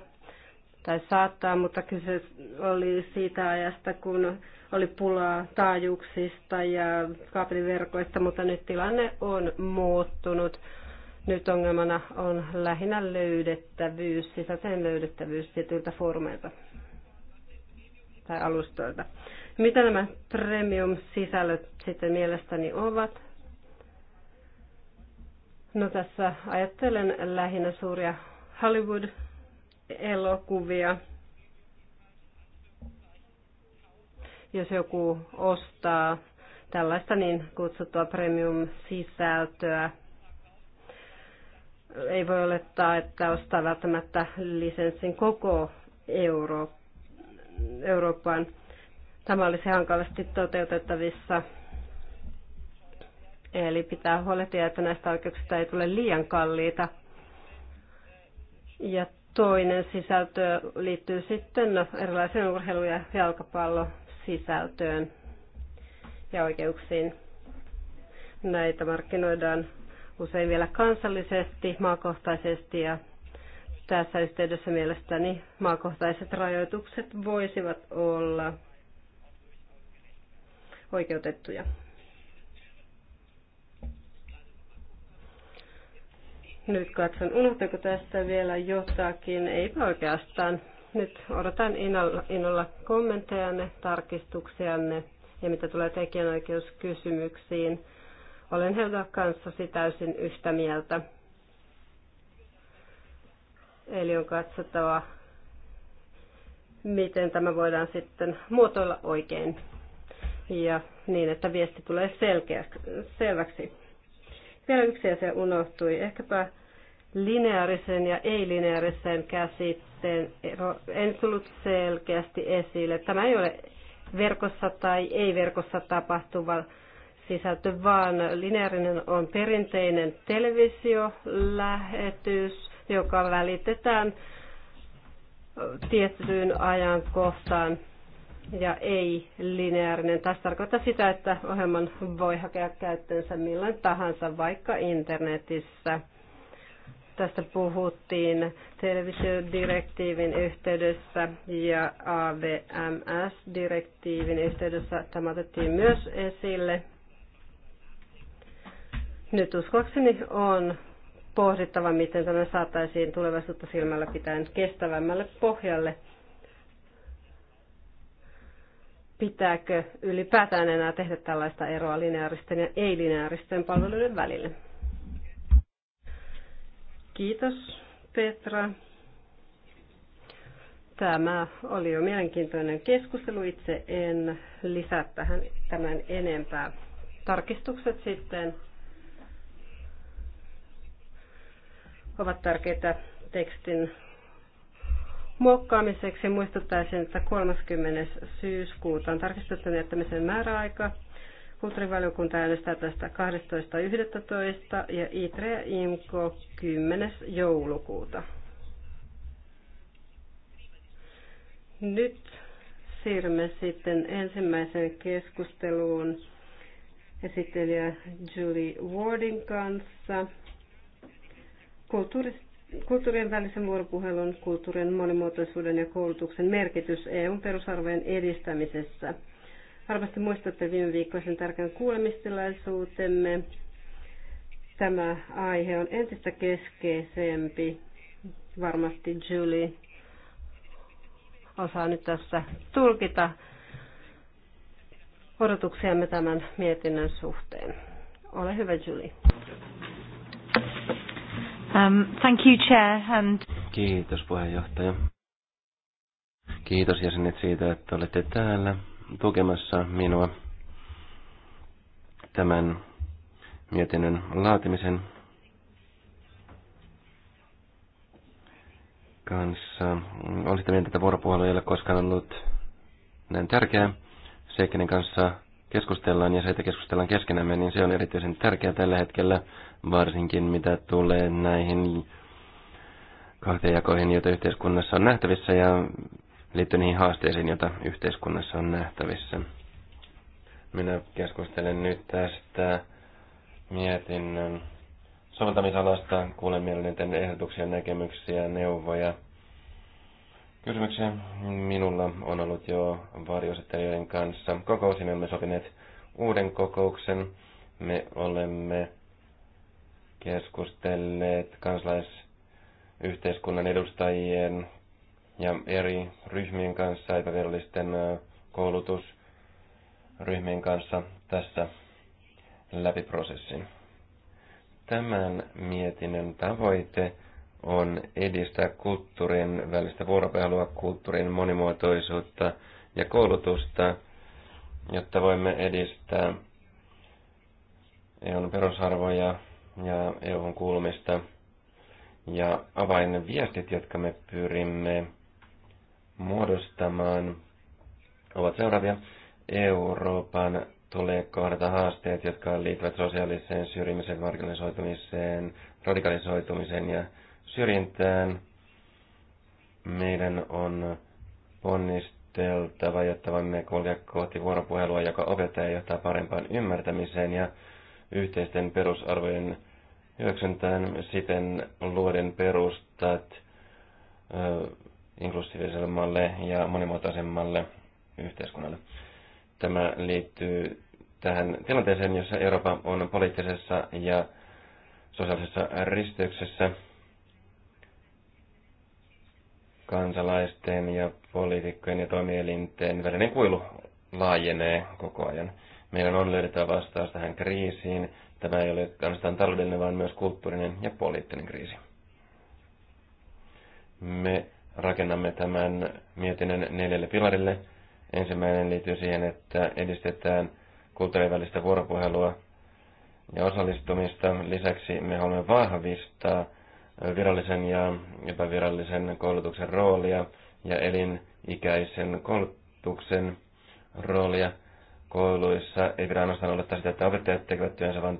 S2: tai saattaa, mutta kyse oli siitä ajasta, kun oli pulaa taajuuksista ja kaapeliverkoista, mutta nyt tilanne on muuttunut. Nyt ongelmana on lähinnä löydettävyys, sisäisen löydettävyys tietyiltä foorumeilta tai alustoilta. Mitä nämä premium-sisällöt sitten mielestäni ovat? No tässä ajattelen lähinnä suuria Hollywood-elokuvia. Jos joku ostaa tällaista niin kutsuttua premium-sisältöä, ei voi olettaa, että ostaa välttämättä lisenssin koko Euro- Euroopan. Tämä olisi hankalasti toteutettavissa Eli pitää huolehtia, että näistä oikeuksista ei tule liian kalliita. Ja toinen sisältö liittyy sitten no, erilaiseen urheilu- ja jalkapallosisältöön ja oikeuksiin. Näitä markkinoidaan usein vielä kansallisesti, maakohtaisesti ja tässä yhteydessä mielestäni maakohtaiset rajoitukset voisivat olla oikeutettuja. Nyt katson, unohtako tästä vielä jotakin? Eipä oikeastaan. Nyt odotan innolla, innolla kommenttejanne, tarkistuksianne ja mitä tulee tekijänoikeuskysymyksiin. Olen heiltä kanssasi täysin yhtä mieltä. Eli on katsottava, miten tämä voidaan sitten muotoilla oikein ja niin, että viesti tulee selkeä, selväksi. Vielä yksi asia unohtui. Ehkäpä lineaarisen ja ei-lineaarisen käsitteen ero en tullut selkeästi esille. Tämä ei ole verkossa tai ei-verkossa tapahtuva sisältö, vaan lineaarinen on perinteinen televisiolähetys, joka välitetään tiettyyn ajankohtaan ja ei-lineaarinen. Tässä tarkoittaa sitä, että ohjelman voi hakea käyttöönsä milloin tahansa, vaikka internetissä. Tästä puhuttiin televisiodirektiivin yhteydessä ja AVMS-direktiivin yhteydessä. Tämä otettiin myös esille. Nyt uskoakseni on pohdittava, miten tämä saataisiin tulevaisuutta silmällä pitäen kestävämmälle pohjalle – pitääkö ylipäätään enää tehdä tällaista eroa lineaaristen ja ei-lineaaristen palveluiden välille. Kiitos Petra. Tämä oli jo mielenkiintoinen keskustelu. Itse en lisää tähän tämän enempää. Tarkistukset sitten ovat tärkeitä tekstin muokkaamiseksi muistuttaisin, että 30. syyskuuta on tarkistettu jättämisen määräaika. Kulttuurivaliokunta äänestää tästä 12.11. ja ITRE ja IMKO 10. joulukuuta. Nyt siirrymme sitten ensimmäiseen keskusteluun esittelijä Julie Wardin kanssa kulttuurista Kulttuurien välisen vuoropuhelun, kulttuurin monimuotoisuuden ja koulutuksen merkitys EUn perusarvojen edistämisessä. Varmasti muistatte viime viikkoisen tärkeän kuulemistilaisuutemme. Tämä aihe on entistä keskeisempi. Varmasti Julie osaa nyt tässä tulkita odotuksiamme tämän mietinnön suhteen. Ole hyvä, Julie. Um, thank you, Chair. And...
S4: Kiitos puheenjohtaja. Kiitos jäsenet siitä, että olette täällä tukemassa minua tämän mietinnön laatimisen kanssa. Olen mieltä, että vuoropuhelu ei ole koskaan ollut näin tärkeää. Se, kanssa keskustellaan ja se, että keskustellaan keskenämme, niin se on erityisen tärkeää tällä hetkellä, varsinkin mitä tulee näihin kahteenjakoihin, joita yhteiskunnassa on nähtävissä ja liittyy niihin haasteisiin, joita yhteiskunnassa on nähtävissä. Minä keskustelen nyt tästä mietinnön soveltamisalasta, kuulen mielelläni ehdotuksia, näkemyksiä, neuvoja – kysymyksiä. Minulla on ollut jo varjoesittelijöiden kanssa kokous, me olemme sopineet uuden kokouksen. Me olemme keskustelleet kansalaisyhteiskunnan edustajien ja eri ryhmien kanssa, epävirallisten koulutusryhmien kanssa tässä läpiprosessin. Tämän mietinnön tavoite on edistää kulttuurien välistä vuoropuhelua, kulttuurin monimuotoisuutta ja koulutusta, jotta voimme edistää EUn perusarvoja ja EUn kuulumista. Ja avainviestit, jotka me pyrimme muodostamaan, ovat seuraavia. Euroopan tulee kohdata haasteet, jotka liittyvät sosiaaliseen syrjimiseen, marginalisoitumiseen, radikalisoitumiseen ja syrjintään. Meidän on onnisteltava, jotta voimme kulkea kohti vuoropuhelua, joka opettaa ja johtaa parempaan ymmärtämiseen ja yhteisten perusarvojen hyväksyntään siten luoden perustat inklusiivisemmalle ja monimuotoisemmalle yhteiskunnalle. Tämä liittyy tähän tilanteeseen, jossa Eurooppa on poliittisessa ja sosiaalisessa risteyksessä – kansalaisten ja poliitikkojen ja toimielinten välinen kuilu laajenee koko ajan. Meidän on löydettävä vastaus tähän kriisiin. Tämä ei ole ainoastaan taloudellinen, vaan myös kulttuurinen ja poliittinen kriisi. Me rakennamme tämän mietinnön neljälle pilarille. Ensimmäinen liittyy siihen, että edistetään kulttuurien välistä vuoropuhelua ja osallistumista. Lisäksi me haluamme vahvistaa virallisen ja epävirallisen koulutuksen roolia ja elinikäisen koulutuksen roolia kouluissa. Ei pidä ainoastaan olettaa sitä, että opettajat tekevät työnsä, vaan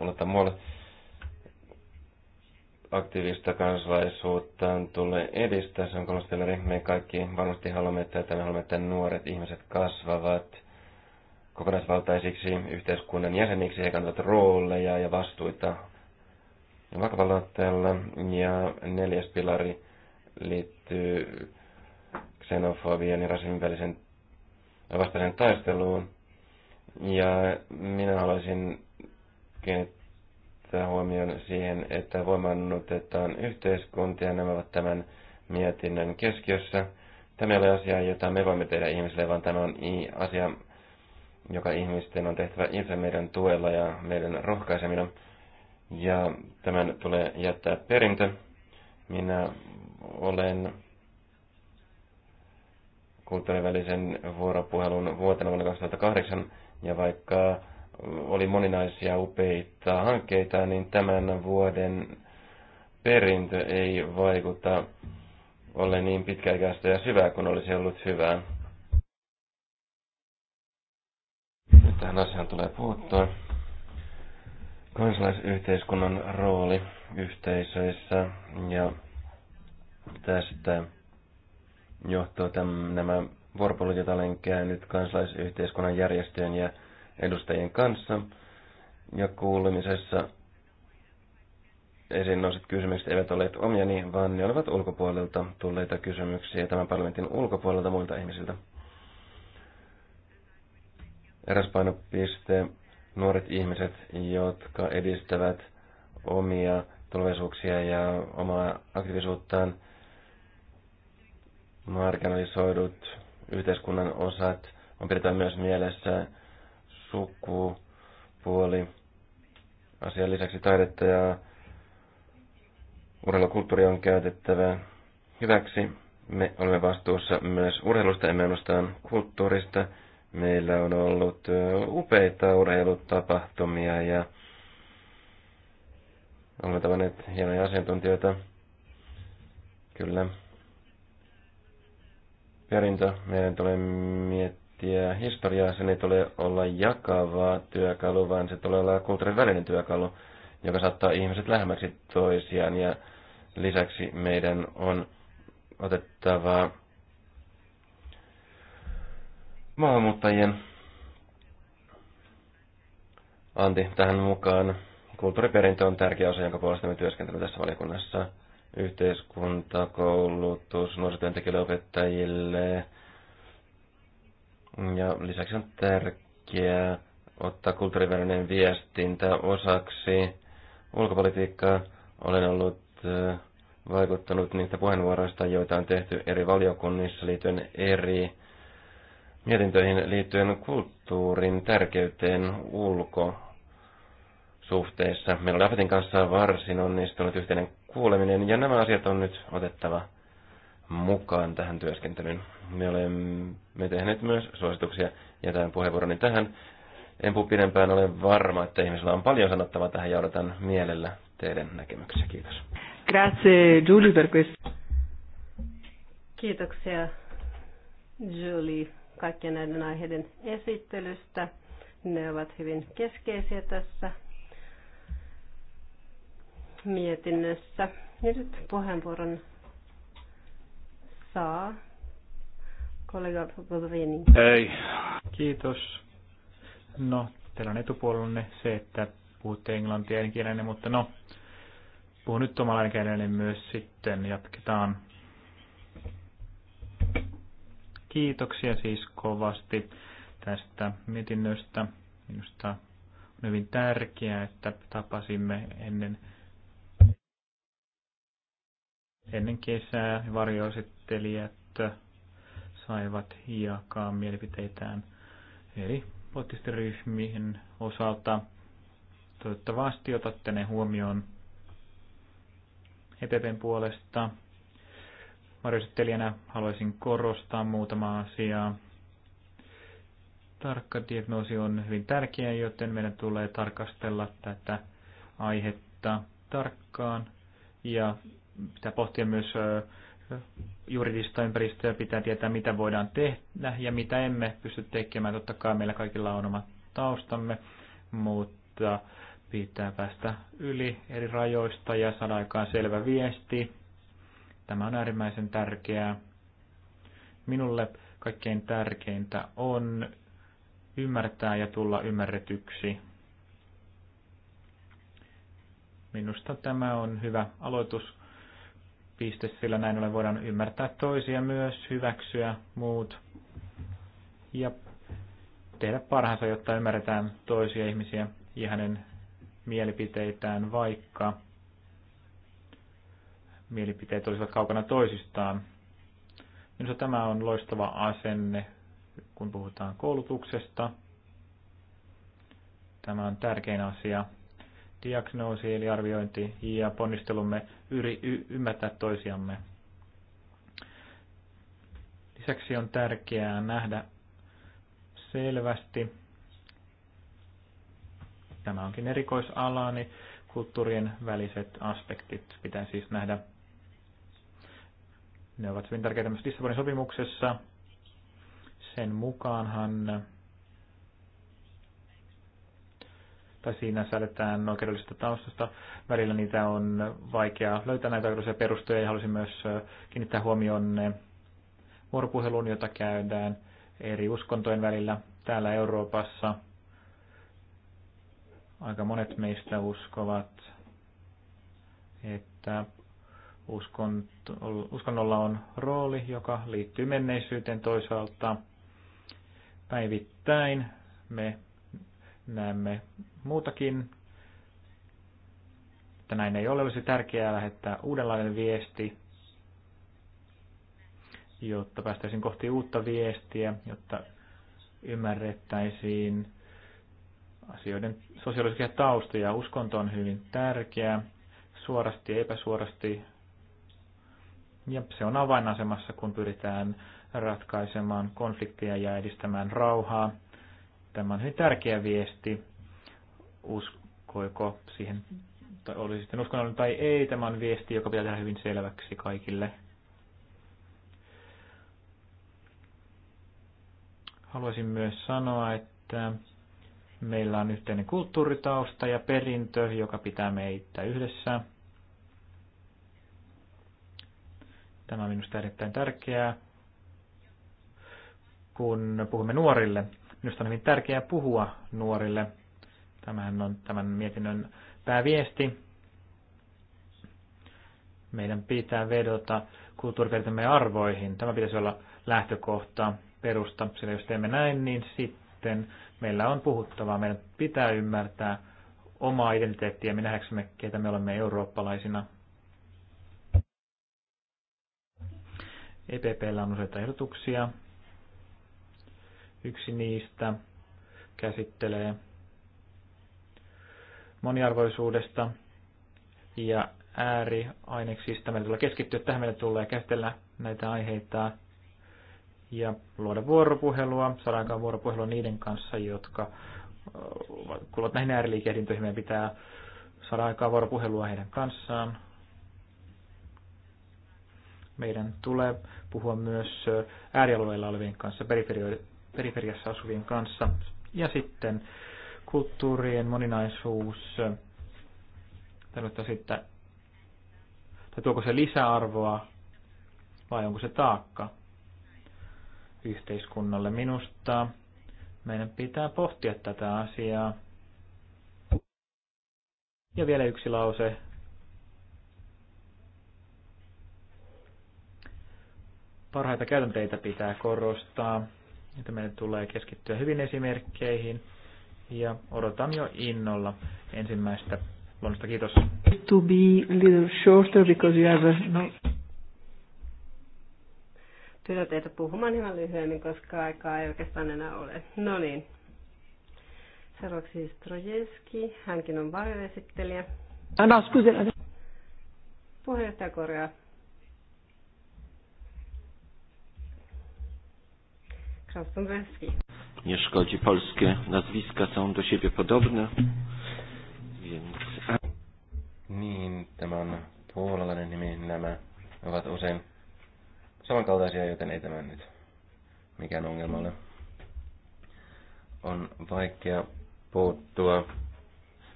S4: olettaa muualla aktiivista kansalaisuutta tulee edistää. Se on kolmasteleri. Me kaikki varmasti haluamme, että, että me haluamme, että nuoret ihmiset kasvavat kokonaisvaltaisiksi yhteiskunnan jäseniksi. He kantavat rooleja ja vastuita vakavalla Ja neljäs pilari liittyy xenofobian ja rasismin välisen vastaisen taisteluun. Ja minä haluaisin kiinnittää huomioon siihen, että voimannutetaan yhteiskuntia. Nämä ovat tämän mietinnön keskiössä. Tämä ei ole asia, jota me voimme tehdä ihmisille, vaan tämä on asia, joka ihmisten on tehtävä itse meidän tuella ja meidän rohkaisemina ja tämän tulee jättää perintö. Minä olen kulttuurivälisen vuoropuhelun vuotena vuonna 2008, ja vaikka oli moninaisia upeita hankkeita, niin tämän vuoden perintö ei vaikuta ole niin pitkäikäistä ja syvää kuin olisi ollut hyvää. Nyt tähän asiaan tulee puuttua kansalaisyhteiskunnan rooli yhteisöissä ja tästä johtuu nämä vuoropuolut, joita olen käynyt kansalaisyhteiskunnan järjestöjen ja edustajien kanssa. Ja kuulemisessa esiin nousit kysymykset eivät ole omiani, vaan ne olivat ulkopuolelta tulleita kysymyksiä tämän parlamentin ulkopuolelta muilta ihmisiltä. Eräs painopiste nuoret ihmiset, jotka edistävät omia tulevaisuuksia ja omaa aktiivisuuttaan, marginalisoidut yhteiskunnan osat on pidetään myös mielessä sukupuoli. Asian lisäksi taidetta ja urheilukulttuuri on käytettävä hyväksi. Me olemme vastuussa myös urheilusta, emme ainoastaan kulttuurista. Meillä on ollut upeita urheilutapahtumia ja olemme tavanneet hienoja asiantuntijoita. Kyllä. Perintö. Meidän tulee miettiä historiaa. Sen ei tule olla jakavaa työkalu, vaan se tulee olla kulttuurin välinen työkalu, joka saattaa ihmiset lähemmäksi toisiaan. Ja lisäksi meidän on otettava maahanmuuttajien. Anti tähän mukaan. Kulttuuriperintö on tärkeä osa, jonka puolesta me työskentelemme tässä valiokunnassa. Yhteiskunta, koulutus, nuorisotyöntekijöille, opettajille. Ja lisäksi on tärkeää ottaa kulttuurivälinen viestintä osaksi ulkopolitiikkaa. Olen ollut eh, vaikuttanut niistä puheenvuoroista, joita on tehty eri valiokunnissa liittyen eri mietintöihin liittyen kulttuurin tärkeyteen ulko suhteissa. Meillä oli Afetin kanssa varsin onnistunut yhteinen kuuleminen, ja nämä asiat on nyt otettava mukaan tähän työskentelyyn. Me olemme tehneet myös suosituksia, ja jätän puheenvuoroni tähän. En puhu pidempään, olen varma, että ihmisillä on paljon sanottavaa tähän, ja odotan mielellä teidän
S1: näkemyksiä. Kiitos. Grazie, Julie,
S2: Kiitoksia, Julie kaikkien näiden aiheiden esittelystä. Ne ovat hyvin keskeisiä tässä mietinnössä. Ja nyt puheenvuoron saa kollega Bobrini. Hei.
S3: Kiitos. No, teillä on etupuolellanne se, että puhutte englantia äidinkielenne, mutta no, puhun nyt omalla myös sitten. Jatketaan Kiitoksia siis kovasti tästä mietinnöstä. Minusta on hyvin tärkeää, että tapasimme ennen, ennen kesää varjoesittelijät saivat jakaa mielipiteitään eri poliittisten osalta. Toivottavasti otatte ne huomioon EPPn puolesta varjoesittelijänä haluaisin korostaa muutama asiaa. Tarkka diagnoosi on hyvin tärkeä, joten meidän tulee tarkastella tätä aihetta tarkkaan ja pitää pohtia myös juridista ympäristöä, pitää tietää mitä voidaan tehdä ja mitä emme pysty tekemään. Totta kai meillä kaikilla on omat taustamme, mutta pitää päästä yli eri rajoista ja saada aikaan selvä viesti Tämä on äärimmäisen tärkeää. Minulle kaikkein tärkeintä on ymmärtää ja tulla ymmärretyksi. Minusta tämä on hyvä aloituspiste, sillä näin ollen voidaan ymmärtää toisia myös, hyväksyä muut ja tehdä parhaansa, jotta ymmärretään toisia ihmisiä ja hänen mielipiteitään, vaikka mielipiteet olisivat kaukana toisistaan. Minusta tämä on loistava asenne, kun puhutaan koulutuksesta. Tämä on tärkein asia. Diagnoosi eli arviointi ja ponnistelumme yri, y, ymmärtää toisiamme. Lisäksi on tärkeää nähdä selvästi, tämä onkin erikoisalaani, niin kulttuurien väliset aspektit pitää siis nähdä ne ovat hyvin tärkeitä myös Lissabonin sopimuksessa. Sen mukaanhan tai siinä säädetään oikeudellisesta taustasta. Välillä niitä on vaikea löytää näitä oikeudellisia perustoja ja halusin myös kiinnittää huomioon vuoropuheluun, jota käydään eri uskontojen välillä täällä Euroopassa. Aika monet meistä uskovat, että uskonnolla on rooli, joka liittyy menneisyyteen toisaalta. Päivittäin me näemme muutakin, että näin ei ole. Olisi tärkeää lähettää uudenlainen viesti, jotta päästäisiin kohti uutta viestiä, jotta ymmärrettäisiin asioiden sosiaalisia taustoja. Uskonto on hyvin tärkeä, suorasti ja epäsuorasti ja se on avainasemassa, kun pyritään ratkaisemaan konflikteja ja edistämään rauhaa. Tämä on hyvin tärkeä viesti. Uskoiko siihen, tai oli sitten uskonnollinen tai ei, tämä on viesti, joka pitää tehdä hyvin selväksi kaikille. Haluaisin myös sanoa, että meillä on yhteinen kulttuuritausta ja perintö, joka pitää meitä yhdessä – Tämä on minusta erittäin tärkeää, kun puhumme nuorille. Minusta on hyvin tärkeää puhua nuorille. Tämähän on tämän mietinnön pääviesti. Meidän pitää vedota kulttuuriperintömme arvoihin. Tämä pitäisi olla lähtökohta, perusta, sillä jos teemme näin, niin sitten meillä on puhuttavaa. Meidän pitää ymmärtää omaa identiteettiä, me nähdäksemme, keitä me olemme eurooppalaisina. EPPllä on useita ehdotuksia. Yksi niistä käsittelee moniarvoisuudesta ja ääriaineksista. Meillä tulee keskittyä tähän, meillä tulee käsitellä näitä aiheita ja luoda vuoropuhelua, saada aikaan vuoropuhelua niiden kanssa, jotka kuuluvat näihin ääriliikehdintöihin. Meidän pitää saada aikaan vuoropuhelua heidän kanssaan, meidän tulee puhua myös äärialueilla olevien kanssa, periferiassa asuvien kanssa. Ja sitten kulttuurien moninaisuus, sitten, tai tuoko se lisäarvoa vai onko se taakka yhteiskunnalle. Minusta meidän pitää pohtia tätä asiaa. Ja vielä yksi lause Parhaita käytänteitä pitää korostaa, että meidän tulee keskittyä hyvin esimerkkeihin ja odotan jo innolla ensimmäistä luonnosta. Kiitos.
S1: To be a little shorter because you have a... No.
S2: Pyydän teitä puhumaan ihan lyhyemmin, koska aikaa ei oikeastaan enää ole. No niin. Seuraavaksi Strojeski, siis hänkin on varjoesittelijä.
S1: Anna, ah, no,
S2: Puheenjohtaja korjaa. Krasnodębski.
S4: Nie szkodzi, polskie nazwiska są do siebie podobne, więc... Niin, tämän puolalainen nimi, nämä ovat usein samankaltaisia, joten ei tämä nyt mikään ongelma ole. On vaikea puuttua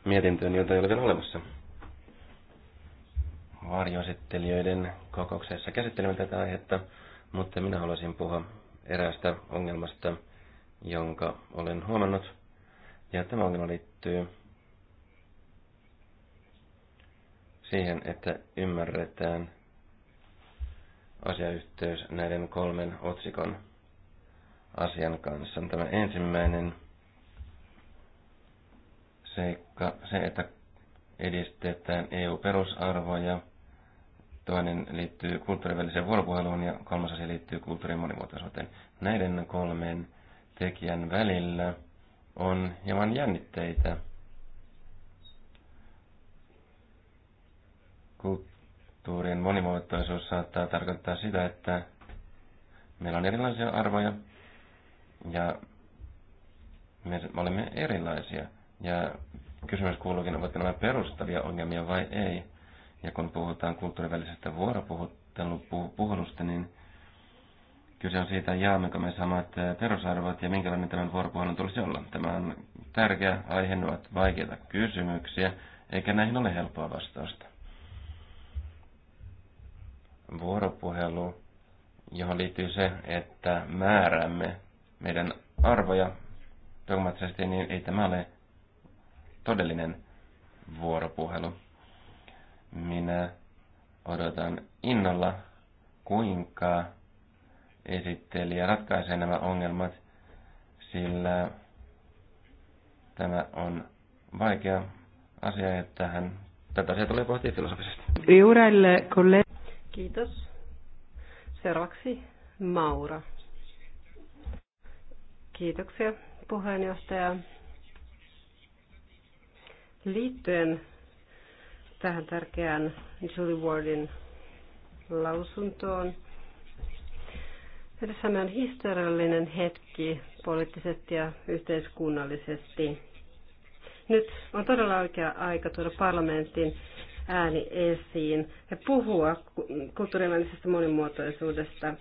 S4: mietintöön, jota ei ole vielä olemassa. Varjoesittelijöiden kokouksessa käsittelemme tätä aihetta, mutta minä haluaisin puhua eräästä ongelmasta, jonka olen huomannut. Ja tämä ongelma liittyy siihen, että ymmärretään asiayhteys näiden kolmen otsikon asian kanssa. Tämä ensimmäinen seikka, se, että edistetään EU-perusarvoja – toinen liittyy kulttuuriväliseen vuoropuheluun ja kolmas asia liittyy kulttuurin monimuotoisuuteen. Näiden kolmen tekijän välillä on hieman jännitteitä. Kulttuurin monimuotoisuus saattaa tarkoittaa sitä, että meillä on erilaisia arvoja ja me olemme erilaisia. Ja kysymys kuuluukin, ovatko nämä perustavia ongelmia vai ei. Ja kun puhutaan kulttuurivälisestä vuoropuhelusta, niin kyse on siitä, jaammeko me samat perusarvot ja minkälainen tämän vuoropuhelun tulisi olla. Tämä on tärkeä aihe, ne ovat vaikeita kysymyksiä, eikä näihin ole helppoa vastausta. Vuoropuhelu, johon liittyy se, että määräämme meidän arvoja dogmaattisesti, niin ei tämä ole todellinen vuoropuhelu. Minä odotan innolla, kuinka esittelijä ratkaisee nämä ongelmat, sillä tämä on vaikea asia että hän tätä asiaa tulee pohtia
S1: filosofisesti.
S2: Kiitos. Seuraavaksi Maura. Kiitoksia puheenjohtaja. Liittyen tähän tärkeään Julie Wardin lausuntoon. Edessämme on historiallinen hetki poliittisesti ja yhteiskunnallisesti. Nyt on todella oikea aika tuoda parlamentin ääni esiin ja puhua kulttuurivälisestä monimuotoisuudesta.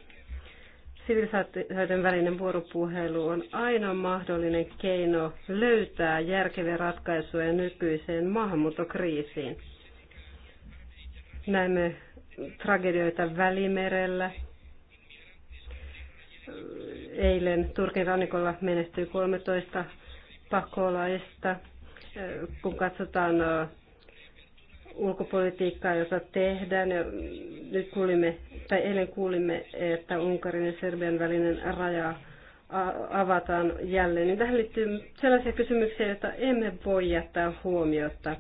S2: Sivilisaatioiden välinen vuoropuhelu on ainoa mahdollinen keino löytää järkeviä ratkaisuja nykyiseen maahanmuuttokriisiin. Näemme tragedioita Välimerellä. Eilen Turkin rannikolla menehtyi 13 pakolaista. Kun katsotaan ulkopolitiikkaa, jota tehdään. Ja nyt kuulimme, tai eilen kuulimme, että Unkarin ja Serbian välinen raja avataan jälleen. Niin tähän liittyy sellaisia kysymyksiä, joita emme voi jättää huomiota.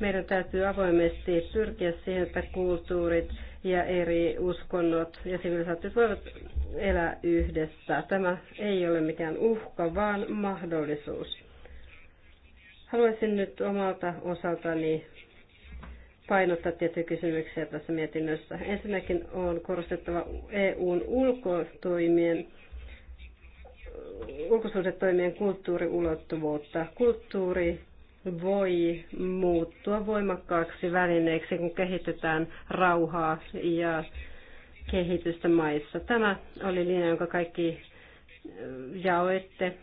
S2: Meidän täytyy avoimesti pyrkiä siihen, että kulttuurit ja eri uskonnot ja sivilisaatiot voivat elää yhdessä. Tämä ei ole mikään uhka, vaan mahdollisuus. Haluaisin nyt omalta osaltani painottaa tiettyjä kysymyksiä tässä mietinnössä. Ensinnäkin on korostettava EUn ulkotoimien ulkosuhdetoimien kulttuuriulottuvuutta. Kulttuuri voi muuttua voimakkaaksi välineeksi, kun kehitetään rauhaa ja kehitystä maissa. Tämä oli linja, jonka kaikki äh, jaoitte,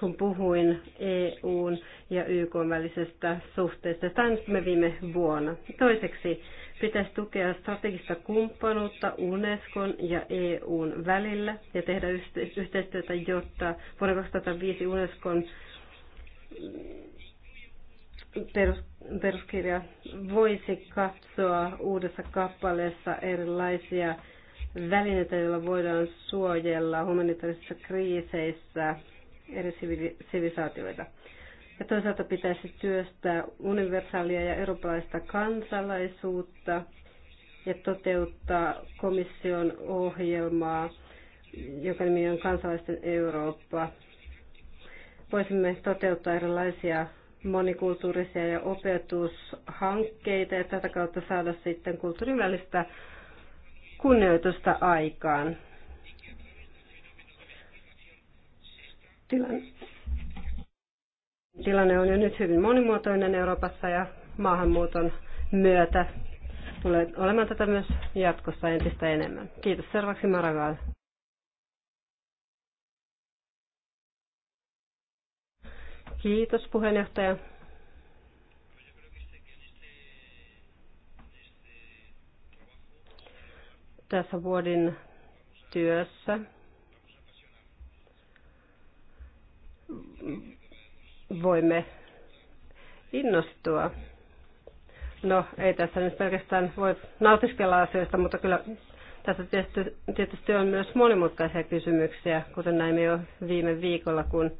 S2: kun puhuin EUn ja YK välisestä suhteesta. Tämä me viime vuonna. Toiseksi pitäisi tukea strategista kumppanuutta Unescon ja EUn välillä ja tehdä yhteistyötä, jotta vuonna 2005 Unescon perus, peruskirja voisi katsoa uudessa kappaleessa erilaisia välineitä, joilla voidaan suojella humanitaarisissa kriiseissä eri sivilisaatioita. Ja toisaalta pitäisi työstää universaalia ja eurooppalaista kansalaisuutta ja toteuttaa komission ohjelmaa, joka nimi on Kansalaisten Eurooppa. Voisimme toteuttaa erilaisia monikulttuurisia ja opetushankkeita ja tätä kautta saada sitten kulttuurivälistä kunnioitusta aikaan. Tilanne on jo nyt hyvin monimuotoinen Euroopassa ja maahanmuuton myötä tulee olemaan tätä myös jatkossa entistä enemmän. Kiitos. Seuraavaksi Maragal. Kiitos puheenjohtaja. Tässä vuodin työssä voimme innostua. No, ei tässä nyt pelkästään voi nautiskella asioista, mutta kyllä tässä tietysti on myös monimutkaisia kysymyksiä, kuten näimme jo viime viikolla, kun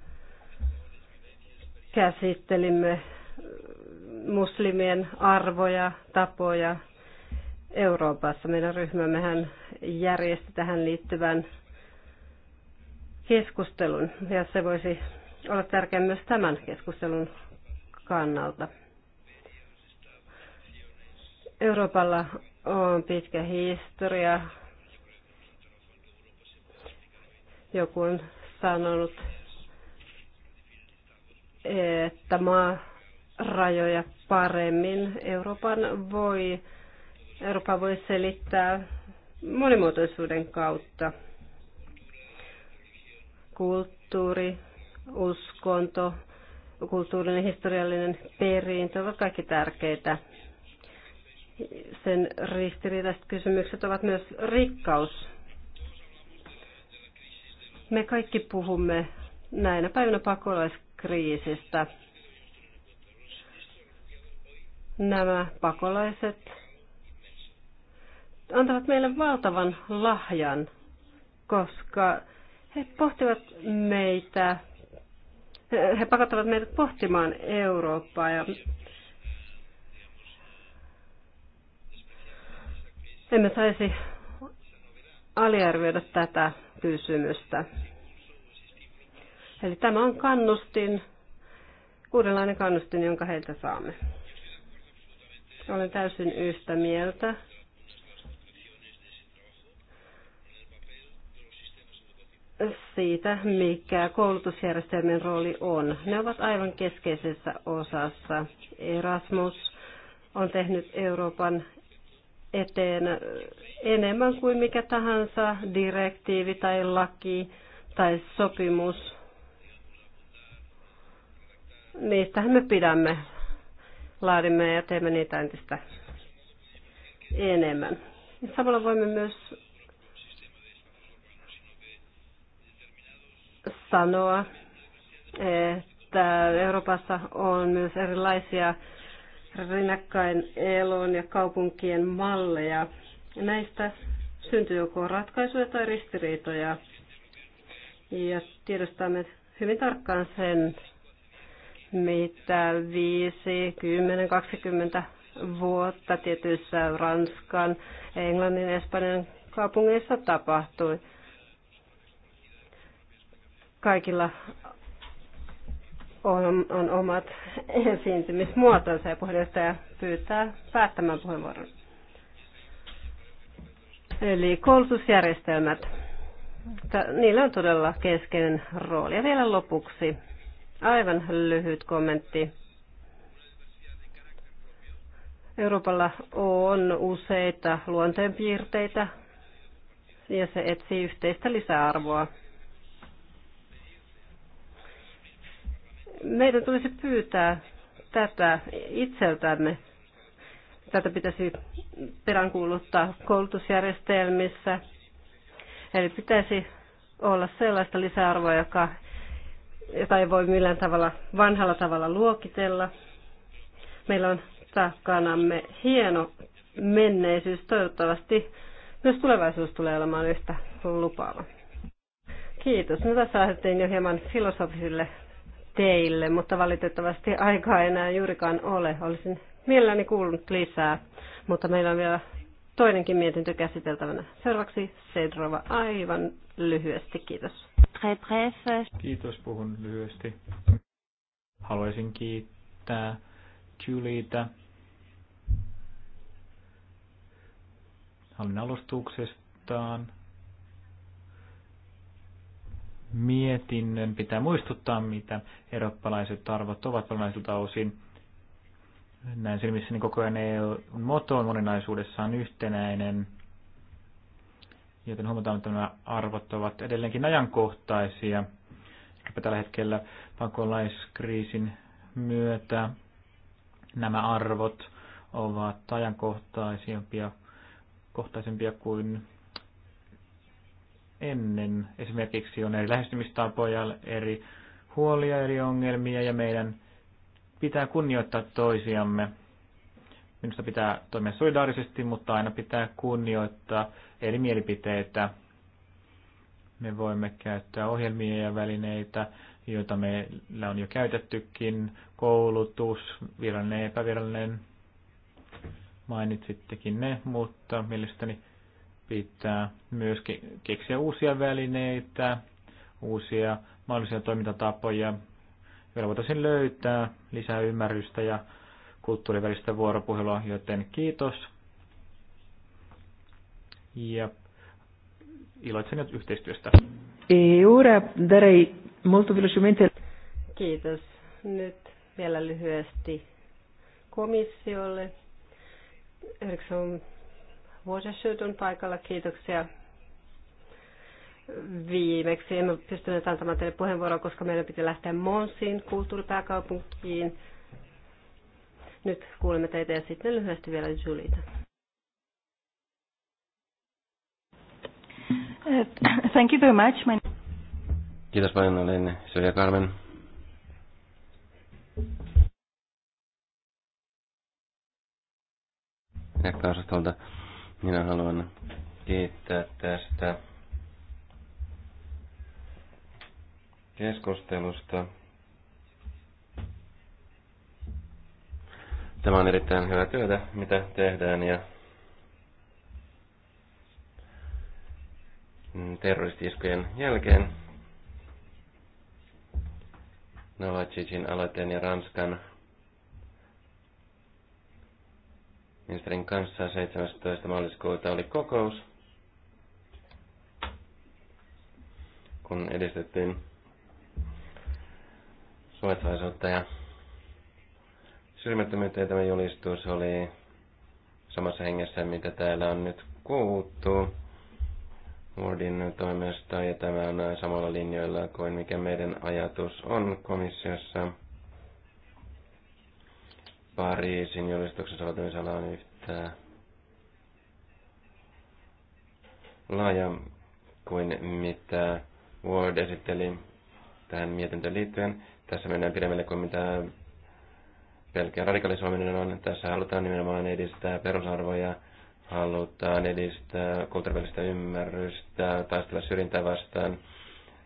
S2: käsittelimme muslimien arvoja, tapoja Euroopassa. Meidän ryhmämmehän järjesti tähän liittyvän keskustelun ja se voisi olla tärkeä myös tämän keskustelun kannalta. Euroopalla on pitkä historia. Joku on sanonut, että maa rajoja paremmin. Euroopan voi, Eurooppa voi selittää monimuotoisuuden kautta. Kulttuuri, uskonto, kulttuurinen historiallinen perintö ovat kaikki tärkeitä. Sen ristiriitaiset kysymykset ovat myös rikkaus. Me kaikki puhumme näinä päivinä pakolaiskriisistä kriisistä. Nämä pakolaiset antavat meille valtavan lahjan, koska he pohtivat meitä, he pakottavat meidät pohtimaan Eurooppaa ja emme saisi aliarvioida tätä kysymystä. Eli tämä on kannustin, uudenlainen kannustin, jonka heiltä saamme. Olen täysin yhtä mieltä. siitä, mikä koulutusjärjestelmän rooli on. Ne ovat aivan keskeisessä osassa. Erasmus on tehnyt Euroopan eteen enemmän kuin mikä tahansa direktiivi tai laki tai sopimus niistähän me pidämme, laadimme ja teemme niitä entistä enemmän. Samalla voimme myös sanoa, että Euroopassa on myös erilaisia rinnakkain elon ja kaupunkien malleja. Näistä syntyy joko ratkaisuja tai ristiriitoja. Ja tiedostamme hyvin tarkkaan sen, mitä 5, 10, 20 vuotta tietyissä Ranskan, Englannin, Espanjan kaupungeissa tapahtui. Kaikilla on, on omat esiintymismuotonsa ja puheenjohtaja pyytää päättämään puheenvuoron. Eli koulutusjärjestelmät. Niillä on todella keskeinen rooli. Ja vielä lopuksi Aivan lyhyt kommentti. Euroopalla on useita luonteenpiirteitä ja se etsii yhteistä lisäarvoa. Meidän tulisi pyytää tätä itseltämme. Tätä pitäisi peräänkuuluttaa koulutusjärjestelmissä. Eli pitäisi olla sellaista lisäarvoa, joka tai voi millään tavalla vanhalla tavalla luokitella. Meillä on takanamme hieno menneisyys. Toivottavasti myös tulevaisuus tulee olemaan yhtä lupaava. Kiitos. No tässä lähdettiin jo hieman filosofisille teille, mutta valitettavasti aikaa enää juurikaan ole. Olisin mielelläni kuullut lisää, mutta meillä on vielä toinenkin mietintö käsiteltävänä. Seuraavaksi Seidrova aivan lyhyesti. Kiitos
S3: très bref. Kiitos, puhun lyhyesti. Haluaisin kiittää Julieta hänen alustuksestaan. Mietinnön pitää muistuttaa, mitä eurooppalaiset arvot ovat olennaisilta osin. Näin silmissäni koko ajan EU-moto on moninaisuudessaan yhtenäinen – joten huomataan, että nämä arvot ovat edelleenkin ajankohtaisia. Ehkäpä tällä hetkellä pakolaiskriisin myötä nämä arvot ovat ajankohtaisempia kohtaisempia kuin ennen. Esimerkiksi on eri lähestymistapoja, eri huolia, eri ongelmia ja meidän pitää kunnioittaa toisiamme. Minusta pitää toimia solidaarisesti, mutta aina pitää kunnioittaa eri mielipiteitä. Me voimme käyttää ohjelmia ja välineitä, joita meillä on jo käytettykin, koulutus, virallinen ja epävirallinen, mainitsittekin ne, mutta mielestäni pitää myös keksiä uusia välineitä, uusia mahdollisia toimintatapoja, joilla voitaisiin löytää lisää ymmärrystä ja kulttuurivälistä vuoropuhelua, joten kiitos ja iloitsen yhteistyöstä.
S1: Eura, darei molto velocemente.
S2: Kiitos. Nyt vielä lyhyesti komissiolle. Eriksson Vuosesyyt on paikalla. Kiitoksia viimeksi. Emme pystyneet antamaan teille puheenvuoroa, koska meidän piti lähteä Monsiin, kulttuuripääkaupunkiin. Nyt kuulemme teitä ja sitten lyhyesti vielä Julita. Uh,
S1: thank you very much. My...
S4: Kiitos paljon, olen Sylvia Carmen. Ehkä Minä haluan kiittää tästä keskustelusta. Tämä on erittäin hyvä työtä, mitä tehdään ja Mm, terroristiskujen jälkeen. Novacicin aloitteen ja Ranskan ministerin kanssa 17. maaliskuuta oli kokous, kun edistettiin suojelaisuutta ja syrjimättömyyttä. Tämä julistus oli samassa hengessä, mitä täällä on nyt kuultu. Wardin toimesta ja tämä on samalla linjoilla kuin mikä meidän ajatus on komissiossa. Pariisin julistuksen soveltamisala on yhtä laaja kuin mitä Ward esitteli tähän mietintöön liittyen. Tässä mennään pidemmälle kuin mitä pelkkä radikalisoiminen on. Tässä halutaan nimenomaan edistää perusarvoja – halutaan edistää kulttuurista ymmärrystä, taistella syrjintää vastaan,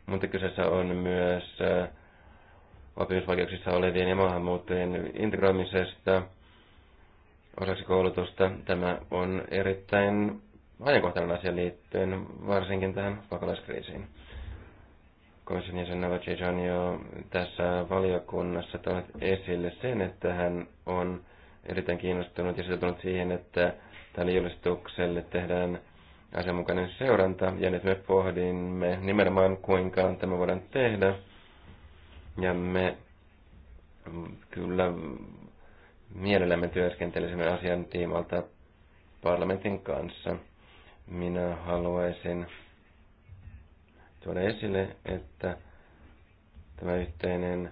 S4: mutta kyseessä on myös äh, oppimisvaikeuksissa olevien ja maahanmuuttajien integroimisesta osaksi koulutusta. Tämä on erittäin ajankohtainen asia liittyen varsinkin tähän pakolaiskriisiin. Komission jäsen Navacic on jo tässä valiokunnassa tuonut esille sen, että hän on erittäin kiinnostunut ja sitoutunut siihen, että tälle julistukselle tehdään asianmukainen seuranta. Ja nyt me pohdimme nimenomaan, kuinka tämä voidaan tehdä. Ja me kyllä mielellämme työskentelisimme asian tiimalta parlamentin kanssa. Minä haluaisin tuoda esille, että tämä yhteinen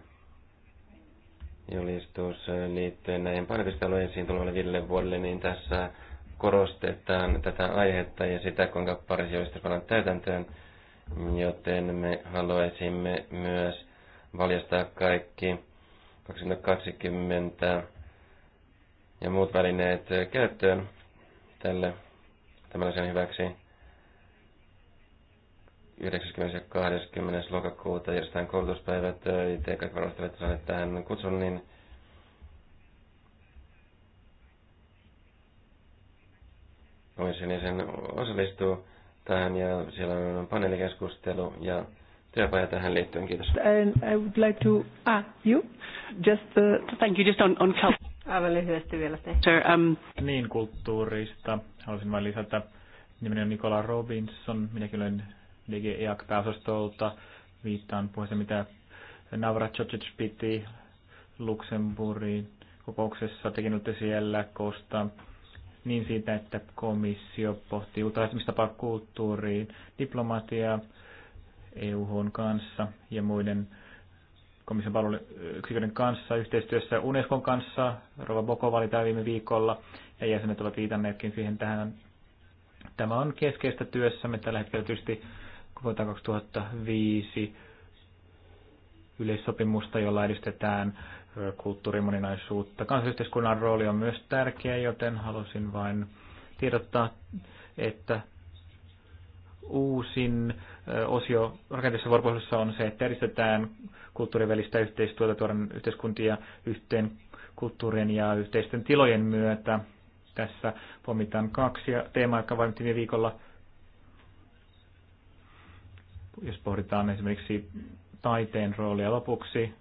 S4: julistus liittyen näihin painopistealueisiin tulevalle viidelle vuodelle, niin tässä korostetaan tätä aihetta ja sitä, kuinka parisioista pannaan täytäntöön, joten me haluaisimme myös valjastaa kaikki 2020 ja muut välineet käyttöön tälle tämän asian hyväksi 90. ja 20. lokakuuta järjestetään koulutuspäivät, IT-kaikki varmasti olette saaneet tähän kutsun, niin komission jäsen osallistuu tähän ja siellä on paneelikeskustelu ja työpaja tähän liittyen. Kiitos.
S1: And I would like to, ah, you? Just, uh, thank you, just on, on culture. Aivan lyhyesti vielä
S3: se. Sir, um... Niin, kulttuurista. Haluaisin vain lisätä. Nimeni on Nikola Robinson. Minäkin olen DG e pääosastolta. Viittaan puheeseen, mitä Navra Chocic piti Luxemburgin kokouksessa. Tekin olette siellä Kosta niin siitä, että komissio pohtii uutta lähestymistapaa kulttuuriin, diplomatiaa EUHn kanssa ja muiden komission palveluyksiköiden kanssa, yhteistyössä Unescon kanssa. Rova Boko oli täällä viime viikolla ja jäsenet ovat viitanneetkin siihen tähän. Tämä on keskeistä työssä, Me tällä hetkellä tietysti vuotta 2005 yleissopimusta, jolla edistetään kulttuurimoninaisuutta. moninaisuutta. Kansallisyhteiskunnan rooli on myös tärkeä, joten halusin vain tiedottaa, että uusin osio rakenteessa vuoropuhelussa on se, että edistetään kulttuurivälistä yhteistyötä tuoden yhteiskuntia yhteen kulttuurien ja yhteisten tilojen myötä. Tässä pomitaan kaksi teemaa, jotka vain viime viikolla, jos pohditaan esimerkiksi taiteen roolia lopuksi,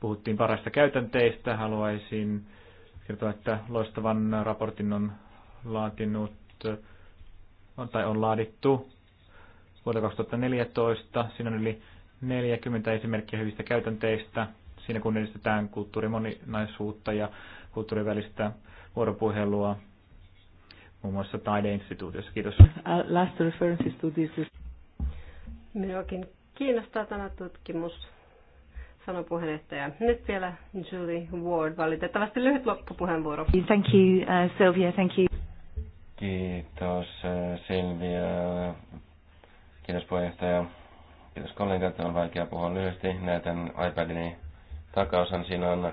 S3: Puhuttiin parasta käytänteistä. Haluaisin kertoa, että loistavan raportin on laatinut on tai on laadittu vuoden 2014. Siinä on yli 40 esimerkkiä hyvistä käytänteistä. Siinä kun edistetään kulttuurimoninaisuutta ja kulttuurivälistä vuoropuhelua muun muassa taideinstituutiossa. Kiitos. Uh,
S1: last references to this.
S2: Minuakin kiinnostaa tämä tutkimus sanoi puheenjohtaja. Nyt vielä Julie Ward, valitettavasti lyhyt loppupuheenvuoro.
S1: Thank you, uh, Sylvia, thank you.
S4: Kiitos uh, Silvia, kiitos puheenjohtaja, kiitos kollegat, on vaikea puhua lyhyesti. Näytän iPadini takaosan, siinä on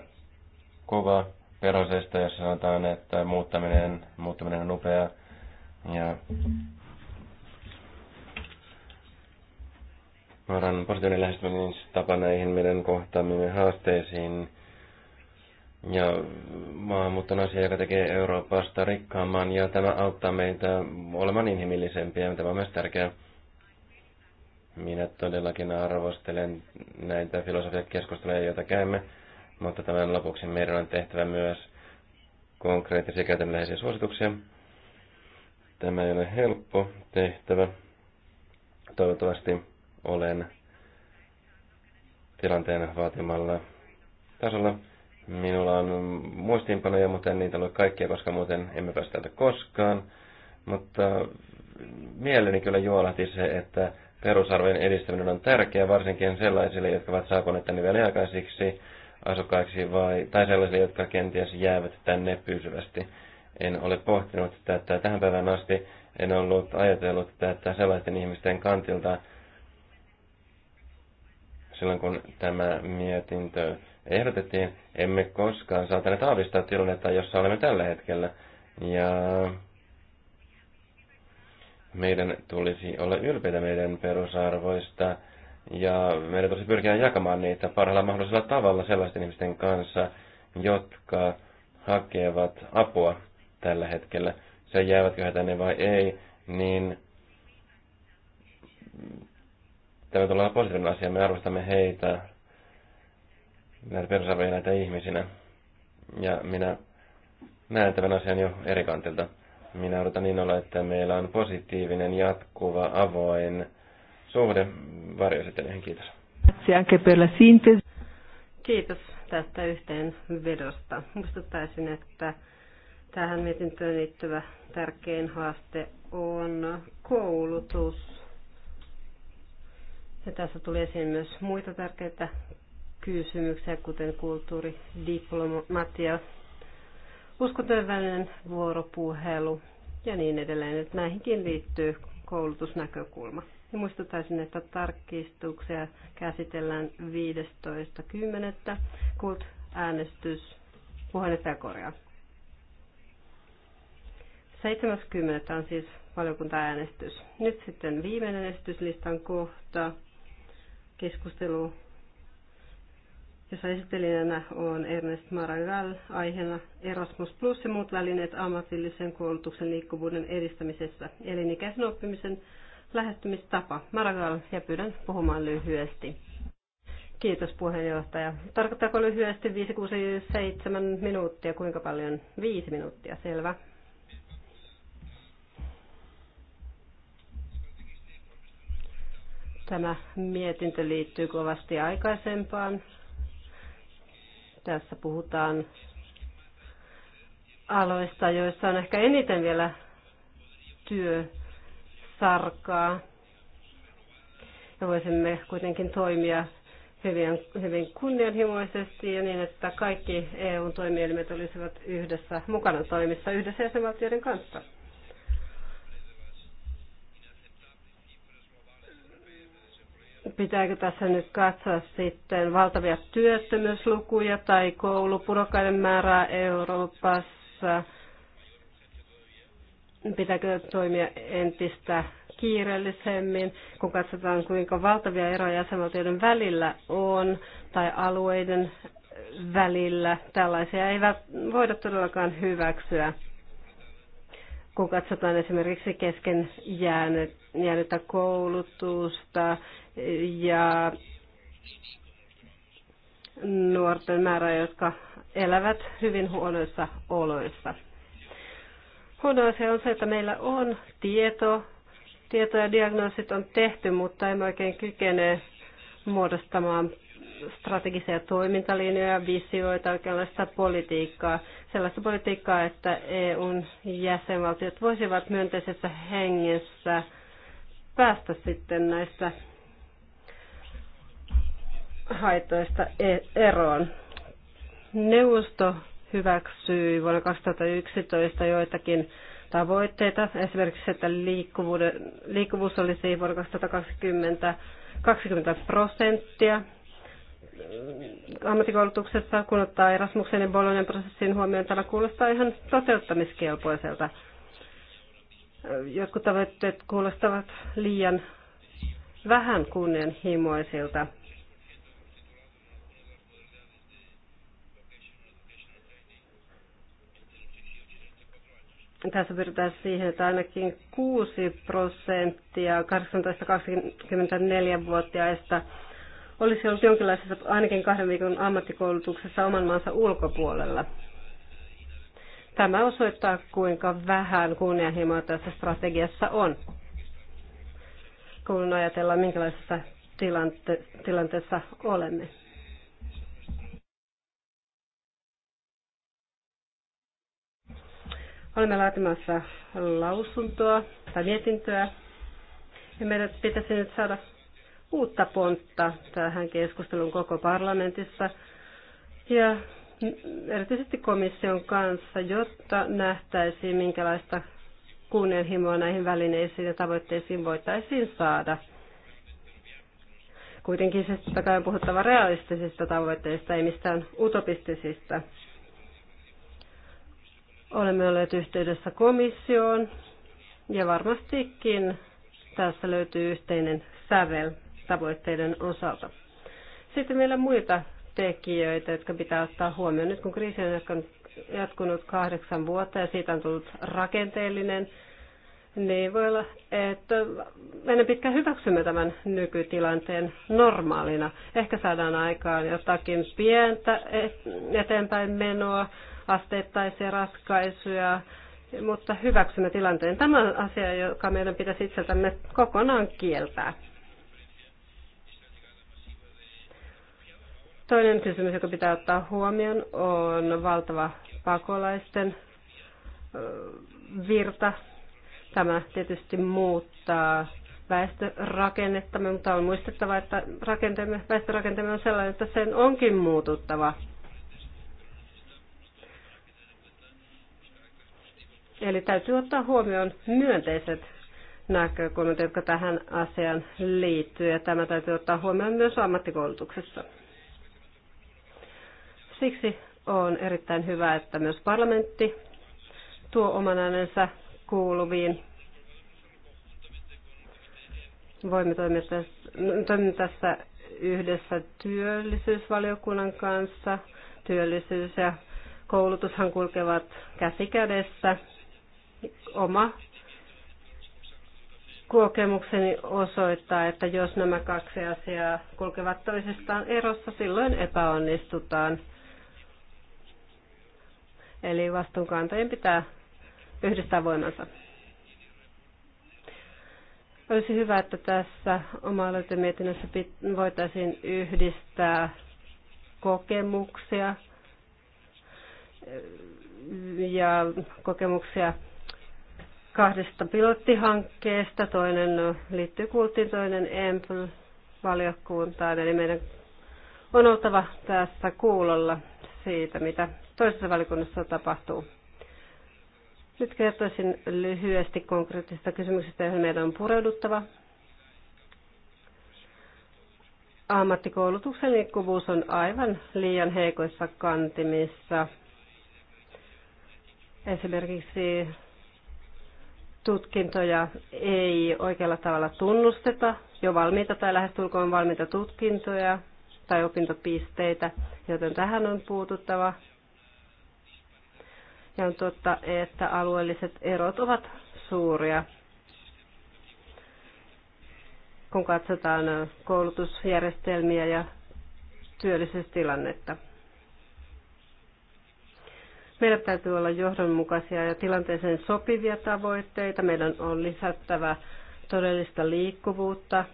S4: kuva perosesta, jossa sanotaan, että muuttaminen, muuttaminen on upea. Ja Vaaran positiivinen lähestyminen tapa näihin meidän kohtaamimme haasteisiin ja maahanmuuton asia, joka tekee Euroopasta rikkaamman ja tämä auttaa meitä olemaan inhimillisempiä. Tämä on myös tärkeää. Minä todellakin arvostelen näitä filosofiakeskusteluja, joita käymme, mutta tämän lopuksi meidän on tehtävä myös konkreettisia käytännöllisiä suosituksia. Tämä ei ole helppo tehtävä. Toivottavasti olen tilanteen vaatimalla tasolla. Minulla on muistiinpanoja, mutta en niitä ole kaikkia, koska muuten emme päästä täältä koskaan. Mutta mieleni kyllä juolahti se, että perusarvojen edistäminen on tärkeää varsinkin sellaisille, jotka ovat saapuneet tänne vielä aikaisiksi asukkaiksi vai, tai sellaisille, jotka kenties jäävät tänne pysyvästi. En ole pohtinut tätä tähän päivään asti, en ollut ajatellut tätä sellaisten ihmisten kantilta, silloin kun tämä mietintö ehdotettiin, emme koskaan saataneet aavistaa tilannetta, jossa olemme tällä hetkellä. Ja meidän tulisi olla ylpeitä meidän perusarvoista ja meidän tulisi pyrkiä jakamaan niitä parhaalla mahdollisella tavalla sellaisten ihmisten kanssa, jotka hakevat apua tällä hetkellä. Se jäävätkö he tänne vai ei, niin Tämä tulee positiivinen asia. Me arvostamme heitä, näitä perusarvoja näitä ihmisinä. Ja minä näen tämän asian jo eri kantilta. Minä odotan olla, että meillä on positiivinen, jatkuva, avoin suhde varjoesittelijöihin. Kiitos.
S2: Kiitos tästä yhteenvedosta. Muistuttaisin, että tähän mietintöön liittyvä tärkein haaste on koulutus ja tässä tuli esiin myös muita tärkeitä kysymyksiä, kuten kulttuuri, diplomatia, uskontojen välinen vuoropuhelu ja niin edelleen. Että näihinkin liittyy koulutusnäkökulma. Ja muistuttaisin, että tarkistuksia käsitellään 15.10. Kult äänestys korjaa. 70. on siis valiokunta-äänestys. Nyt sitten viimeinen esityslistan kohta keskustelu, jossa esittelijänä on Ernest Maragall, aiheena Erasmus Plus ja muut välineet ammatillisen koulutuksen liikkuvuuden edistämisessä, elinikäisen oppimisen lähestymistapa. Maragall, ja pyydän puhumaan lyhyesti. Kiitos puheenjohtaja. Tarkoittaako lyhyesti 5, 6, 7 minuuttia? Kuinka paljon? 5 minuuttia, selvä. Tämä mietintö liittyy kovasti aikaisempaan. Tässä puhutaan aloista, joissa on ehkä eniten vielä työsarkaa. Ja voisimme kuitenkin toimia hyvin, hyvin kunnianhimoisesti ja niin, että kaikki eu toimielimet olisivat yhdessä mukana toimissa yhdessä jäsenvaltioiden kanssa. Pitääkö tässä nyt katsoa sitten valtavia työttömyyslukuja tai koulupudokkaiden määrää Euroopassa? Pitääkö toimia entistä kiireellisemmin, kun katsotaan kuinka valtavia eroja jäsenvaltioiden välillä on tai alueiden välillä. Tällaisia ei voida todellakaan hyväksyä, kun katsotaan esimerkiksi kesken jäänyttä koulutusta, ja nuorten määrä, jotka elävät hyvin huonoissa oloissa. Huono asia on se, että meillä on tieto, tieto ja diagnoosit on tehty, mutta emme oikein kykene muodostamaan strategisia toimintalinjoja, visioita, oikeanlaista politiikkaa, sellaista politiikkaa, että EUn jäsenvaltiot voisivat myönteisessä hengessä päästä sitten näistä haitoista e- eroon. Neuvosto hyväksyi vuonna 2011 joitakin tavoitteita, esimerkiksi että liikkuvuus olisi vuonna 2020 20 prosenttia ammattikoulutuksessa, kun ottaa Erasmuksen ja Bolognan prosessin huomioon, tämä kuulostaa ihan toteuttamiskelpoiselta. Jotkut tavoitteet kuulostavat liian vähän kunnianhimoisilta. Tässä pyritään siihen, että ainakin 6 prosenttia 18-24-vuotiaista olisi ollut jonkinlaisessa ainakin kahden viikon ammattikoulutuksessa oman maansa ulkopuolella. Tämä osoittaa, kuinka vähän kunnianhimoa tässä strategiassa on, kun ajatellaan, minkälaisessa tilante- tilanteessa olemme. Olemme laatimassa lausuntoa tai mietintöä ja meidän pitäisi nyt saada uutta pontta tähän keskusteluun koko parlamentissa ja erityisesti komission kanssa, jotta nähtäisiin, minkälaista kunnianhimoa näihin välineisiin ja tavoitteisiin voitaisiin saada. Kuitenkin siis totta on puhuttava realistisista tavoitteista, ei mistään utopistisista. Olemme olleet yhteydessä komissioon ja varmastikin tässä löytyy yhteinen sävel tavoitteiden osalta. Sitten vielä muita tekijöitä, jotka pitää ottaa huomioon. Nyt kun kriisi on jatkunut kahdeksan vuotta ja siitä on tullut rakenteellinen, niin voi olla, että ennen pitkään hyväksymme tämän nykytilanteen normaalina. Ehkä saadaan aikaan jotakin pientä eteenpäin menoa, asteittaisia ratkaisuja, mutta hyväksymme tilanteen. Tämä on asia, joka meidän pitäisi itseltämme kokonaan kieltää. Toinen kysymys, joka pitää ottaa huomioon, on valtava pakolaisten virta. Tämä tietysti muuttaa väestörakennettamme, mutta on muistettava, että väestörakentamme on sellainen, että sen onkin muututtava – Eli täytyy ottaa huomioon myönteiset näkökulmat, jotka tähän asiaan liittyy, ja tämä täytyy ottaa huomioon myös ammattikoulutuksessa. Siksi on erittäin hyvä, että myös parlamentti tuo oman äänensä kuuluviin. Voimme toimia tässä, toimia tässä yhdessä työllisyysvaliokunnan kanssa. Työllisyys ja koulutushan kulkevat käsi kädessä oma kokemukseni osoittaa, että jos nämä kaksi asiaa kulkevat toisistaan erossa, silloin epäonnistutaan. Eli vastuunkantajien pitää yhdistää voimansa. Olisi hyvä, että tässä oma mietinnössä voitaisiin yhdistää kokemuksia ja kokemuksia kahdesta pilottihankkeesta. Toinen liittyy kulttiin, toinen EMPL-valiokuntaan. Eli meidän on oltava tässä kuulolla siitä, mitä toisessa valiokunnassa tapahtuu. Nyt kertoisin lyhyesti konkreettisista kysymyksistä, joihin meidän on pureuduttava. Ammattikoulutuksen liikkuvuus on aivan liian heikoissa kantimissa. Esimerkiksi tutkintoja ei oikealla tavalla tunnusteta, jo valmiita tai lähestulkoon valmiita tutkintoja tai opintopisteitä, joten tähän on puututtava. Ja on totta, että alueelliset erot ovat suuria. Kun katsotaan koulutusjärjestelmiä ja työllisyystilannetta. Meillä täytyy olla johdonmukaisia ja tilanteeseen sopivia tavoitteita. Meidän on lisättävä todellista liikkuvuutta,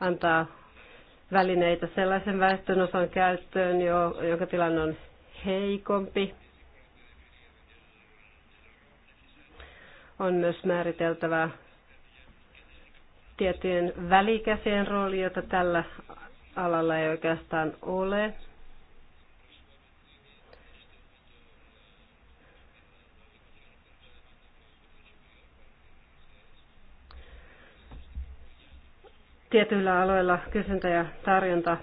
S2: antaa välineitä sellaisen väestönosan käyttöön, jonka tilanne on heikompi. On myös määriteltävä tiettyjen välikäsien rooli, jota tällä alalla ei oikeastaan ole. tietyillä aloilla kysyntä ja tarjonta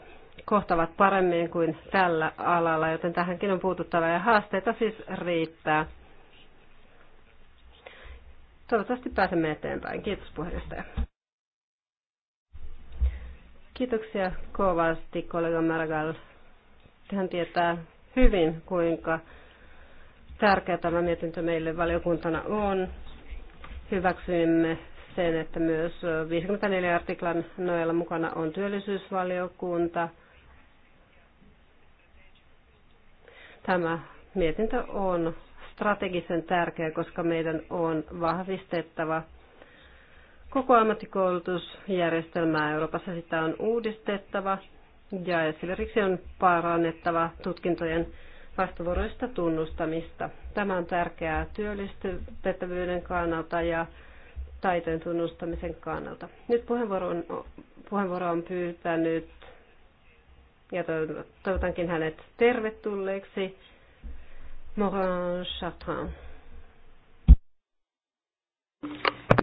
S2: kohtavat paremmin kuin tällä alalla, joten tähänkin on puututtava ja haasteita siis riittää. Toivottavasti pääsemme eteenpäin. Kiitos puheenjohtaja. Kiitoksia kovasti kollega Margal. Hän tietää hyvin, kuinka tärkeä tämä mietintö meille valiokuntana on. Hyväksyimme sen, että myös 54 artiklan nojalla mukana on työllisyysvaliokunta. Tämä mietintö on strategisen tärkeä, koska meidän on vahvistettava koko ammattikoulutusjärjestelmää Euroopassa. Sitä on uudistettava ja esimerkiksi on parannettava tutkintojen vastavuoroista tunnustamista. Tämä on tärkeää työllistettävyyden kannalta ja taitojen tunnustamisen kannalta. Nyt puheenvuoro on, puheenvuoro on pyytänyt, ja toivotankin hänet tervetulleeksi, Morin Chartrain.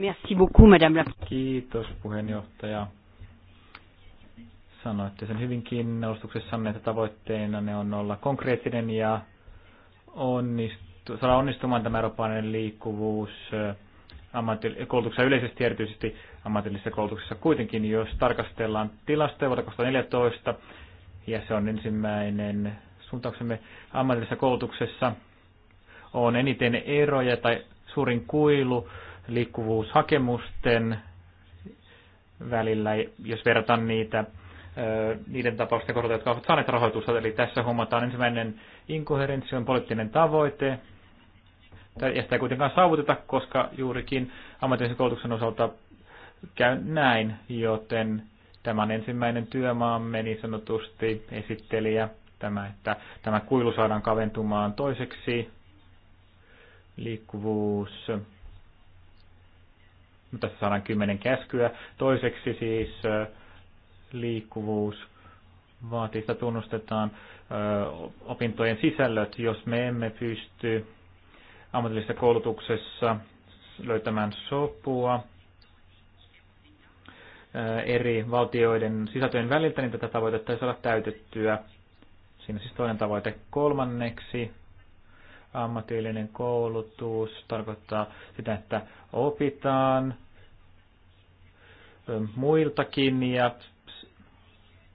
S2: Merci
S3: beaucoup, madame la... Kiitos puheenjohtaja. Sanoitte sen hyvinkin alustuksessanne, että tavoitteena ne on olla konkreettinen ja onnistu, saada onnistumaan tämä eurooppalainen liikkuvuus koulutuksessa yleisesti erityisesti ammatillisessa koulutuksessa kuitenkin, jos tarkastellaan tilastoja vuodelta 2014, ja se on ensimmäinen suuntauksemme ammatillisessa koulutuksessa, on eniten eroja tai suurin kuilu liikkuvuushakemusten välillä, jos verrataan niitä niiden tapausten kohdalla, jotka ovat saaneet rahoitusta. Eli tässä huomataan ensimmäinen inkoherenssi on poliittinen tavoite, ja sitä ei kuitenkaan saavuteta, koska juurikin ammatillisen koulutuksen osalta käy näin, joten tämä on ensimmäinen työmaamme niin sanotusti esittelijä, tämä, että tämä kuilu saadaan kaventumaan toiseksi, liikkuvuus, no, tässä saadaan kymmenen käskyä, toiseksi siis liikkuvuus, vaatii sitä tunnustetaan opintojen sisällöt, jos me emme pysty ammatillisessa koulutuksessa löytämään sopua eri valtioiden sisältöjen väliltä, niin tätä tavoitetta ei saada täytettyä. Siinä siis toinen tavoite. Kolmanneksi ammatillinen koulutus tarkoittaa sitä, että opitaan muiltakin ja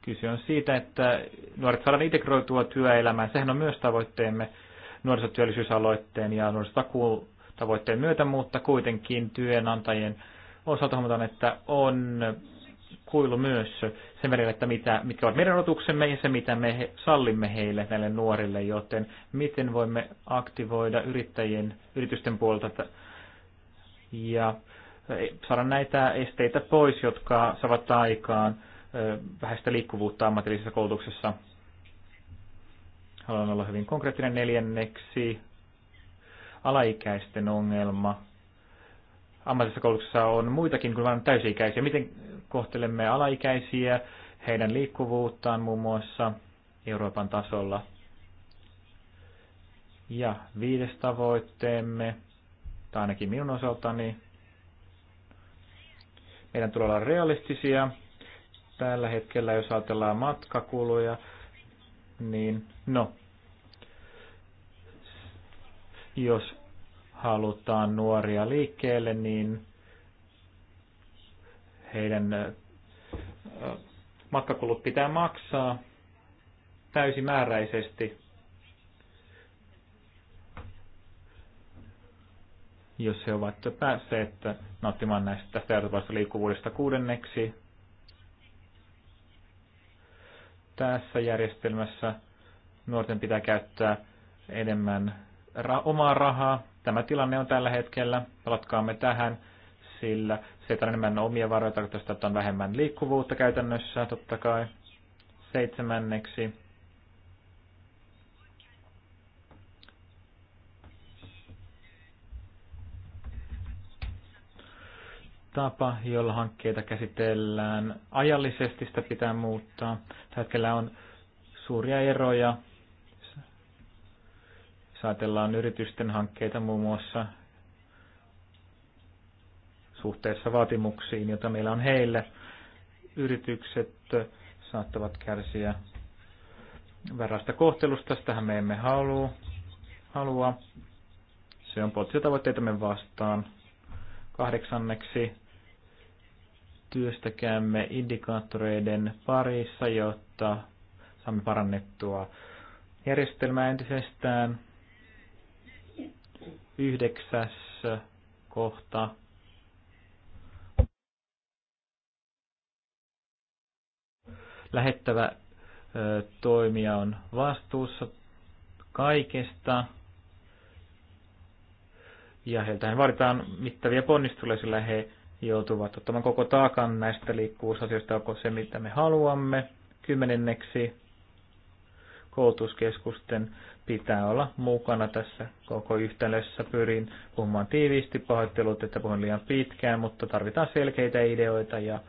S3: kyse on siitä, että nuoret saadaan integroitua työelämään. Sehän on myös tavoitteemme nuorisotyöllisyysaloitteen ja nuorisotakuun tavoitteen myötä, mutta kuitenkin työnantajien osalta huomataan, että on kuilu myös sen verran, että mitä, mitkä ovat meidän odotuksemme ja se, mitä me sallimme heille, näille nuorille, joten miten voimme aktivoida yrittäjien, yritysten puolelta ja eh, saada näitä esteitä pois, jotka saavat aikaan eh, vähäistä liikkuvuutta ammatillisessa koulutuksessa. Haluan olla hyvin konkreettinen neljänneksi. Alaikäisten ongelma. Ammatillisessa koulutuksessa on muitakin kuin vain täysi-ikäisiä. Miten kohtelemme alaikäisiä, heidän liikkuvuuttaan muun muassa Euroopan tasolla. Ja viides tavoitteemme, tai ainakin minun osaltani, meidän tulee olla realistisia. Tällä hetkellä, jos ajatellaan matkakuluja, niin no, jos halutaan nuoria liikkeelle, niin heidän matkakulut pitää maksaa täysimääräisesti. jos he ovat päässeet nauttimaan näistä tästä liikkuvuudesta kuudenneksi, tässä järjestelmässä nuorten pitää käyttää enemmän ra- omaa rahaa. Tämä tilanne on tällä hetkellä, palatkaamme tähän, sillä se, että on enemmän omia varoja, tarkoittaa sitä, että on vähemmän liikkuvuutta käytännössä, totta kai. Seitsemänneksi tapa, jolla hankkeita käsitellään ajallisesti, sitä pitää muuttaa. Tällä hetkellä on suuria eroja. Saatellaan yritysten hankkeita muun muassa suhteessa vaatimuksiin, joita meillä on heille. Yritykset saattavat kärsiä väärästä kohtelusta, tähän me emme halua. halua. Se on poliittisia me vastaan. Kahdeksanneksi työstäkäämme indikaattoreiden parissa, jotta saamme parannettua järjestelmää entisestään. Yhdeksäs kohta. Lähettävä toimija on vastuussa kaikesta ja heiltähän vaaditaan mittavia ponnisteluja, sillä he joutuvat ottamaan koko taakan näistä liikkuvuusasioista, onko se mitä me haluamme. Kymmenenneksi koulutuskeskusten pitää olla mukana tässä koko yhtälössä. Pyrin puhumaan tiiviisti, pahoittelut, että puhun liian pitkään, mutta tarvitaan selkeitä ideoita ja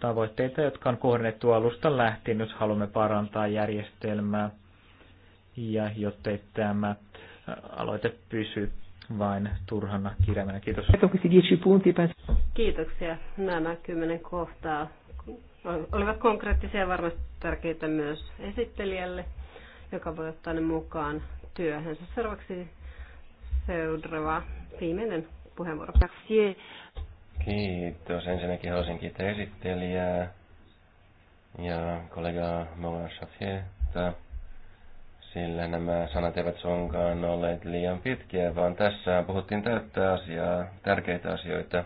S3: tavoitteita, jotka on kohdennettu alusta lähtien, jos haluamme parantaa järjestelmää ja jotta tämä aloite pysy vain turhana kirjaimena. Kiitos.
S2: Kiitoksia. Nämä kymmenen kohtaa olivat konkreettisia ja varmasti tärkeitä myös esittelijälle, joka voi ottaa ne mukaan työhönsä. Seuraavaksi seuraava viimeinen puheenvuoro.
S4: Kiitos. Ensinnäkin haluaisin kiittää esittelijää ja kollegaa Mauna Shafieta sillä nämä sanat eivät suinkaan olleet liian pitkiä, vaan tässä puhuttiin täyttää asiaa, tärkeitä asioita.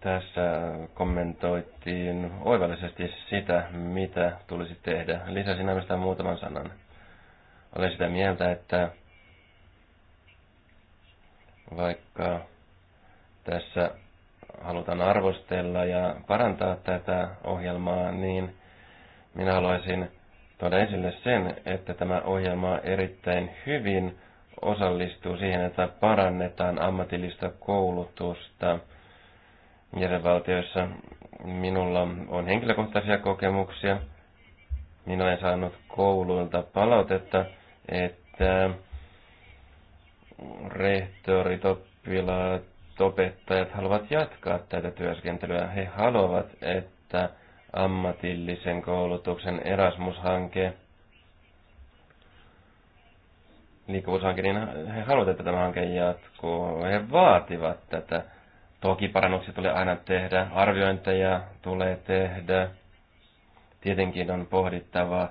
S4: Tässä kommentoitiin oivallisesti sitä, mitä tulisi tehdä. Lisäsin ainoastaan muutaman sanan. Olen sitä mieltä, että vaikka tässä halutaan arvostella ja parantaa tätä ohjelmaa, niin minä haluaisin tuoda esille sen, että tämä ohjelma erittäin hyvin osallistuu siihen, että parannetaan ammatillista koulutusta jäsenvaltioissa. Minulla on henkilökohtaisia kokemuksia. Minä olen saanut kouluilta palautetta, että rehtorit, oppilaat, opettajat haluavat jatkaa tätä työskentelyä. He haluavat, että ammatillisen koulutuksen Erasmus-hanke, liikkuvuushanke, niin he haluavat, että tämä hanke jatkuu. He vaativat tätä. Toki parannuksia tulee aina tehdä, arviointeja tulee tehdä. Tietenkin on pohdittava,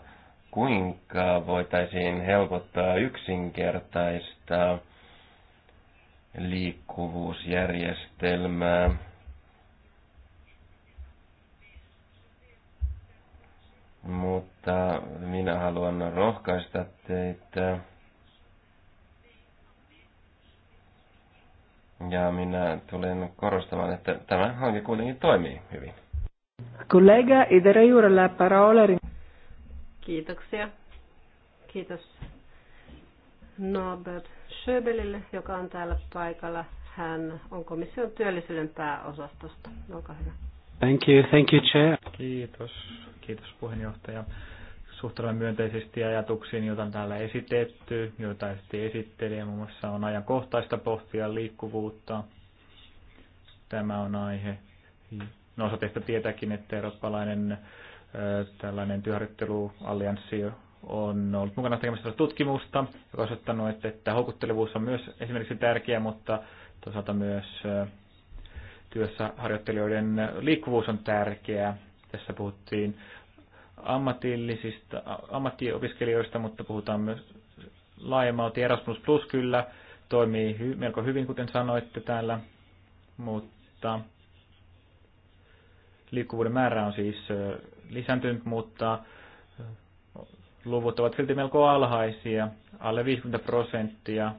S4: kuinka voitaisiin helpottaa yksinkertaista liikkuvuusjärjestelmää mutta minä haluan rohkaista teitä. Ja minä tulen korostamaan, että tämä hanke kuitenkin toimii hyvin.
S1: Kollega Idera Juurella parola.
S2: Kiitoksia. Kiitos Norbert Schöbelille, joka on täällä paikalla. Hän on komission työllisyyden pääosastosta. Olkaa hyvä.
S3: Thank you, thank you, Chair. Kiitos Kiitos puheenjohtaja. Suhtaudun myönteisesti ajatuksiin, joita on täällä esitetty, joita esittelijä muun muassa on ajankohtaista pohtia liikkuvuutta. Tämä on aihe. No osa teistä tietääkin, että eurooppalainen tällainen työharjoitteluallianssi on ollut mukana tekemässä tutkimusta, joka on osoittanut, että, että houkuttelevuus on myös esimerkiksi tärkeä, mutta toisaalta myös työssä harjoittelijoiden liikkuvuus on tärkeää. Tässä puhuttiin ammatillisista, ammattiopiskelijoista, mutta puhutaan myös laajemmalti. Erasmus Plus kyllä toimii hy, melko hyvin, kuten sanoitte täällä, mutta liikkuvuuden määrä on siis lisääntynyt, mutta luvut ovat silti melko alhaisia, alle 50 prosenttia.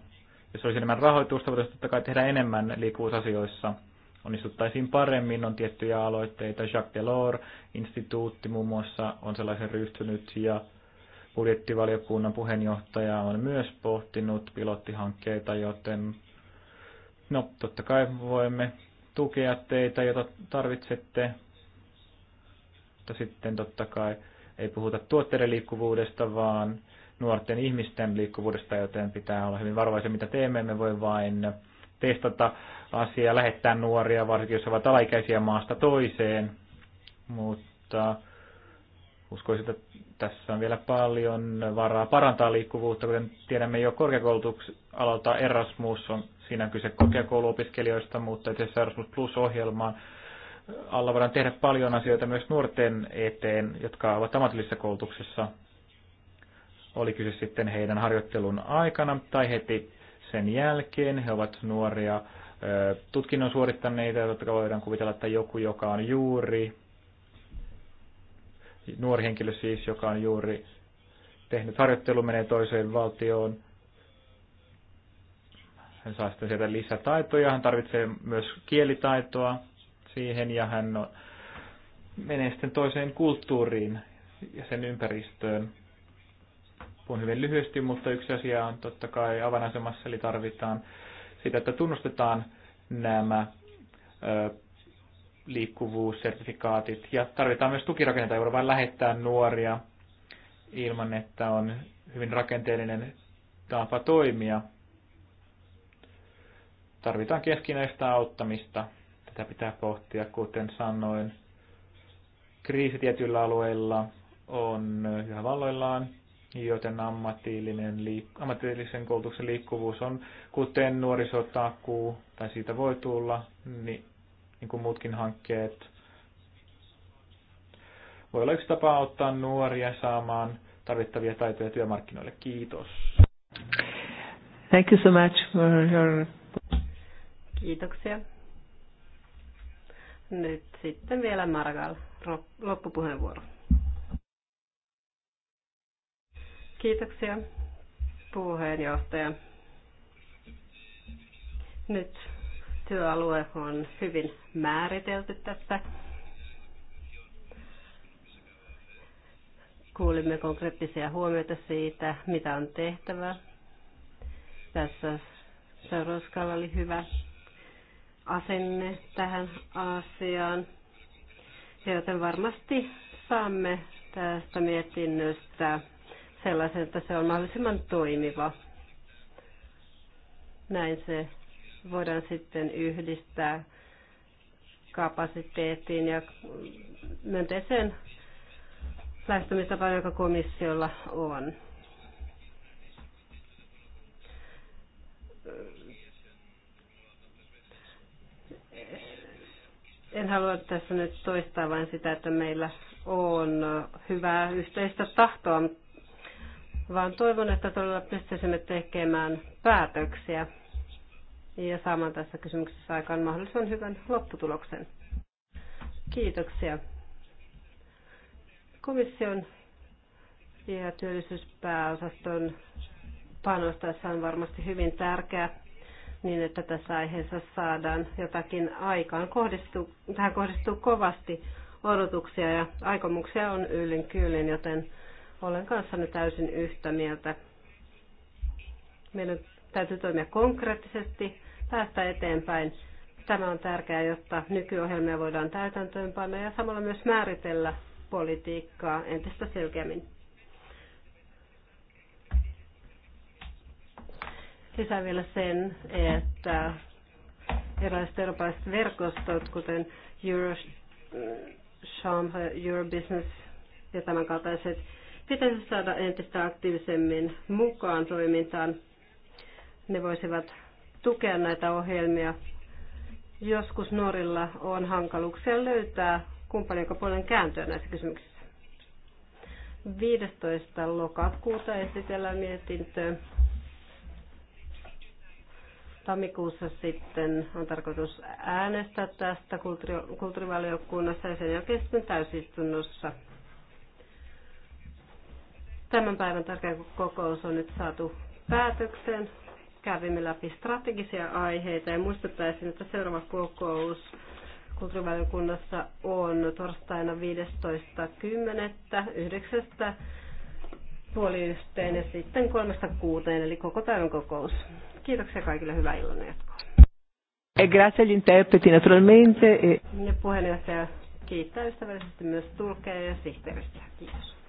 S3: Jos olisi enemmän rahoitusta, voitaisiin totta kai tehdä enemmän liikkuvuusasioissa – onnistuttaisiin paremmin. On tiettyjä aloitteita, Jacques Delors-instituutti muun muassa on sellaisen ryhtynyt ja budjettivaliokunnan puheenjohtaja on myös pohtinut pilottihankkeita, joten no, totta kai voimme tukea teitä, joita tarvitsette. Mutta sitten totta kai ei puhuta tuotteiden liikkuvuudesta, vaan nuorten ihmisten liikkuvuudesta, joten pitää olla hyvin varovaisia, mitä teemme. Me voi vain testata asia lähettää nuoria, varsinkin jos ovat alaikäisiä maasta toiseen. Mutta uskoisin, että tässä on vielä paljon varaa parantaa liikkuvuutta, kuten tiedämme jo korkeakoulutusalalta Erasmus on, siinä kyse korkeakouluopiskelijoista, mutta itse asiassa Erasmus Plus-ohjelmaan alla voidaan tehdä paljon asioita myös nuorten eteen, jotka ovat ammatillisessa koulutuksessa. Oli kyse sitten heidän harjoittelun aikana tai heti sen jälkeen. He ovat nuoria tutkinnon suorittaneita, jotka voidaan kuvitella, että joku, joka on juuri, nuori henkilö siis, joka on juuri tehnyt harjoittelu, menee toiseen valtioon, hän saa sitten sieltä lisätaitoja, hän tarvitsee myös kielitaitoa siihen, ja hän on, menee sitten toiseen kulttuuriin ja sen ympäristöön. Puhun hyvin lyhyesti, mutta yksi asia on totta kai avainasemassa, eli tarvitaan sitä, että tunnustetaan nämä liikkuvuussertifikaatit ja tarvitaan myös tukirakenteita, joilla vain lähettää nuoria ilman, että on hyvin rakenteellinen tapa toimia. Tarvitaan keskinäistä auttamista. Tätä pitää pohtia, kuten sanoin. Kriisi tietyillä alueilla on yhä valloillaan joten ammatillinen, liik- ammatillisen koulutuksen liikkuvuus on, kuten nuorisotakuu, tai siitä voi tulla, niin, niin kuin muutkin hankkeet. Voi olla yksi tapa auttaa nuoria saamaan tarvittavia taitoja työmarkkinoille. Kiitos.
S1: Thank you so much for your...
S2: Kiitoksia. Nyt sitten vielä Margal loppupuheenvuoro. Kiitoksia puheenjohtaja. Nyt työalue on hyvin määritelty tässä. Kuulimme konkreettisia huomioita siitä, mitä on tehtävä. Tässä seurauskalla oli hyvä asenne tähän asiaan. Joten varmasti saamme tästä mietinnöstä sellaisen, että se on mahdollisimman toimiva. Näin se voidaan sitten yhdistää kapasiteettiin ja myönteiseen lähestymistapaan, joka komissiolla on. En halua tässä nyt toistaa vain sitä, että meillä on hyvää yhteistä tahtoa, vaan toivon, että todella pystyisimme tekemään päätöksiä ja saamaan tässä kysymyksessä aikaan mahdollisimman hyvän lopputuloksen. Kiitoksia. Komission ja työllisyyspääosaston panos tässä on varmasti hyvin tärkeä niin, että tässä aiheessa saadaan jotakin aikaan. Kohdistuu, tähän kohdistuu kovasti odotuksia ja aikomuksia on yllin kyllin, joten olen kanssanne täysin yhtä mieltä. Meidän täytyy toimia konkreettisesti, päästä eteenpäin. Tämä on tärkeää, jotta nykyohjelmia voidaan täytäntöönpanna ja samalla myös määritellä politiikkaa entistä selkeämmin. Lisää vielä sen, että erilaiset eurooppalaiset verkostot, kuten Eurochambre, Eurobusiness ja tämän kaltaiset pitäisi saada entistä aktiivisemmin mukaan toimintaan. Ne voisivat tukea näitä ohjelmia. Joskus nuorilla on hankaluuksia löytää kumppanin puolen kääntöä näissä kysymyksissä. 15. lokakuuta esitellään mietintö. Tammikuussa sitten on tarkoitus äänestää tästä kulttuurivaliokunnassa ja sen jälkeen sitten täysistunnossa Tämän päivän tärkeä kokous on nyt saatu päätökseen. Kävimme läpi strategisia aiheita ja muistuttaisin, että seuraava kokous kulttuurivaliokunnassa on torstaina 15.10.9. puoli yhteen ja sitten kolmesta kuuteen, eli koko päivän kokous. Kiitoksia kaikille, hyvää illan jatkoa.
S1: E grazie agli interpreti naturalmente. E...
S2: Ja puheenjohtaja kiittää ystävällisesti myös tulkeja ja sihteeristä. Kiitos.